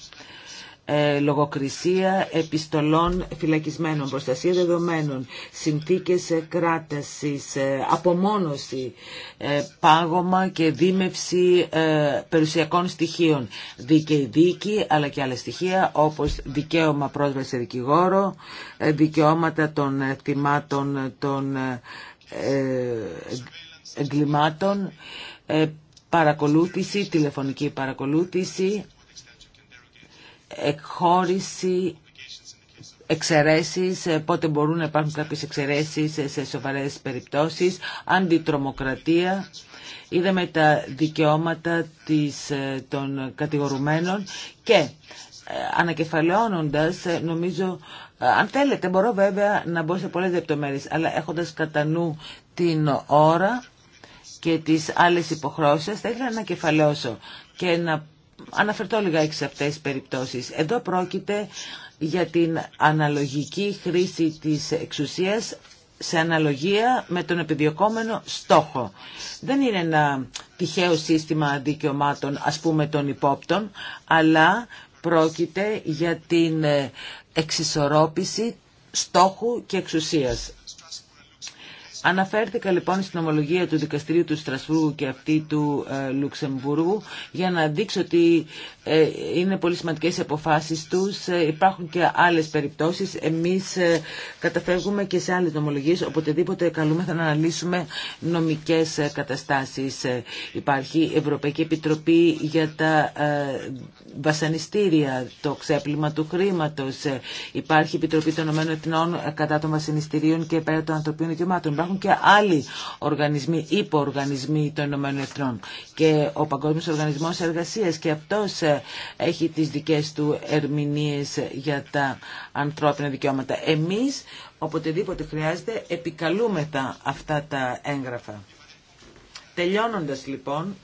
ε, λογοκρισία επιστολών φυλακισμένων, προστασία δεδομένων, συνθήκες ε, κράτασης, ε, απομόνωση, πάγωμα και δίμευση περιουσιακών στοιχείων, δίκαιη δίκη αλλά και άλλα στοιχεία όπως δικαίωμα πρόσβαση σε δικηγόρο, δικαιώματα των θυμάτων των εγκλημάτων, παρακολούθηση, τηλεφωνική παρακολούθηση, εκχώρηση εξαιρέσεις, ε, πότε μπορούν να υπάρχουν κάποιες εξαιρέσεις ε, σε σοβαρές περιπτώσεις, αντιτρομοκρατία. Είδαμε τα δικαιώματα της, ε, των κατηγορουμένων και ανακεφαλαιώνοντας, νομίζω, αν θέλετε, μπορώ βέβαια να μπω σε πολλές λεπτομέρειες, αλλά έχοντας κατά νου την ώρα και τις άλλες υποχρώσεις, θα ήθελα να ανακεφαλαιώσω και να αναφερθώ λιγάκι σε αυτές τις περιπτώσεις. Εδώ πρόκειται για την αναλογική χρήση της εξουσίας σε αναλογία με τον επιδιωκόμενο στόχο. Δεν είναι ένα τυχαίο σύστημα δικαιωμάτων, ας πούμε, των υπόπτων, αλλά πρόκειται για την ε, εξισορρόπηση στόχου και εξουσίας. Αναφέρθηκα λοιπόν στην ομολογία του Δικαστηρίου του Στρασβούργου και αυτή του ε, Λουξεμβούργου για να δείξω ότι ε, είναι πολύ σημαντικές οι αποφάσεις τους. Ε, υπάρχουν και άλλες περιπτώσεις. Εμείς καταφεύγουμε και σε άλλες ομολογίες Οποτεδήποτε καλούμε θα να αναλύσουμε νομικές καταστάσεις. Υπάρχει η Ευρωπαϊκή Επιτροπή για τα βασανιστήρια, το ξέπλυμα του χρήματος. Υπάρχει η Επιτροπή των Ηνωμένων κατά των βασανιστήριων και πέρα των ανθρωπίνων δικαιωμάτων και άλλοι οργανισμοί, υποοργανισμοί των ΗΕ και ο Παγκόσμιος Οργανισμός Εργασίας και αυτός ε, έχει τις δικές του ερμηνείες για τα ανθρώπινα δικαιώματα. Εμείς, οποτεδήποτε χρειάζεται, επικαλούμεθα αυτά τα έγγραφα. Τελειώνοντας λοιπόν,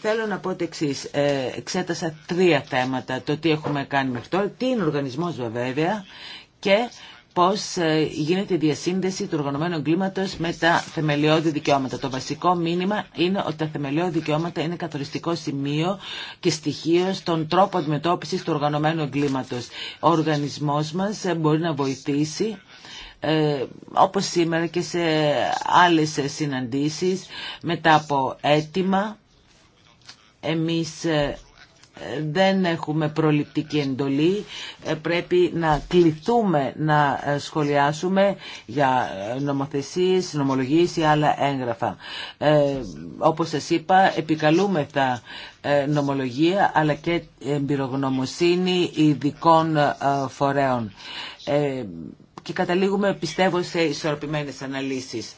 Θέλω να πω το εξή. Ε, εξέτασα τρία θέματα. Το τι έχουμε κάνει με αυτό, τι είναι ο οργανισμό βέβαια και πώς ε, γίνεται η διασύνδεση του οργανωμένου εγκλήματος με τα θεμελιώδη δικαιώματα. Το βασικό μήνυμα είναι ότι τα θεμελιώδη δικαιώματα είναι καθοριστικό σημείο και στοιχείο στον τρόπο αντιμετώπισης του οργανωμένου εγκλήματος. Ο οργανισμός μας ε, μπορεί να βοηθήσει ε, όπως σήμερα και σε άλλες συναντήσεις μετά από αίτημα εμείς ε, δεν έχουμε προληπτική εντολή, ε, πρέπει να κληθούμε να ε, σχολιάσουμε για ε, νομοθεσίες, νομολογίες ή άλλα έγγραφα. Ε, όπως σας είπα, επικαλούμε τα νομολογία αλλά και εμπειρογνωμοσύνη ειδικών φορέων. και καταλήγουμε, πιστεύω, σε ισορροπημένες αναλύσεις.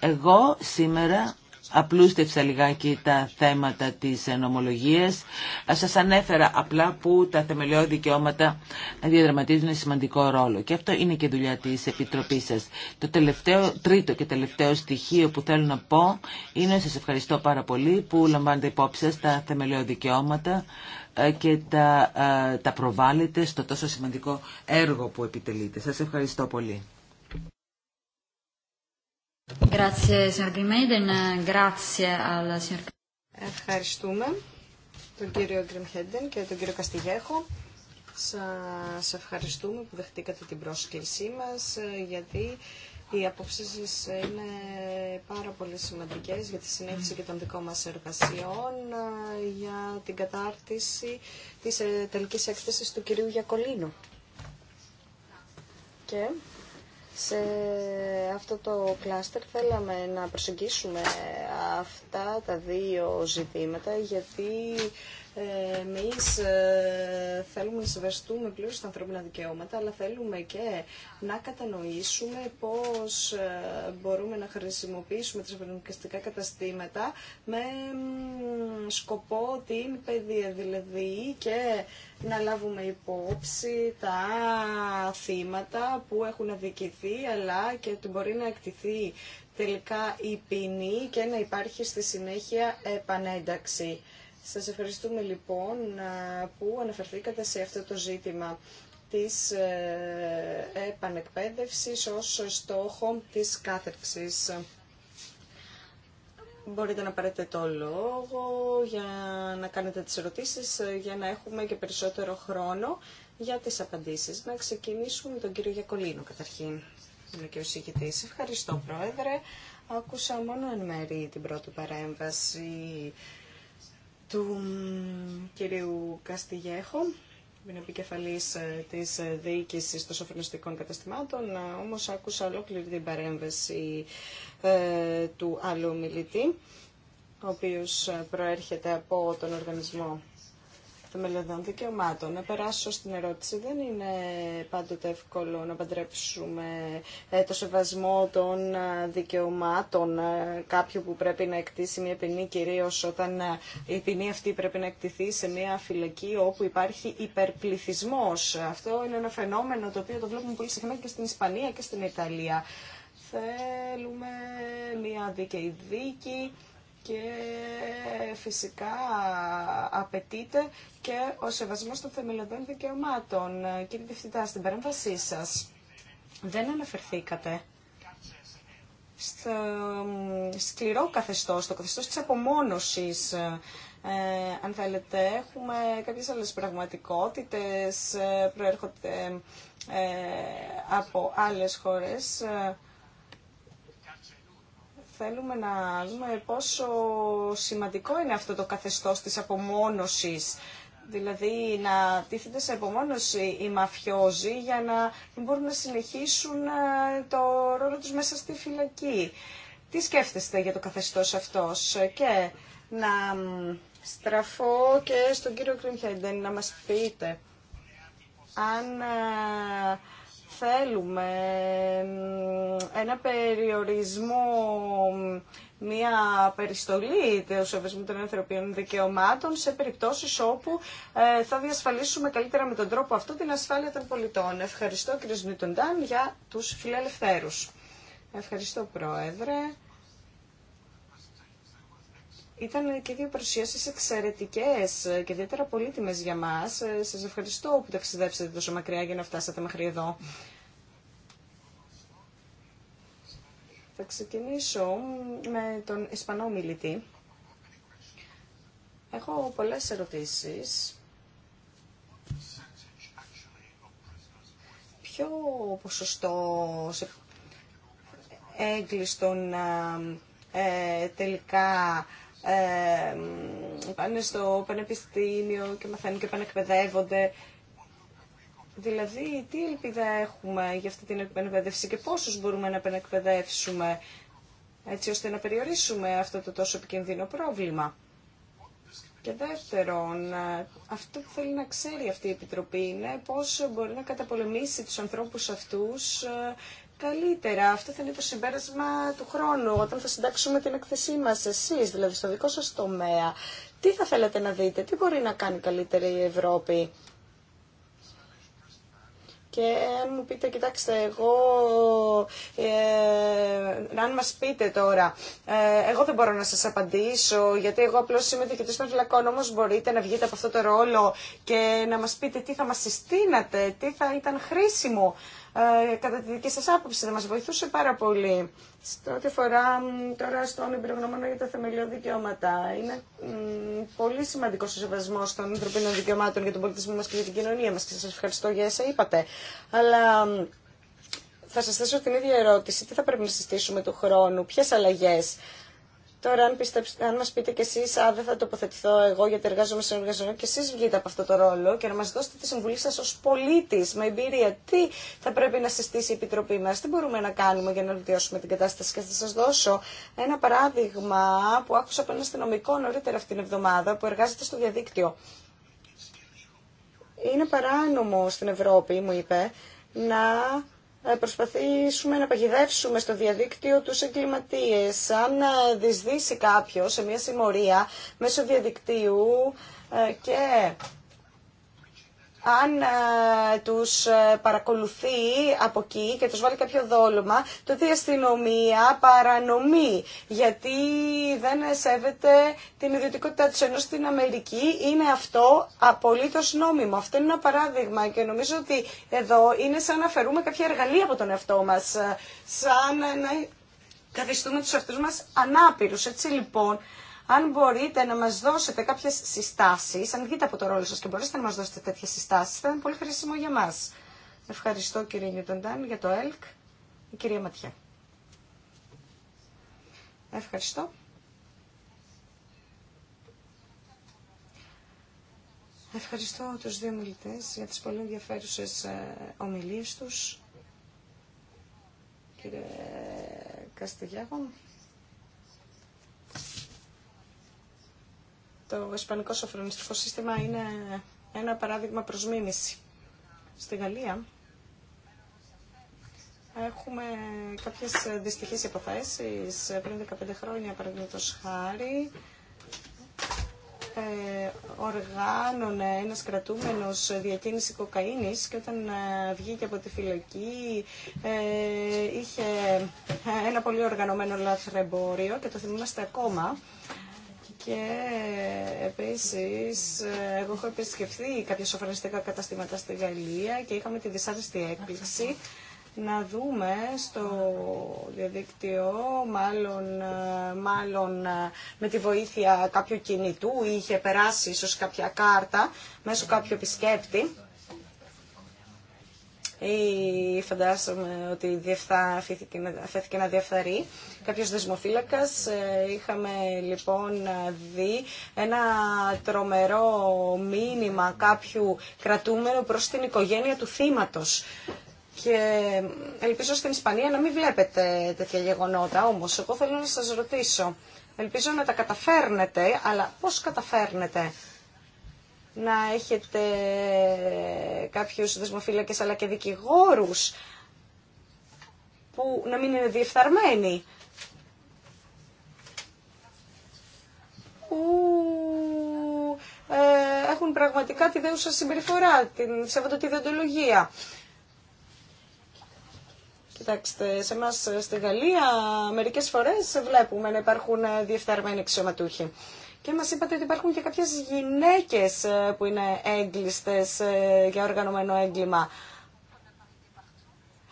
Εγώ σήμερα απλούστευσα λιγάκι τα θέματα της νομολογίας. Σας ανέφερα απλά που τα θεμελιώδη δικαιώματα διαδραματίζουν σημαντικό ρόλο. Και αυτό είναι και δουλειά της Επιτροπής σας. Το τελευταίο, τρίτο και τελευταίο στοιχείο που θέλω να πω είναι σας ευχαριστώ πάρα πολύ που λαμβάνετε υπόψη σας τα θεμελιώδη δικαιώματα ε, και τα, ε, τα προβάλλετε στο τόσο σημαντικό έργο που επιτελείτε. Σας ευχαριστώ πολύ. Ευχαριστούμε τον κύριο Γκριμχέντεν και τον κύριο Καστιγέχο. Σας ευχαριστούμε που δεχτήκατε την πρόσκλησή μας, γιατί οι απόψεις είναι πάρα πολύ σημαντικές για τη συνέχιση και των δικών μας εργασιών, για την κατάρτιση της τελικής έκθεσης του κυρίου Γιακολίνου. Και σε αυτό το κλάστερ θέλαμε να προσεγγίσουμε αυτά τα δύο ζητήματα γιατί Εμεί ε, θέλουμε να σεβαστούμε πλήρω τα ανθρώπινα δικαιώματα, αλλά θέλουμε και να κατανοήσουμε πώς ε, μπορούμε να χρησιμοποιήσουμε τις ευνομικαστικά καταστήματα με σκοπό την παιδεία δηλαδή και να λάβουμε υπόψη τα θύματα που έχουν αδικηθεί αλλά και ότι μπορεί να εκτιθεί τελικά η ποινή και να υπάρχει στη συνέχεια επανένταξη. Σας ευχαριστούμε λοιπόν που αναφερθήκατε σε αυτό το ζήτημα της ε, επανεκπαίδευσης ως στόχο της κάθεξης. Μπορείτε να πάρετε το λόγο για να κάνετε τις ερωτήσεις, ε, για να έχουμε και περισσότερο χρόνο για τις απαντήσεις. Να ξεκινήσουμε με τον κύριο Γιακολίνο καταρχήν. Είναι και ο Ευχαριστώ Πρόεδρε. Άκουσα μόνο εν μέρη την πρώτη παρέμβαση του κυρίου Καστιγέχο, που είναι επικεφαλή ε, τη ε, διοίκηση των σοφρονιστικών καταστημάτων, ε, όμως άκουσα ολόκληρη την παρέμβαση του άλλου μιλητή, ο οποίο προέρχεται από τον οργανισμό μελλοντών δικαιωμάτων. Να περάσω στην ερώτηση. Δεν είναι πάντοτε εύκολο να παντρέψουμε ε, το σεβασμό των ε, δικαιωμάτων ε, κάποιου που πρέπει να εκτίσει μια ποινή, κυρίω όταν η ποινή αυτή πρέπει να εκτιθεί σε μια φυλακή όπου υπάρχει υπερπληθυσμό. Αυτό είναι ένα φαινόμενο το οποίο το βλέπουμε πολύ συχνά και στην Ισπανία και στην Ιταλία. Θέλουμε μια δίκαιη δίκη και φυσικά απαιτείται και ο σεβασμός των θεμελιωδών δικαιωμάτων. Κύριε Διευθυντά, στην παρέμβασή σας δεν αναφερθήκατε στο σκληρό καθεστώς, το καθεστώς της απομόνωσης ε, αν θέλετε, έχουμε κάποιες άλλες πραγματικότητες, ε, προέρχονται ε, από άλλες χώρες. Ε, θέλουμε να δούμε πόσο σημαντικό είναι αυτό το καθεστώς της απομόνωσης δηλαδή να τίθενται σε απομόνωση οι μαφιόζοι για να μην μπορούν να συνεχίσουν ε, το ρόλο τους μέσα στη φυλακή. Τι σκέφτεστε για το καθεστώς αυτός και να στραφώ και στον κύριο Κρυμχέντεν να μας πείτε αν ε, θέλουμε ένα περιορισμό, μια περιστολή ο σεβασμού των ανθρωπίνων δικαιωμάτων σε περιπτώσεις όπου ε, θα διασφαλίσουμε καλύτερα με τον τρόπο αυτό την ασφάλεια των πολιτών. Ευχαριστώ κύριε Νιτοντάν για τους φιλελευθέρους. Ευχαριστώ Πρόεδρε. Ήταν και δύο παρουσίασει εξαιρετικές και ιδιαίτερα πολύτιμέ για μα. Ε, σας ευχαριστώ που ταξιδέψατε τόσο μακριά για να φτάσατε μέχρι εδώ. Θα ξεκινήσω με τον Ισπανό μιλητή. Έχω πολλές ερωτήσεις. Ποιο ποσοστό σε έγκλειστον ε, τελικά πάνε στο πανεπιστήμιο και μαθαίνουν και πανεκπαιδεύονται. Δηλαδή, τι ελπίδα έχουμε για αυτή την επανεκπαίδευση και πόσους μπορούμε να επανεκπαιδεύσουμε έτσι ώστε να περιορίσουμε αυτό το τόσο επικίνδυνο πρόβλημα. Και δεύτερον, αυτό που θέλει να ξέρει αυτή η Επιτροπή είναι πώς μπορεί να καταπολεμήσει τους ανθρώπους αυτούς καλύτερα. Αυτό θα είναι το συμπέρασμα του χρόνου, όταν θα συντάξουμε την εκθεσή μας, εσείς, δηλαδή στο δικό σας τομέα. Τι θα θέλετε να δείτε, τι μπορεί να κάνει καλύτερη η Ευρώπη. Και αν μου πείτε, κοιτάξτε, εγώ, ε, αν μας πείτε τώρα, ε, εγώ δεν μπορώ να σας απαντήσω, γιατί εγώ απλώς είμαι διοικητής των φυλακών, όμως μπορείτε να βγείτε από αυτό το ρόλο και να μας πείτε τι θα μας συστήνατε, τι θα ήταν χρήσιμο ε, κατά τη δική σα άποψη θα μα βοηθούσε πάρα πολύ. Στο ό,τι αφορά τώρα στον εμπειρογνωμένο για τα θεμελιώδη δικαιώματα, είναι πολύ σημαντικό ο σεβασμό των ανθρωπίνων δικαιωμάτων για τον πολιτισμό μα και για την κοινωνία μα και σα ευχαριστώ για εσά είπατε. Αλλά θα σα θέσω την ίδια ερώτηση, τι θα πρέπει να συστήσουμε του χρόνου, ποιε αλλαγέ, Τώρα, αν, πιστεψ... αν μας πείτε κι εσείς, α, δεν θα τοποθετηθώ εγώ γιατί εργάζομαι σε εργαζόμενο και εσείς βγείτε από αυτό το ρόλο και να μας δώσετε τη συμβουλή σας ως πολίτης με εμπειρία. Τι θα πρέπει να συστήσει η Επιτροπή μας, τι μπορούμε να κάνουμε για να βελτιώσουμε την κατάσταση. Και θα σας δώσω ένα παράδειγμα που άκουσα από ένα αστυνομικό νωρίτερα αυτήν την εβδομάδα που εργάζεται στο διαδίκτυο. Είναι παράνομο στην Ευρώπη, μου είπε, να ε, προσπαθήσουμε να παγιδεύσουμε στο διαδίκτυο του εγκληματίες. Αν ε, δυσδύσει κάποιος σε μια συμμορία μέσω διαδικτύου ε, και αν ε, τους ε, παρακολουθεί από εκεί και τους βάλει κάποιο δόλωμα, τότε η αστυνομία παρανομεί, γιατί δεν σέβεται την ιδιωτικότητά του ενώ στην Αμερική είναι αυτό απολύτως νόμιμο. Αυτό είναι ένα παράδειγμα και νομίζω ότι εδώ είναι σαν να φερούμε κάποια εργαλεία από τον εαυτό μας, ε, σαν να καθιστούμε τους αυτούς μας ανάπηρους. Έτσι λοιπόν, αν μπορείτε να μας δώσετε κάποιες συστάσεις, αν βγείτε από το ρόλο σας και μπορείτε να μας δώσετε τέτοιες συστάσεις, θα είναι πολύ χρήσιμο για μας. Ευχαριστώ κύριε Νιουτοντάν για το ΕΛΚ. Η κυρία Ματιά. Ευχαριστώ. Ευχαριστώ τους δύο μιλητές για τις πολύ ενδιαφέρουσες ε, ομιλίες τους. Κύριε Καστιγιάγο, Το Ισπανικό Σοφρονιστικό Σύστημα είναι ένα παράδειγμα προς μίμηση. Στη Γαλλία έχουμε κάποιες δυστυχείς υποθέσεις. Πριν 15 χρόνια, παραδείγματο χάρη, ε, οργάνωνε ένας κρατούμενος διακίνηση κοκαίνης και όταν ε, βγήκε από τη φυλακή ε, είχε ένα πολύ οργανωμένο λαθρεμπόριο και το θυμόμαστε ακόμα και επίσης, εγώ έχω επισκεφθεί κάποια σοφρανιστικά καταστήματα στη Γαλλία και είχαμε τη δυσάρεστη έκπληξη να δούμε στο διαδίκτυο, μάλλον, μάλλον με τη βοήθεια κάποιου κινητού, είχε περάσει ίσως κάποια κάρτα μέσω κάποιου επισκέπτη ή φαντάζομαι ότι αφήθηκε να διαφθαρεί κάποιος δεσμοφύλακας. Ε, είχαμε λοιπόν δει ένα τρομερό μήνυμα κάποιου κρατούμενου προς την οικογένεια του θύματος. Και ελπίζω στην Ισπανία να μην βλέπετε τέτοια γεγονότα, όμως εγώ θέλω να σας ρωτήσω. Ελπίζω να τα καταφέρνετε, αλλά πώς καταφέρνετε να έχετε κάποιους δεσμοφύλακες αλλά και δικηγόρους που να μην είναι διεφθαρμένοι. Που ε, έχουν πραγματικά τη δέουσα συμπεριφορά, την σέβονται τη δεντολογία. Κοιτάξτε, σε εμά ε, στη Γαλλία μερικές φορές βλέπουμε να υπάρχουν ε, διεφθαρμένοι αξιωματούχοι. Και μας είπατε ότι υπάρχουν και κάποιες γυναίκες ε, που είναι έγκλειστες ε, για οργανωμένο έγκλημα.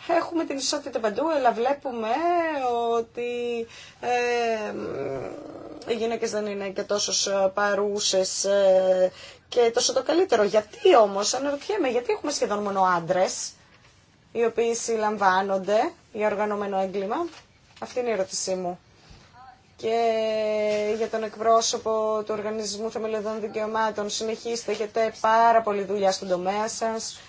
Έχουμε την ισότητα παντού, αλλά βλέπουμε ότι ε, οι γυναίκες δεν είναι και τόσο παρούσες και τόσο το καλύτερο. Γιατί όμως, αναρωτιέμαι, γιατί έχουμε σχεδόν μόνο άντρες οι οποίοι συλλαμβάνονται για οργανωμένο έγκλημα. Αυτή είναι η ερώτησή μου και για τον εκπρόσωπο του Οργανισμού Θεμελιωδών Δικαιωμάτων. Συνεχίστε, έχετε πάρα πολλή δουλειά στον τομέα σας.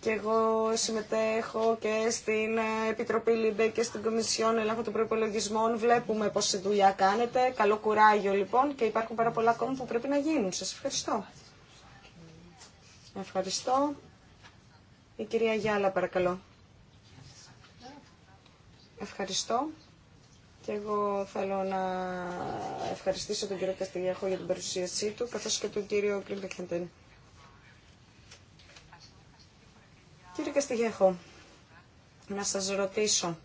Και εγώ συμμετέχω και στην Επιτροπή ΛΥΜΠΕ και στην Κομισιόν Ελέγχου των Προπολογισμών. Βλέπουμε πόση δουλειά κάνετε. Καλό κουράγιο λοιπόν και υπάρχουν πάρα πολλά ακόμα που πρέπει να γίνουν. Σας ευχαριστώ. Ευχαριστώ. Η κυρία Γιάλα παρακαλώ. Ευχαριστώ. Και εγώ θέλω να ευχαριστήσω τον κύριο Καστιγιάχο για την παρουσίασή του, καθώς και τον κύριο Κλίντεχεντεν. Κύριε Καστιγιάχο, να σας ρωτήσω.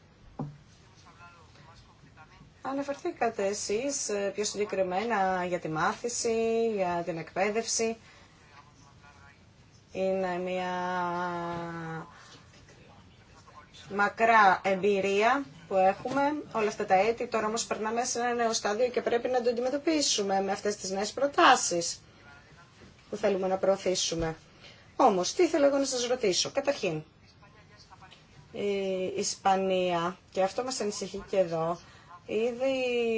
Αναφερθήκατε εσείς ε, πιο συγκεκριμένα για τη μάθηση, για την εκπαίδευση. Είναι μια μακρά εμπειρία που έχουμε όλα αυτά τα έτη. Τώρα όμως περνάμε σε ένα νέο στάδιο και πρέπει να το αντιμετωπίσουμε με αυτές τις νέες προτάσεις που θέλουμε να προωθήσουμε. Όμως, τι θέλω εγώ να σας ρωτήσω. Καταρχήν, η Ισπανία, και αυτό μας ανησυχεί και εδώ, ήδη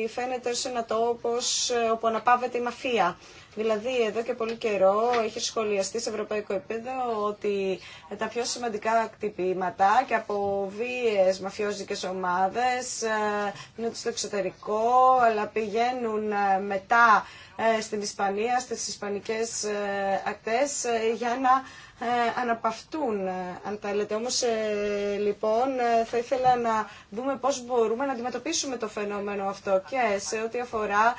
φαίνεται ως ένα τόπος ε, όπου αναπαύεται η μαφία. Δηλαδή εδώ και πολύ καιρό έχει σχολιαστεί σε ευρωπαϊκό επίπεδο ότι τα πιο σημαντικά κτυπήματα και από βίε μαφιόζικες ομάδε είναι στο εξωτερικό αλλά πηγαίνουν ε, μετά ε, στην Ισπανία, στις ισπανικές ε, ακτές για να ε, αναπαυτούν, ε, αν λέτε. Όμως, ε, λοιπόν, θα ήθελα να δούμε πώς μπορούμε να αντιμετωπίσουμε το φαινόμενο αυτό και σε ό,τι αφορά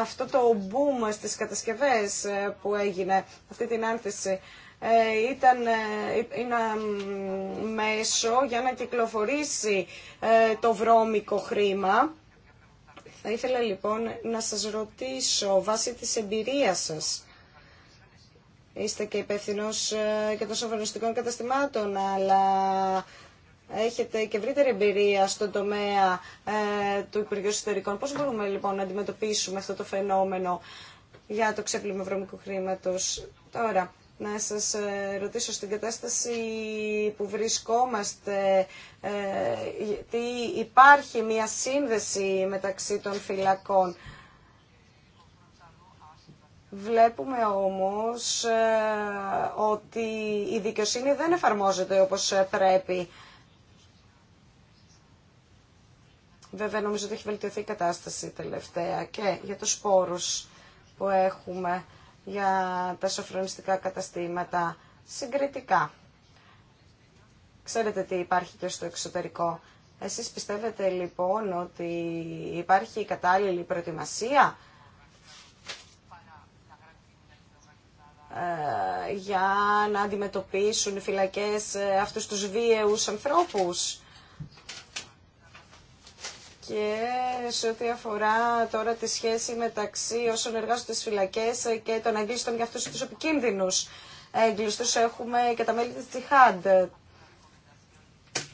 αυτό το boom στις κατασκευές που έγινε, αυτή την άνθηση ήταν ένα μέσο για να κυκλοφορήσει το βρώμικο χρήμα. Θα ήθελα λοιπόν να σας ρωτήσω βάσει της εμπειρίας σας είστε και υπεύθυνο και ε, των σοφρονιστικών καταστημάτων, αλλά έχετε και ευρύτερη εμπειρία στον τομέα ε, του Υπουργείου Συντερικών. Πώς μπορούμε λοιπόν να αντιμετωπίσουμε αυτό το φαινόμενο για το ξέπλυμα βρωμικού χρήματος. Τώρα, να σας ε, ρωτήσω στην κατάσταση που βρισκόμαστε, τι υπάρχει μια σύνδεση μεταξύ των φυλακών. Βλέπουμε όμως ε, ότι η δικαιοσύνη δεν εφαρμόζεται όπως ε, πρέπει. Βέβαια νομίζω ότι έχει βελτιωθεί η κατάσταση τελευταία και για τους σπόρους που έχουμε για τα σοφρονιστικά καταστήματα συγκριτικά. Ξέρετε τι υπάρχει και στο εξωτερικό. Εσείς πιστεύετε λοιπόν ότι υπάρχει κατάλληλη προετοιμασία Ε, για να αντιμετωπίσουν οι φυλακές ε, αυτούς τους βίαιους ανθρώπους. Και σε ό,τι αφορά τώρα τη σχέση μεταξύ όσων εργάζονται στις φυλακές ε, και των αγγλίστων για αυτούς τους επικίνδυνους έγκλειστους, έχουμε και τα μέλη της Τζιχάντ,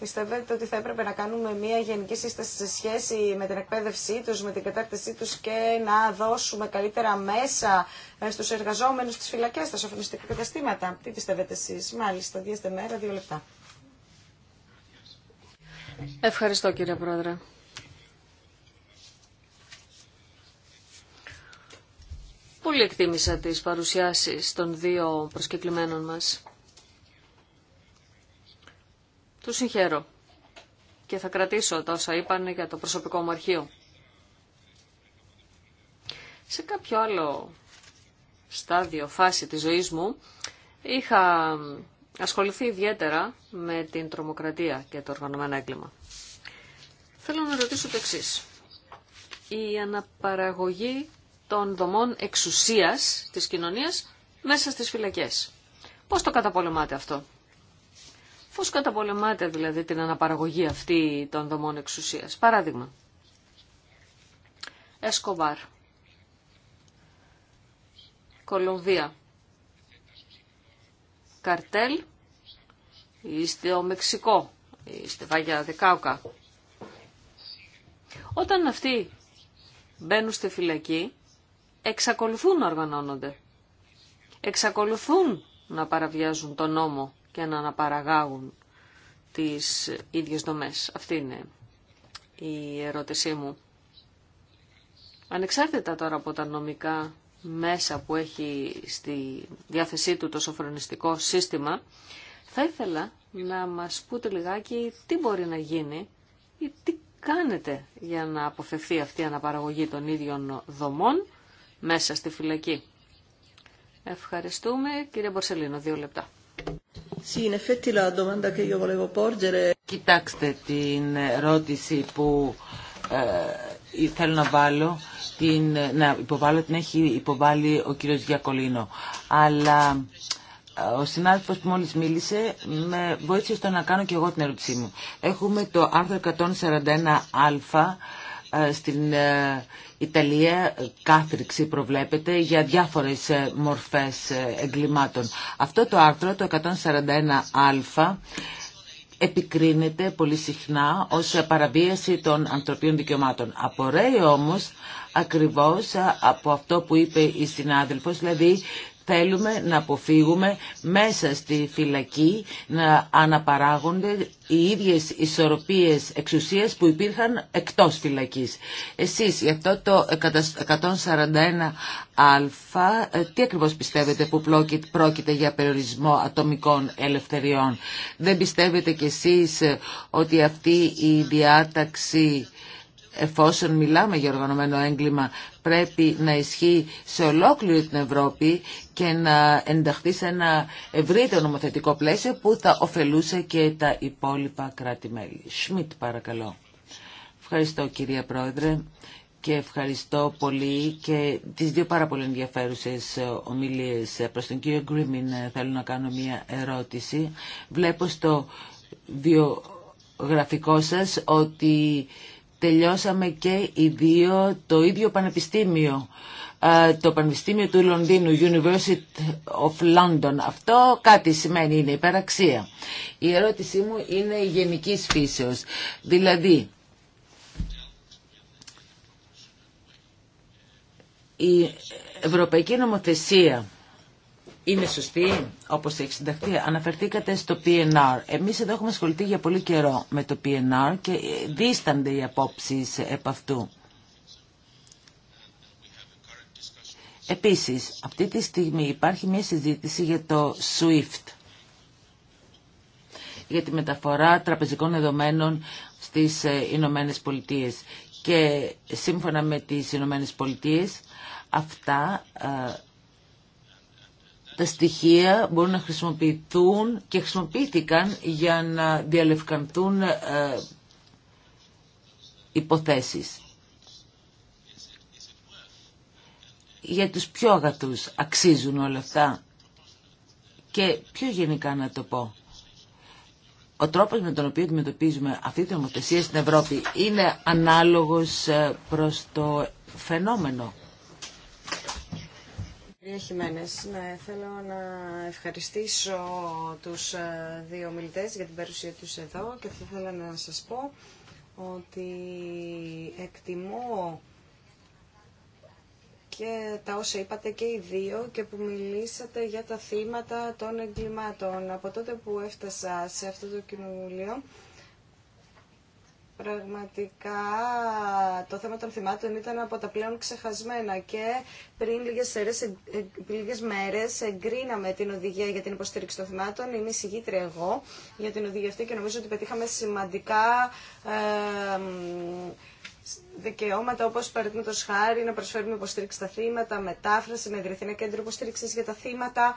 Πιστεύετε ότι θα έπρεπε να κάνουμε μια γενική σύσταση σε σχέση με την εκπαίδευσή τους, με την κατάρτισή τους και να δώσουμε καλύτερα μέσα ε, στους εργαζόμενους στις φυλακές, στα σοφρονιστικά καταστήματα. Τι πιστεύετε εσείς. Μάλιστα, διέστε μέρα, δύο λεπτά. Ευχαριστώ κύριε Πρόεδρε. Πολύ εκτίμησα τις παρουσιάσεις των δύο προσκεκλημένων μας. Του συγχαίρω και θα κρατήσω τα όσα είπαν για το προσωπικό μου αρχείο. Σε κάποιο άλλο στάδιο, φάση της ζωής μου, είχα ασχοληθεί ιδιαίτερα με την τρομοκρατία και το οργανωμένο έγκλημα. Θέλω να ρωτήσω το εξής. Η αναπαραγωγή των δομών εξουσίας της κοινωνίας μέσα στις φυλακές. Πώς το καταπολεμάτε αυτό. Πώς καταπολεμάτε δηλαδή την αναπαραγωγή αυτή των δομών εξουσίας. Παράδειγμα. Εσκοβάρ. Κολομβία. Καρτέλ. ο Μεξικό. είστε Βάγια Δεκάουκα. Όταν αυτοί μπαίνουν στη φυλακή, εξακολουθούν να οργανώνονται. Εξακολουθούν να παραβιάζουν τον νόμο και να αναπαραγάγουν τις ίδιες δομές. Αυτή είναι η ερώτησή μου. Ανεξάρτητα τώρα από τα νομικά μέσα που έχει στη διάθεσή του το σοφρονιστικό σύστημα, θα ήθελα να μας πούτε λιγάκι τι μπορεί να γίνει ή τι κάνετε για να αποφευθεί αυτή η αναπαραγωγή των ίδιων δομών μέσα στη φυλακή. Ευχαριστούμε. Κύριε Μπορσελίνο, δύο λεπτά. Κοιτάξτε την ερώτηση που ε, θέλω να βάλω, την, να υποβάλω, την έχει υποβάλει ο κύριος Γιακολίνο. Αλλά ε, ο συνάδελφος που μόλις μίλησε με βοήθησε στο να κάνω και εγώ την ερώτησή μου. Έχουμε το άρθρο 141α ε, στην ε, Ιταλία κάθριξη προβλέπεται για διάφορες ε, μορφές ε, εγκλημάτων. Αυτό το άρθρο, το 141α, επικρίνεται πολύ συχνά ως παραβίαση των ανθρωπίνων δικαιωμάτων. Απορρέει όμως ακριβώς ε, από αυτό που είπε η συνάδελφος, δηλαδή Θέλουμε να αποφύγουμε μέσα στη φυλακή να αναπαράγονται οι ίδιες ισορροπίες εξουσίας που υπήρχαν εκτός φυλακής. Εσείς για αυτό το 141α ε, τι ακριβώς πιστεύετε που πρόκειται για περιορισμό ατομικών ελευθεριών. Δεν πιστεύετε κι εσείς ε, ότι αυτή η διάταξη εφόσον μιλάμε για οργανωμένο έγκλημα πρέπει να ισχύει σε ολόκληρη την Ευρώπη και να ενταχθεί σε ένα ευρύτερο νομοθετικό πλαίσιο που θα ωφελούσε και τα υπόλοιπα κράτη-μέλη. Σμιτ παρακαλώ. Ευχαριστώ κυρία Πρόεδρε και ευχαριστώ πολύ και τις δύο πάρα πολύ ενδιαφέρουσες ομιλίες. Προς τον κύριο Γκρίμιν ε, θέλω να κάνω μία ερώτηση. Βλέπω στο βιογραφικό σας ότι τελειώσαμε και οι δύο το ίδιο πανεπιστήμιο ε, το Πανεπιστήμιο του Λονδίνου, University of London. Αυτό κάτι σημαίνει, είναι υπεραξία. Η ερώτησή μου είναι η γενικής φύσεως. Δηλαδή, η ευρωπαϊκή νομοθεσία είναι σωστή όπως έχει συνταχθεί. Αναφερθήκατε στο PNR. Εμείς εδώ έχουμε ασχοληθεί για πολύ καιρό με το PNR και ε, δίστανται οι απόψεις επ' αυτού. Επίσης, αυτή τη στιγμή υπάρχει μια συζήτηση για το SWIFT, για τη μεταφορά τραπεζικών δεδομένων στις ε, Ηνωμένε Πολιτείες. Και σύμφωνα με τις Ηνωμένε Πολιτείες, αυτά ε, τα στοιχεία μπορούν να χρησιμοποιηθούν και χρησιμοποιήθηκαν για να διαλευκανθούν ε, υποθέσεις. Για τους πιο αγαθούς αξίζουν όλα αυτά. Και πιο γενικά να το πω. Ο τρόπος με τον οποίο αντιμετωπίζουμε αυτή την ομοθεσία στην Ευρώπη είναι ανάλογος ε, προς το φαινόμενο. Κυρία Χιμένες, θέλω να ευχαριστήσω τους ε, δύο μιλητές για την παρουσία τους εδώ και θα ήθελα να σας πω ότι εκτιμώ και τα όσα είπατε και οι δύο και που μιλήσατε για τα θύματα των εγκλημάτων. Από τότε που έφτασα σε αυτό το κοινοβουλίο, Πραγματικά το θέμα των θυμάτων ήταν από τα πλέον ξεχασμένα και πριν λίγες, σέρες, ε, ε, μέρες εγκρίναμε την οδηγία για την υποστήριξη των θυμάτων. Είμαι συγγήτρια εγώ για την οδηγία αυτή και νομίζω ότι πετύχαμε σημαντικά ε, δικαιώματα όπως το χάρη να προσφέρουμε υποστήριξη στα θύματα, μετάφραση, να εγκριθεί ένα κέντρο υποστήριξης για τα θύματα.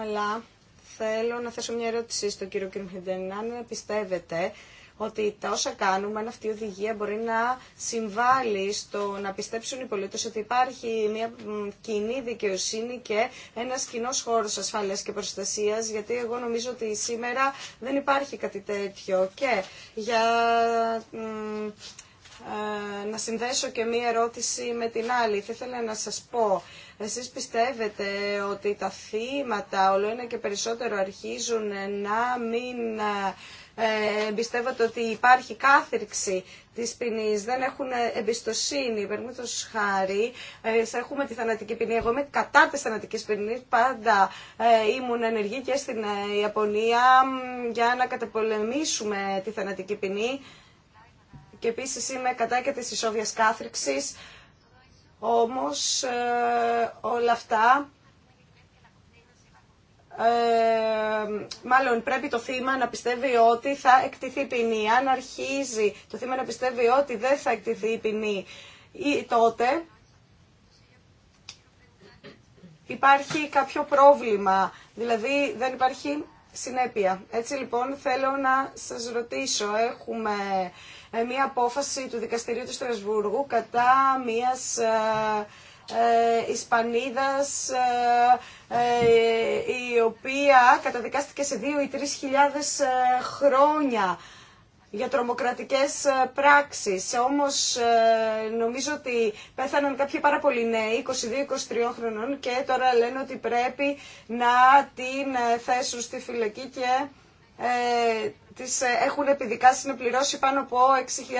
Αλλά θέλω να θέσω μια ερώτηση στον κύριο Κρυμχεντέν. Αν πιστεύετε ότι τα όσα κάνουμε, αν αυτή η οδηγία μπορεί να συμβάλλει στο να πιστέψουν οι πολίτες ότι υπάρχει μια κοινή δικαιοσύνη και ένας κοινό χώρος ασφάλειας και προστασίας, γιατί εγώ νομίζω ότι σήμερα δεν υπάρχει κάτι τέτοιο. Και για ε, να συνδέσω και μία ερώτηση με την άλλη. Θα ήθελα να σας πω εσείς πιστεύετε ότι τα θύματα όλο ένα και περισσότερο αρχίζουν να μην ε, εμπιστεύονται ότι υπάρχει κάθριξη της ποινή, δεν έχουν εμπιστοσύνη. Παραδείγματο χάρη, ε, έχουμε τη θανατική ποινή. Εγώ είμαι κατά τη θανατική ποινή. Πάντα ε, ήμουν ενεργή και στην Ιαπωνία για να καταπολεμήσουμε τη θανατική ποινή. Και επίση είμαι κατά και τη ισόβια κάθριξη όμως ε, όλα αυτά ε, μάλλον πρέπει το θύμα να πιστεύει ότι θα εκτιθεί ποινή. Αν αρχίζει το θύμα να πιστεύει ότι δεν θα εκτιθεί η ποινή ή τότε υπάρχει κάποιο πρόβλημα, δηλαδή δεν υπάρχει συνέπεια. Έτσι λοιπόν θέλω να σας ρωτήσω, έχουμε ε, μια απόφαση του Δικαστηρίου του Στρασβούργου κατά μιας ε, ε, Ισπανίδας ε, η οποία καταδικάστηκε σε δύο ή τρεις χιλιάδες χρόνια για τρομοκρατικές πράξεις. Όμως νομίζω ότι πέθαναν κάποιοι πάρα πολλοί νέοι, 22-23 χρονών και τώρα λένε ότι πρέπει να την θέσουν στη φυλακή και ε, τις ε, έχουν επιδικάσει να πληρώσει πάνω από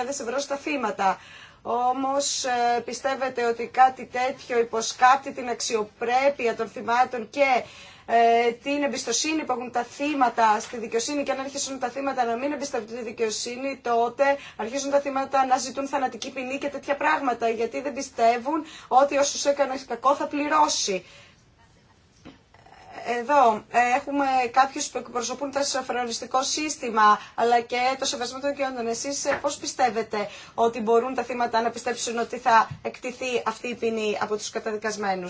6.000 ευρώ στα θύματα. Όμως ε, πιστεύετε ότι κάτι τέτοιο υποσκάπτει την αξιοπρέπεια των θυμάτων και ε, την εμπιστοσύνη που έχουν τα θύματα στη δικαιοσύνη και αν αρχίσουν τα θύματα να μην εμπιστευτούν τη δικαιοσύνη, τότε αρχίζουν τα θύματα να ζητούν θανατική ποινή και τέτοια πράγματα, γιατί δεν πιστεύουν ότι όσους έκανε κακό θα πληρώσει εδώ ε, έχουμε κάποιου που εκπροσωπούν το σαφρονιστικό σύστημα αλλά και το σεβασμό των δικαιώντων. Εσεί ε, πώ πιστεύετε ότι μπορούν τα θύματα να πιστέψουν ότι θα εκτιθεί αυτή η ποινή από του καταδικασμένου.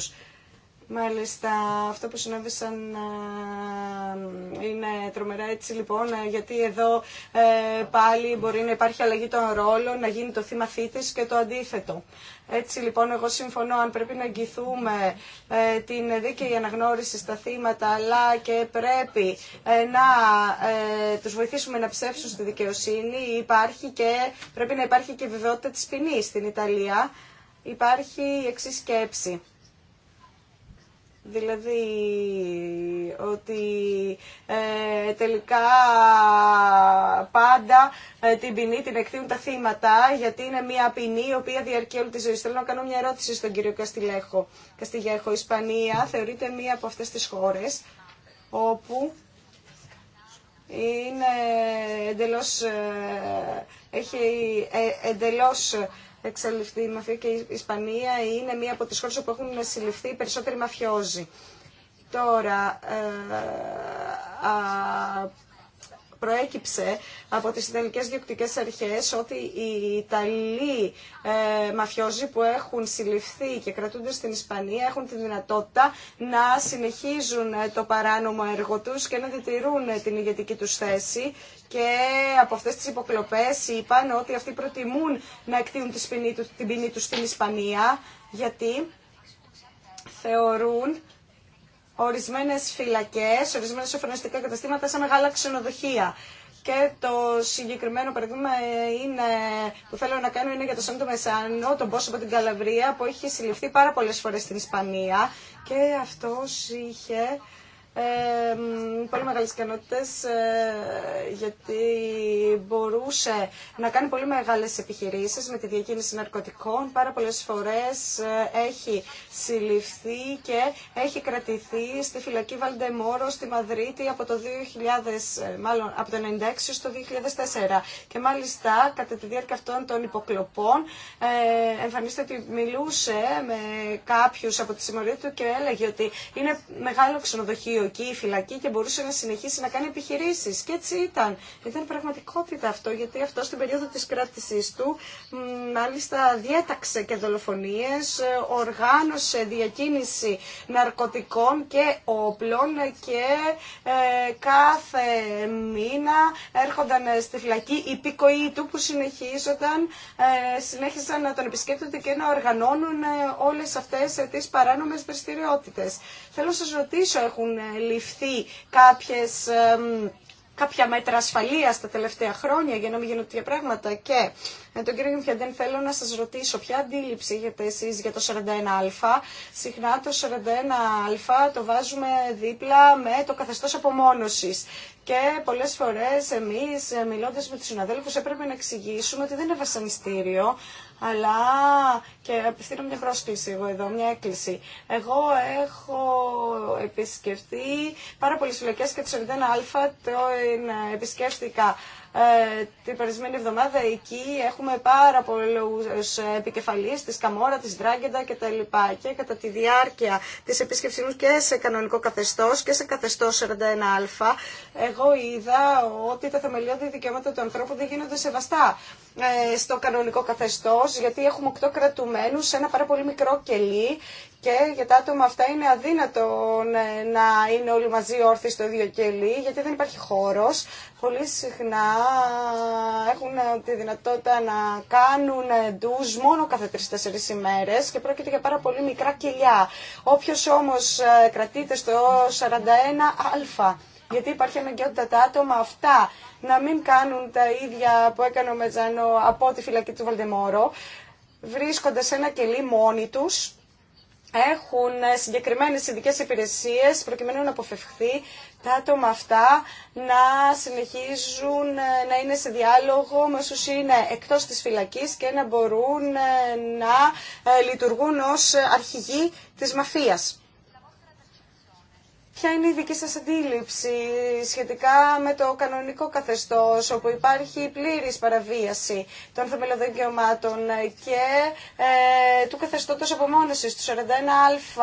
Μάλιστα, αυτό που συνέβησαν ε, είναι τρομερά έτσι λοιπόν, ε, γιατί εδώ ε, πάλι μπορεί να υπάρχει αλλαγή των ρόλων, να γίνει το θύμα θήτης και το αντίθετο. Έτσι λοιπόν, εγώ συμφωνώ αν πρέπει να αγγιθούμε την δίκαιη αναγνώριση στα θύματα, αλλά και πρέπει να τους βοηθήσουμε να ψεύσουν στη δικαιοσύνη. Υπάρχει και, πρέπει να υπάρχει και βεβαιότητα της ποινή στην Ιταλία. Υπάρχει η εξή σκέψη Δηλαδή ότι ε, τελικά πάντα ε, την ποινή την εκτείνουν τα θύματα γιατί είναι μια ποινή η οποία διαρκεί όλη τη ζωή. Θέλω να κάνω μια ερώτηση στον κύριο Καστιλέχο. Καστιλέχο, η Ισπανία θεωρείται μια από αυτές τις χώρες όπου είναι εντελώς, ε, έχει εντελώς εξαλειφθεί η μαφία και η Ισπανία είναι μία από τις χώρες όπου έχουν συλληφθεί οι περισσότεροι μαφιόζοι. Τώρα, ε, προέκυψε από τις Ιταλικές Διοκτικές Αρχές ότι οι Ιταλοί ε, μαφιόζοι που έχουν συλληφθεί και κρατούνται στην Ισπανία έχουν τη δυνατότητα να συνεχίζουν ε, το παράνομο έργο τους και να διατηρούν ε, την ηγετική τους θέση και από αυτές τις υποκλοπές είπαν ότι αυτοί προτιμούν να εκτείνουν την ποινή τους στην Ισπανία γιατί θεωρούν ορισμένες φυλακέ, ορισμένες σοφρονιστικά καταστήματα σαν μεγάλα ξενοδοχεία. Και το συγκεκριμένο παράδειγμα είναι, που θέλω να κάνω είναι για το Σάντο Μεσάνο, τον Πόσο από την Καλαβρία, που έχει συλληφθεί πάρα πολλέ φορές στην Ισπανία. Και αυτός είχε πολύ μεγάλες ικανότητες ε, γιατί μπορούσε να κάνει πολύ μεγάλες επιχειρήσεις με τη διακίνηση ναρκωτικών. Πάρα πολλές φορές ε, έχει συλληφθεί και έχει κρατηθεί στη φυλακή Βαλντεμόρο στη Μαδρίτη από το 2000, ε, μάλλον από το στο 2004. Και μάλιστα κατά τη διάρκεια αυτών των υποκλοπών εμφανίστηκε ότι μιλούσε με κάποιους από τη συμμορία του και έλεγε ότι είναι μεγάλο ξενοδοχείο η φυλακή και μπορούσε να συνεχίσει να κάνει επιχειρήσεις. Και έτσι ήταν. Ήταν πραγματικότητα αυτό, γιατί αυτό στην περίοδο της κράτησή του μάλιστα διέταξε και δολοφονίες, ε, οργάνωσε διακίνηση ναρκωτικών και όπλων και ε, κάθε μήνα έρχονταν στη φυλακή υπηκοοί του που συνεχίζονταν, ε, συνέχισαν να τον επισκέπτονται και να οργανώνουν ε, όλες αυτές τις παράνομες δραστηριότητε. Θέλω να σας ρωτήσω, έχουν ε, ληφθεί κάποιες κάποια μέτρα ασφαλεία τα τελευταία χρόνια για να μην γίνονται τέτοια πράγματα. Και με τον κύριο δεν θέλω να σα ρωτήσω ποια αντίληψη έχετε εσεί για το 41α. Συχνά το 41α το βάζουμε δίπλα με το καθεστώ απομόνωση. Και πολλέ φορέ εμεί, μιλώντα με του συναδέλφου, έπρεπε να εξηγήσουμε ότι δεν είναι βασανιστήριο, αλλά και επιστήνω μια πρόσκληση εγώ εδώ, μια έκκληση. Εγώ έχω επισκεφτεί πάρα πολλέ φυλακέ και τη 01 Α, το επισκέφτηκα ε, την περασμένη εβδομάδα εκεί έχουμε πάρα πολλούς ε, επικεφαλεί της Καμόρα, της Δράγκεντα κτλ. Και κατά τη διάρκεια της επίσκεψής μου και σε κανονικό καθεστώς και σε καθεστώς 41α εγώ είδα ότι τα θεμελιώδη δικαιώματα του ανθρώπου δεν γίνονται σεβαστά ε, στο κανονικό καθεστώς γιατί έχουμε οκτώ κρατουμένου σε ένα πάρα πολύ μικρό κελί και για τα άτομα αυτά είναι αδύνατο ε, να είναι όλοι μαζί όρθιοι στο ίδιο κελί, γιατί δεν υπάρχει χώρος. Πολύ συχνά έχουν ε, τη δυνατότητα να κάνουν ντους μόνο τρει τέσσερι ημέρε και πρόκειται για πάρα πολύ μικρά κελιά. Όποιος όμως ε, κρατείται στο 41α, γιατί υπάρχει αναγκαιότητα τα άτομα αυτά να μην κάνουν τα ίδια που έκανε ο Μετζανό από τη φυλακή του Βαλτεμόρο, βρίσκονται ένα κελί μόνοι τους, έχουν συγκεκριμένες ειδικέ υπηρεσίες προκειμένου να αποφευχθεί τα άτομα αυτά να συνεχίζουν ε, να είναι σε διάλογο με όσους είναι εκτός της φυλακής και να μπορούν ε, να ε, λειτουργούν ως αρχηγοί της μαφίας. Ποια είναι η δική σας αντίληψη σχετικά με το κανονικό καθεστώς όπου υπάρχει πλήρης παραβίαση των θεμελιωδών δικαιωμάτων και ε, του καθεστώτος απομόνωσης του 41α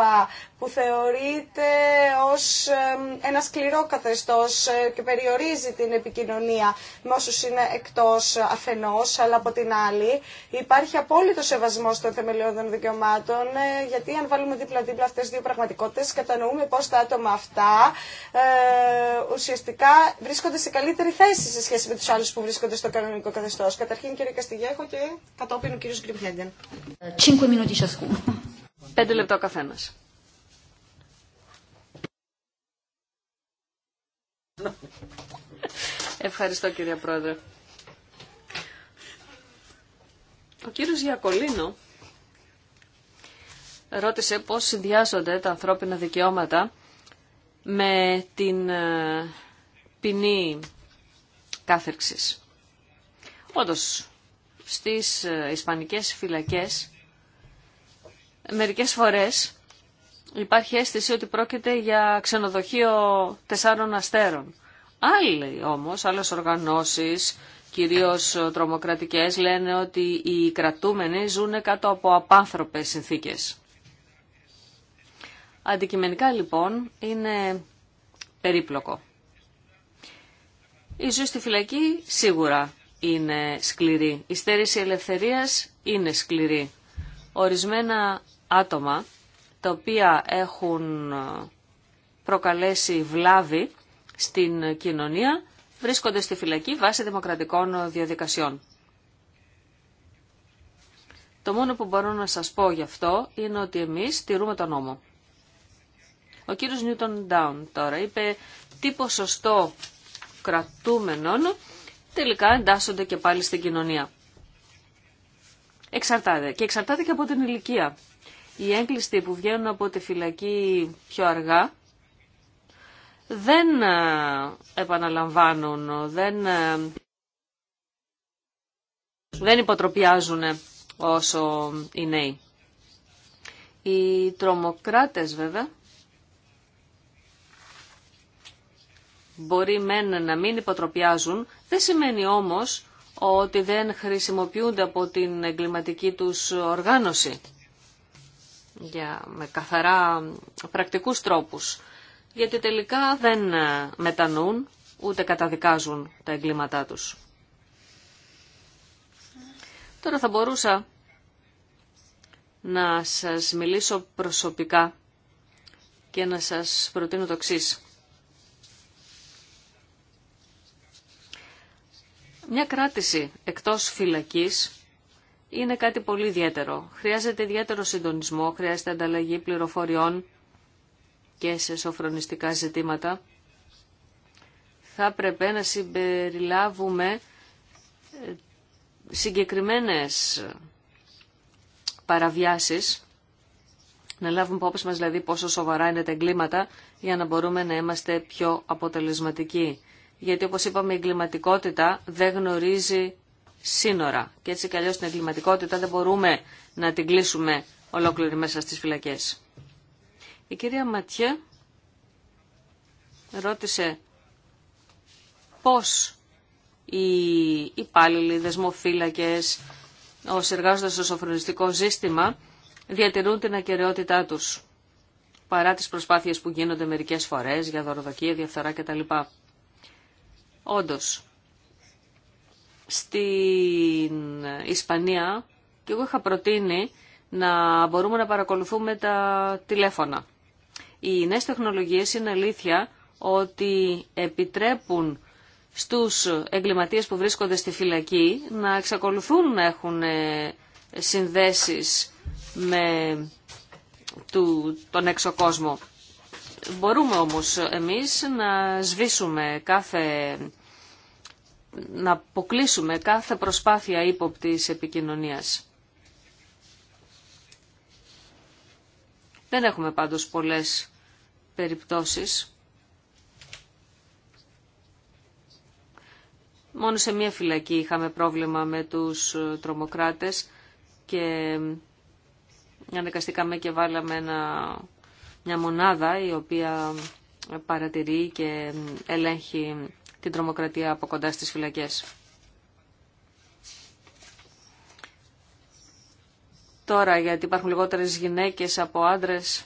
που θεωρείται ως ένα σκληρό καθεστώς ε, και περιορίζει την επικοινωνία με όσους είναι εκτός αφενός, αλλά από την άλλη υπάρχει απόλυτο σεβασμός των θεμελιώδων δικαιωμάτων, ε, γιατί αν βάλουμε δίπλα-δίπλα αυτές δύο πραγματικότητες, κατανοούμε πώς τα άτομα αυτά ε, ουσιαστικά βρίσκονται σε καλύτερη θέση σε σχέση με τους άλλους που βρίσκονται στο κανονικό καθεστώς. Καταρχήν κύριε Καστιγέχο και κατόπιν ο κύριος Γκριμπιέντεν. Πέντε λεπτά ο Ευχαριστώ κυρία Πρόεδρε. Ο κύριος Γιακολίνο ρώτησε πώς συνδυάζονται τα ανθρώπινα δικαιώματα με την ε, ποινή κάθερξης. Όντως, στις ε, ισπανικές φυλακές μερικές φορές υπάρχει αίσθηση ότι πρόκειται για ξενοδοχείο τεσσάρων αστέρων. Άλλοι όμως, άλλες οργανώσεις, κυρίως τρομοκρατικές, λένε ότι οι κρατούμενοι ζουν κάτω από απάνθρωπες συνθήκες. Αντικειμενικά λοιπόν είναι περίπλοκο. Η ζωή στη φυλακή σίγουρα είναι σκληρή. Η στέρηση ελευθερίας είναι σκληρή. Ορισμένα άτομα τα οποία έχουν ε, προκαλέσει βλάβη στην κοινωνία βρίσκονται στη φυλακή βάσει δημοκρατικών διαδικασιών. Το μόνο που μπορώ να σας πω γι' αυτό είναι ότι εμείς τηρούμε τον νόμο. Ο κύριος Νιούτον Ντάουν τώρα είπε τι ποσοστό κρατούμενων τελικά εντάσσονται και πάλι στην κοινωνία. Εξαρτάται. Και εξαρτάται και από την ηλικία οι έγκλειστοι που βγαίνουν από τη φυλακή πιο αργά δεν ε, επαναλαμβάνουν, δεν, ε, δεν υποτροπιάζουν όσο οι νέοι. Οι τρομοκράτες βέβαια μπορεί μεν να μην υποτροπιάζουν, δεν σημαίνει όμως ότι δεν χρησιμοποιούνται από την εγκληματική τους οργάνωση για, με καθαρά πρακτικούς τρόπους, γιατί τελικά δεν ε, μετανοούν ούτε καταδικάζουν τα εγκλήματά τους. Τώρα θα μπορούσα να σας μιλήσω προσωπικά και να σας προτείνω το εξής. Μια κράτηση εκτός φυλακής είναι κάτι πολύ ιδιαίτερο. Χρειάζεται ιδιαίτερο συντονισμό, χρειάζεται ανταλλαγή πληροφοριών και σε σοφρονιστικά ζητήματα. Θα πρέπει να συμπεριλάβουμε ε, συγκεκριμένες παραβιάσεις, να λάβουμε υπόψη μας δηλαδή πόσο σοβαρά είναι τα εγκλήματα για να μπορούμε να είμαστε πιο αποτελεσματικοί. Γιατί όπως είπαμε η εγκληματικότητα δεν γνωρίζει σύνορα. Και έτσι κι αλλιώς την εγκληματικότητα δεν μπορούμε να την κλείσουμε ολόκληρη μέσα στις φυλακές. Η κυρία Ματιέ ρώτησε πώς οι υπάλληλοι, οι δεσμοφύλακες, όσοι εργάζονται στο σοφρονιστικό σύστημα, διατηρούν την ακαιρεότητά τους, παρά τις προσπάθειες που γίνονται μερικές φορές για δωροδοκία, διαφθορά κτλ. Όντως, στην Ισπανία και εγώ είχα προτείνει να μπορούμε να παρακολουθούμε τα τηλέφωνα. Οι νέες τεχνολογίες είναι αλήθεια ότι επιτρέπουν στους εγκληματίες που βρίσκονται στη φυλακή να εξακολουθούν να έχουν ε, συνδέσεις με τον έξω κόσμο. Μπορούμε όμως εμείς να σβήσουμε κάθε να αποκλείσουμε κάθε προσπάθεια ύποπτης επικοινωνίας. Δεν έχουμε πάντως πολλές περιπτώσεις. Μόνο σε μία φυλακή είχαμε πρόβλημα με τους ε, τρομοκράτες και ανακαστήκαμε και βάλαμε μια μονάδα η οποία ε, παρατηρεί και ελέγχει την τρομοκρατία από κοντά στις φυλακές. Τώρα, γιατί υπάρχουν λιγότερες γυναίκες από άντρες,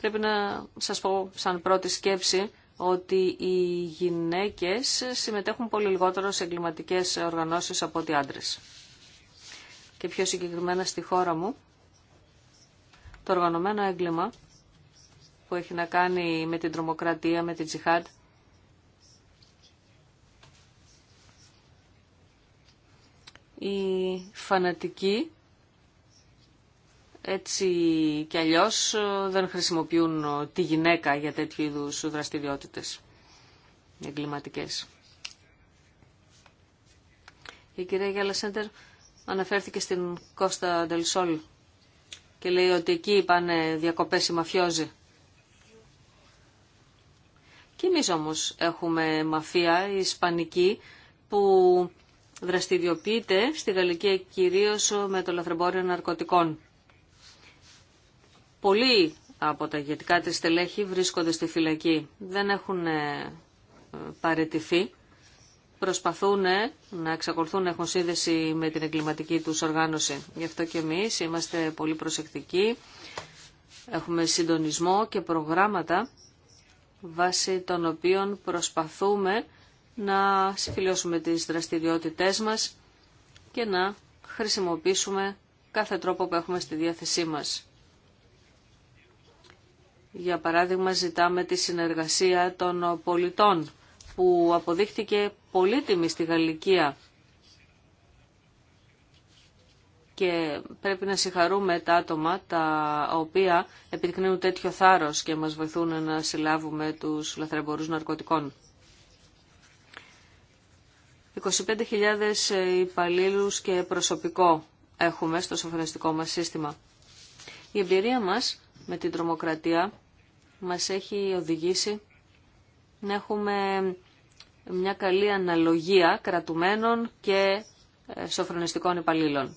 πρέπει να σας πω σαν πρώτη σκέψη ότι οι γυναίκες συμμετέχουν πολύ λιγότερο σε εγκληματικές οργανώσεις από ότι άντρες. Και πιο συγκεκριμένα στη χώρα μου, το οργανωμένο έγκλημα που έχει να κάνει με την τρομοκρατία, με την τζιχάντ, οι φανατικοί έτσι κι αλλιώς δεν χρησιμοποιούν ε, τη γυναίκα για τέτοιου είδους δραστηριότητες εγκληματικές. Η κυρία Γιάλα Σέντερ αναφέρθηκε στην Κώστα Ντελσόλ και λέει ότι εκεί πάνε διακοπές οι μαφιόζοι. Και εμείς όμως έχουμε μαφία η ισπανική που δραστηριοποιείται στη Γαλλική κυρίως με το λαθρεμπόριο ναρκωτικών. Πολλοί από τα ηγετικά της στελέχη βρίσκονται στη φυλακή. Δεν έχουν ε, παρετηθεί. Προσπαθούν ε, να εξακολουθούν να έχουν σύνδεση με την εγκληματική του οργάνωση. Γι' αυτό και εμείς είμαστε πολύ προσεκτικοί. Έχουμε συντονισμό και προγράμματα βάσει των οποίων προσπαθούμε να συμφιλώσουμε τις δραστηριότητές μας και να χρησιμοποιήσουμε κάθε τρόπο που έχουμε στη διάθεσή μας. Για παράδειγμα ζητάμε τη συνεργασία των πολιτών που αποδείχθηκε πολύτιμη στη Γαλλικία και πρέπει να συγχαρούμε τα άτομα τα οποία επιδεικνύουν τέτοιο θάρρος και μας βοηθούν να συλλάβουμε τους λαθρεμπορούς ναρκωτικών. 25.000 υπαλλήλους και προσωπικό έχουμε στο σοφρονιστικό μας σύστημα. Η εμπειρία μας με την τρομοκρατία μας έχει οδηγήσει να έχουμε μια καλή αναλογία κρατουμένων και ε, σοφρονιστικών υπαλλήλων.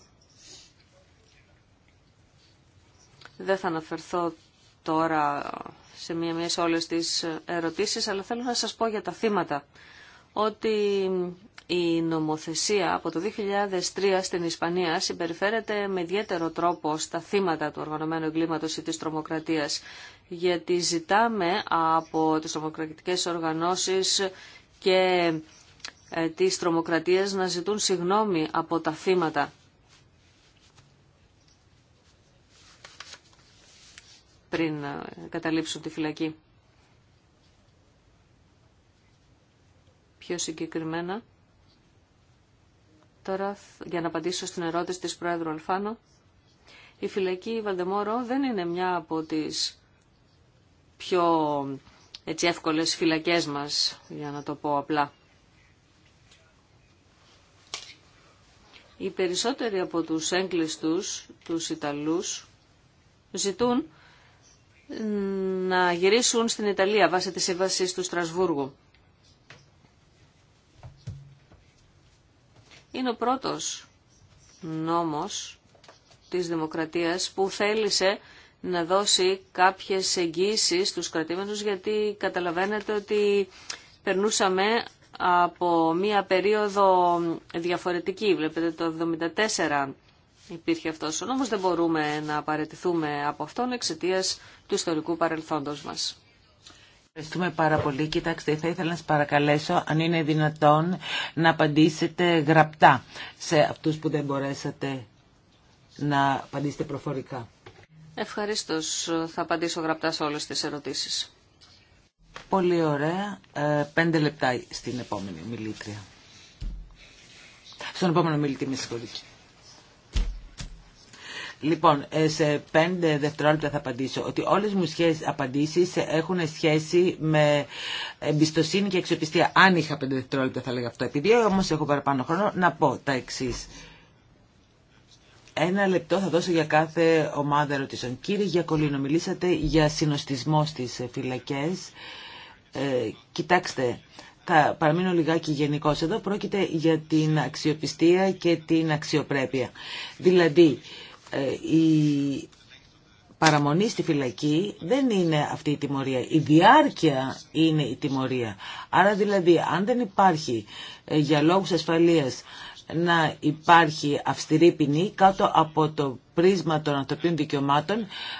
Δεν θα αναφερθώ τώρα σε μία μία σε όλες τις ερωτήσεις, αλλά θέλω να σας πω για τα θύματα ότι η νομοθεσία από το 2003 στην Ισπανία συμπεριφέρεται με ιδιαίτερο τρόπο στα θύματα του οργανωμένου εγκλήματος ή της τρομοκρατίας, γιατί ζητάμε από τις τρομοκρατικές οργανώσεις και ε, της τρομοκρατίας να ζητούν συγνώμη από τα θύματα. πριν ε, καταλήψουν τη φυλακή. Πιο συγκεκριμένα, Τώρα, για να απαντήσω στην ερώτηση της Πρόεδρου Αλφάνο, η φυλακή Βαλτεμόρο δεν είναι μια από τις πιο έτσι, εύκολες φυλακές μας, για να το πω απλά. Οι περισσότεροι από τους έγκλειστους, τους Ιταλούς, ζητούν να γυρίσουν στην Ιταλία βάσει της σύμβασης του Στρασβούργου. Είναι ο πρώτος νόμος της δημοκρατίας που θέλησε να δώσει κάποιες εγγύσεις στους κρατήμενους γιατί καταλαβαίνετε ότι περνούσαμε από μία περίοδο διαφορετική. Βλέπετε το 1974 υπήρχε αυτός ο νόμος, δεν μπορούμε να παρετηθούμε από αυτόν εξαιτίας του ιστορικού παρελθόντος μας. Ευχαριστούμε πάρα πολύ. Κοιτάξτε, θα ήθελα να σας παρακαλέσω, αν είναι δυνατόν, να απαντήσετε γραπτά σε αυτούς που δεν μπορέσατε να απαντήσετε προφορικά. Ευχαριστώ. Θα απαντήσω γραπτά σε όλες τις ερωτήσεις. Πολύ ωραία. Ε, πέντε λεπτά στην επόμενη μιλήτρια. Στον επόμενο μιλητή, με συγχωρείτε. Λοιπόν, ε, σε πέντε δευτερόλεπτα θα απαντήσω ότι όλες μου σχέσεις, απαντήσεις έχουν σχέση με εμπιστοσύνη και αξιοπιστία. Αν είχα πέντε δευτερόλεπτα θα λέγα αυτό. Επειδή όμως έχω παραπάνω χρόνο να πω τα εξή. Ένα λεπτό θα δώσω για κάθε ομάδα ερωτήσεων. Κύριε Γιακολίνο, μιλήσατε για συνοστισμό στις φυλακές. Ε, κοιτάξτε, θα παραμείνω λιγάκι γενικός εδώ. Πρόκειται για την αξιοπιστία και την αξιοπρέπεια. Δηλαδή, ε, η παραμονή στη φυλακή δεν είναι αυτή η τιμωρία. Η διάρκεια είναι η τιμωρία. Άρα δηλαδή αν δεν υπάρχει ε, για λόγους ασφαλείας να υπάρχει αυστηρή ποινή κάτω από το πρίσμα των ανθρωπίνων δικαιωμάτων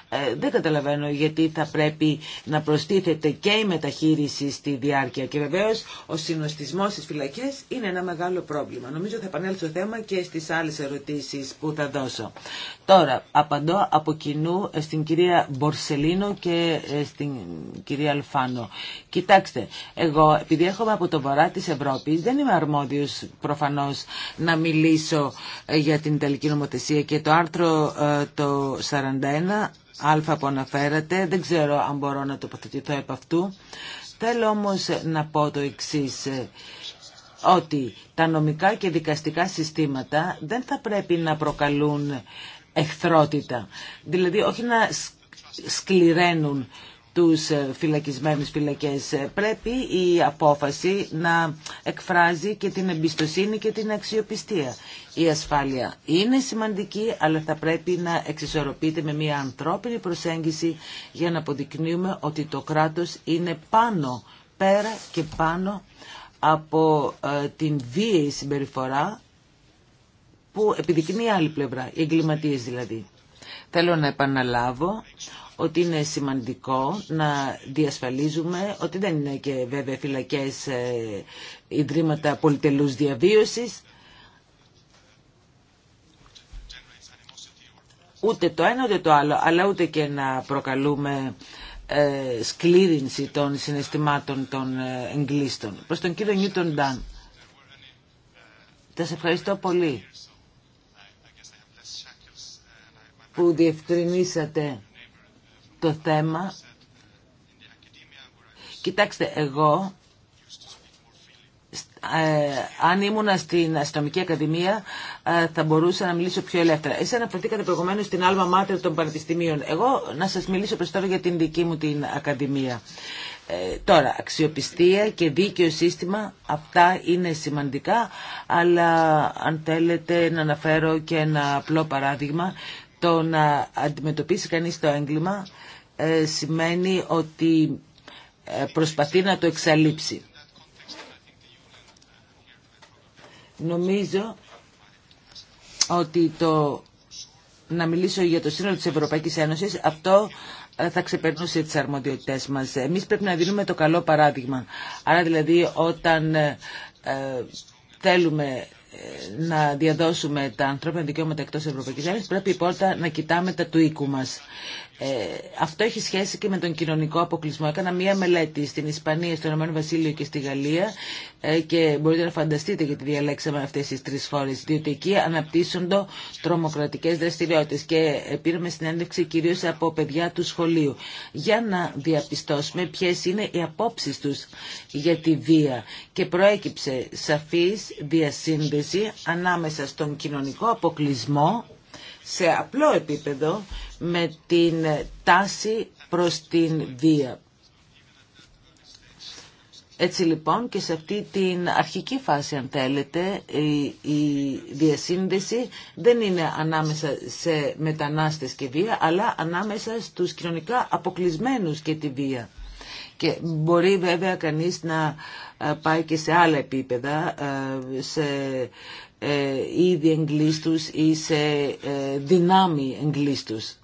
ε, δεν καταλαβαίνω γιατί θα πρέπει να προστίθεται και η μεταχείριση στη διάρκεια. Και βεβαίως ο συνοστισμός στις φυλακές είναι ένα μεγάλο πρόβλημα. Νομίζω θα επανέλθω στο θέμα και στις άλλες ερωτήσεις που θα δώσω. Τώρα, απαντώ από κοινού ε, στην κυρία Μπορσελίνο και ε, στην κυρία Αλφάνο. Κοιτάξτε, εγώ επειδή έρχομαι από το βορρά της Ευρώπης δεν είμαι αρμόδιος προφανώς να μιλήσω για την Ιταλική νομοθεσία και το άρθρο ε, το 41 α που αναφέρατε, δεν ξέρω αν μπορώ να τοποθετηθώ επ' αυτού. Θέλω όμως να πω το εξής, ε, ότι τα νομικά και δικαστικά συστήματα δεν θα πρέπει να προκαλούν εχθρότητα. Δηλαδή όχι να σκληραίνουν τους ε, φυλακισμένους φυλακές. Ε, πρέπει η απόφαση να εκφράζει και την εμπιστοσύνη και την αξιοπιστία. Η ασφάλεια είναι σημαντική, αλλά θα πρέπει να εξισορροπείται με μια ανθρώπινη προσέγγιση για να αποδεικνύουμε ότι το κράτος είναι πάνω, πέρα και πάνω από ε, την βίαιη συμπεριφορά που επιδεικνύει άλλη πλευρά, οι εγκληματίες δηλαδή. Θέλω να επαναλάβω ότι είναι σημαντικό να διασφαλίζουμε ότι δεν είναι και βέβαια φυλακές ε, ιδρύματα πολυτελούς διαβίωσης, ούτε το ένα ούτε το άλλο, αλλά ούτε και να προκαλούμε ε, σκλήρινση των συναισθημάτων των ε, εγκλήστων. Προς τον κύριο Νιούτον Ντάν, θα ευχαριστώ πολύ που διευκρινίσατε το θέμα. Κοιτάξτε, εγώ ε, αν ήμουν στην Αστυνομική Ακαδημία ε, θα μπορούσα να μιλήσω πιο ελεύθερα. Εσείς αναφερθήκατε προηγουμένως στην άλμα Mater των πανεπιστημίων. Εγώ να σας μιλήσω προς τώρα για την δική μου την Ακαδημία. Ε, τώρα, αξιοπιστία και δίκαιο σύστημα, αυτά είναι σημαντικά, αλλά αν θέλετε να αναφέρω και ένα απλό παράδειγμα, το να αντιμετωπίσει κανείς το έγκλημα ε, σημαίνει ότι ε, προσπαθεί να το εξαλείψει. Νομίζω ότι το να μιλήσω για το σύνολο της Ευρωπαϊκής Ένωσης, αυτό ε, θα ξεπερνούσε τις αρμοδιότητές μας. Εμείς πρέπει να δίνουμε το καλό παράδειγμα. Άρα δηλαδή όταν θέλουμε ε, να διαδώσουμε τα ανθρώπινα δικαιώματα εκτός Ευρωπαϊκής Ένωσης πρέπει πρώτα να κοιτάμε τα του οίκου μας. Ε, αυτό έχει σχέση και με τον κοινωνικό αποκλεισμό. Έκανα μία μελέτη στην Ισπανία, στο Ηνωμένο Βασίλειο και στη Γαλλία ε, και μπορείτε να φανταστείτε γιατί διαλέξαμε αυτές τις τρεις φόρες διότι εκεί αναπτύσσονται τρομοκρατικές δραστηριότητες και πήραμε συνέντευξη κυρίως από παιδιά του σχολείου για να διαπιστώσουμε ποιες είναι οι απόψεις τους για τη βία και προέκυψε σαφής διασύνδεση ανάμεσα στον κοινωνικό αποκλεισμό σε απλό επίπεδο με την τάση προς την βία. Έτσι λοιπόν και σε αυτή την αρχική φάση αν θέλετε η διασύνδεση δεν είναι ανάμεσα σε μετανάστες και βία αλλά ανάμεσα στους κοινωνικά αποκλεισμένους και τη βία. Και μπορεί βέβαια κανείς να ε, πάει και σε άλλα επίπεδα, ε, σε ε, ήδη εγκλήστους ή σε ε, δυνάμει εγκλήστους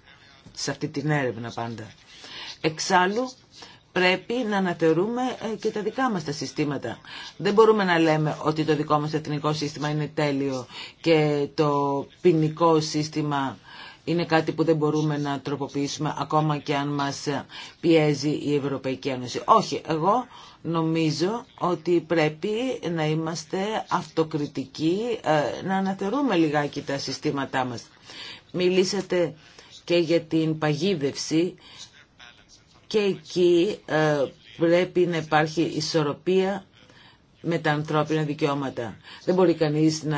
σε αυτή την έρευνα πάντα. Εξάλλου πρέπει να αναθεωρούμε ε, και τα δικά μας τα συστήματα. Δεν μπορούμε να λέμε ότι το δικό μας εθνικό σύστημα είναι τέλειο και το ποινικό σύστημα είναι κάτι που δεν μπορούμε να τροποποιήσουμε ακόμα και αν μας πιέζει η Ευρωπαϊκή Ένωση. Όχι, εγώ Νομίζω ότι πρέπει να είμαστε αυτοκριτικοί, ε, να αναθερούμε λιγάκι τα συστήματά μας. Μιλήσατε και για την παγίδευση και εκεί ε, πρέπει να υπάρχει ισορροπία με τα ανθρώπινα δικαιώματα. Δεν μπορεί κανείς να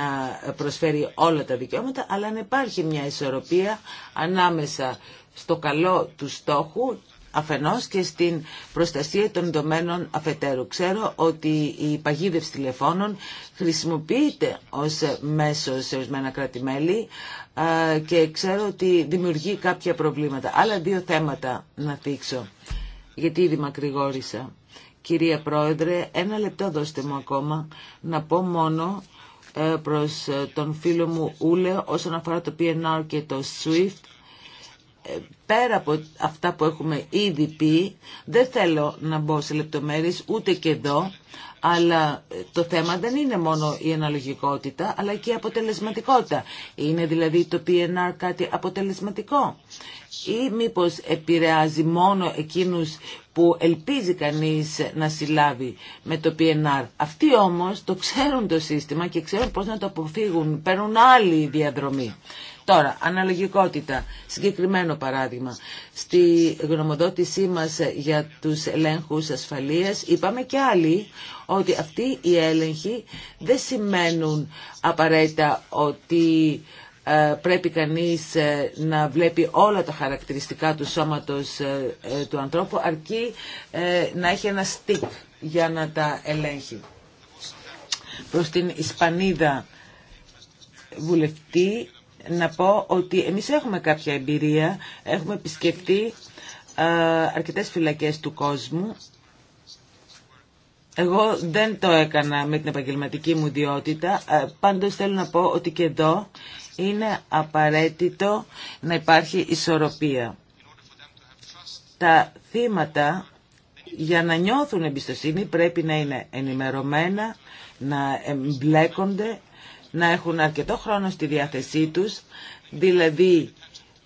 προσφέρει όλα τα δικαιώματα, αλλά να υπάρχει μια ισορροπία ανάμεσα στο καλό του στόχου αφενός και στην προστασία των δεδομένων αφετέρου. Ξέρω ότι η παγίδευση τηλεφώνων χρησιμοποιείται ως μέσο σε ορισμένα κράτη-μέλη και ξέρω ότι δημιουργεί κάποια προβλήματα. Άλλα δύο θέματα να θίξω, γιατί ήδη μακρηγόρησα. Κυρία Πρόεδρε, ένα λεπτό δώστε μου ακόμα να πω μόνο ε, προς ε, τον φίλο μου Ούλε όσον αφορά το PNR και το SWIFT ε, πέρα από αυτά που έχουμε ήδη πει, δεν θέλω να μπω σε λεπτομέρειες ούτε και εδώ, αλλά ε, το θέμα δεν είναι μόνο η αναλογικότητα, αλλά και η αποτελεσματικότητα. Είναι δηλαδή το PNR κάτι αποτελεσματικό ή μήπως επηρεάζει μόνο εκείνους που ελπίζει κανείς να συλλάβει με το PNR. Αυτοί όμως το ξέρουν το σύστημα και ξέρουν πώς να το αποφύγουν, παίρνουν άλλη διαδρομή. Τώρα, αναλογικότητα. Συγκεκριμένο παράδειγμα. Στη γνωμοδότησή μας για τους ελέγχους ασφαλείας είπαμε και άλλοι ότι αυτοί οι έλεγχοι δεν σημαίνουν απαραίτητα ότι ε, πρέπει κανείς ε, να βλέπει όλα τα χαρακτηριστικά του σώματος ε, του ανθρώπου αρκεί να έχει ένα στίκ για να τα ελέγχει. Προς την Ισπανίδα βουλευτή να πω ότι εμείς έχουμε κάποια εμπειρία, έχουμε επισκεφτεί αρκετές φυλακές του κόσμου. Εγώ δεν το έκανα με την επαγγελματική μου ιδιότητα, πάντως θέλω να πω ότι και εδώ είναι απαραίτητο να υπάρχει ισορροπία. Τα θύματα για να νιώθουν εμπιστοσύνη πρέπει να είναι ενημερωμένα, να εμπλέκονται να έχουν αρκετό χρόνο στη διάθεσή τους, δηλαδή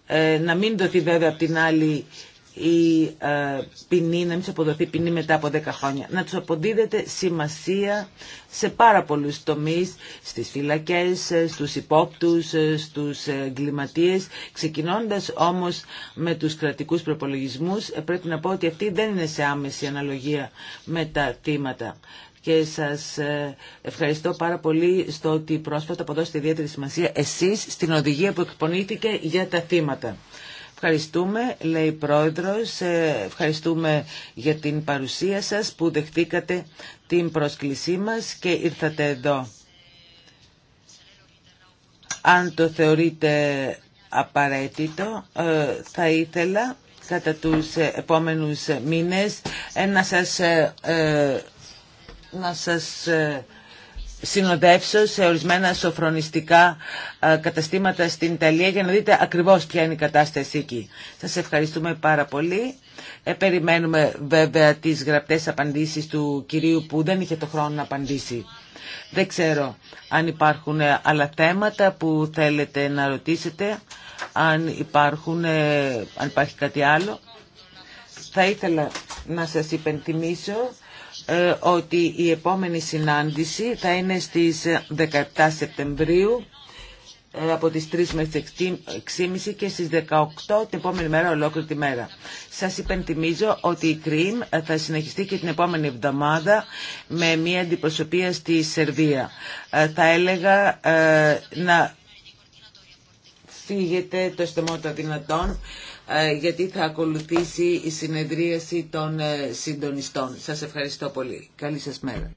ε, να μην δοθεί βέβαια από την άλλη η ε, ποινή, να μην σε αποδοθεί ποινή μετά από 10 χρόνια. Να τους αποδίδεται σημασία σε πάρα πολλούς τομείς, στις φυλακές, ε, στους υπόπτους, ε, στους εγκληματίες. Ξεκινώντας όμως με τους κρατικούς προπολογισμούς, πρέπει να πω ότι αυτή δεν είναι σε άμεση αναλογία με τα θύματα και σας ε, ευχαριστώ πάρα πολύ στο ότι πρόσφατα αποδώσετε ιδιαίτερη σημασία εσείς στην οδηγία που εκπονήθηκε για τα θύματα. Ευχαριστούμε, λέει η Πρόεδρος, ε, ευχαριστούμε για την παρουσία σας που δεχτήκατε την πρόσκλησή μας και ήρθατε εδώ. Αν το θεωρείτε απαραίτητο, ε, θα ήθελα κατά τους επόμενους μήνες να σας να σας ε, συνοδεύσω σε ορισμένα σοφρονιστικά ε, καταστήματα στην Ιταλία για να δείτε ακριβώς ποια είναι η κατάσταση εκεί. Σας ευχαριστούμε πάρα πολύ. Ε, περιμένουμε βέβαια τις γραπτές απαντήσεις του κυρίου που δεν είχε το χρόνο να απαντήσει. Δεν ξέρω αν υπάρχουν άλλα θέματα που θέλετε να ρωτήσετε, αν, υπάρχουν, αν υπάρχει κάτι άλλο. Θα ήθελα να σας υπενθυμίσω ε, ότι η επόμενη συνάντηση θα είναι στις 17 ε, Σεπτεμβρίου ε, από τις 3 μέχρι 6.30 και στις 18 την επόμενη μέρα ολόκληρη τη μέρα. Σας υπενθυμίζω ότι η ΚΡΙΜ θα συνεχιστεί και την επόμενη εβδομάδα με μια αντιπροσωπεία στη Σερβία. Θα έλεγα να φύγετε το στεμό των δυνατών ε, γιατί θα ακολουθήσει η συνεδρίαση των ε, συντονιστών. Σας ευχαριστώ πολύ. Καλή σας μέρα.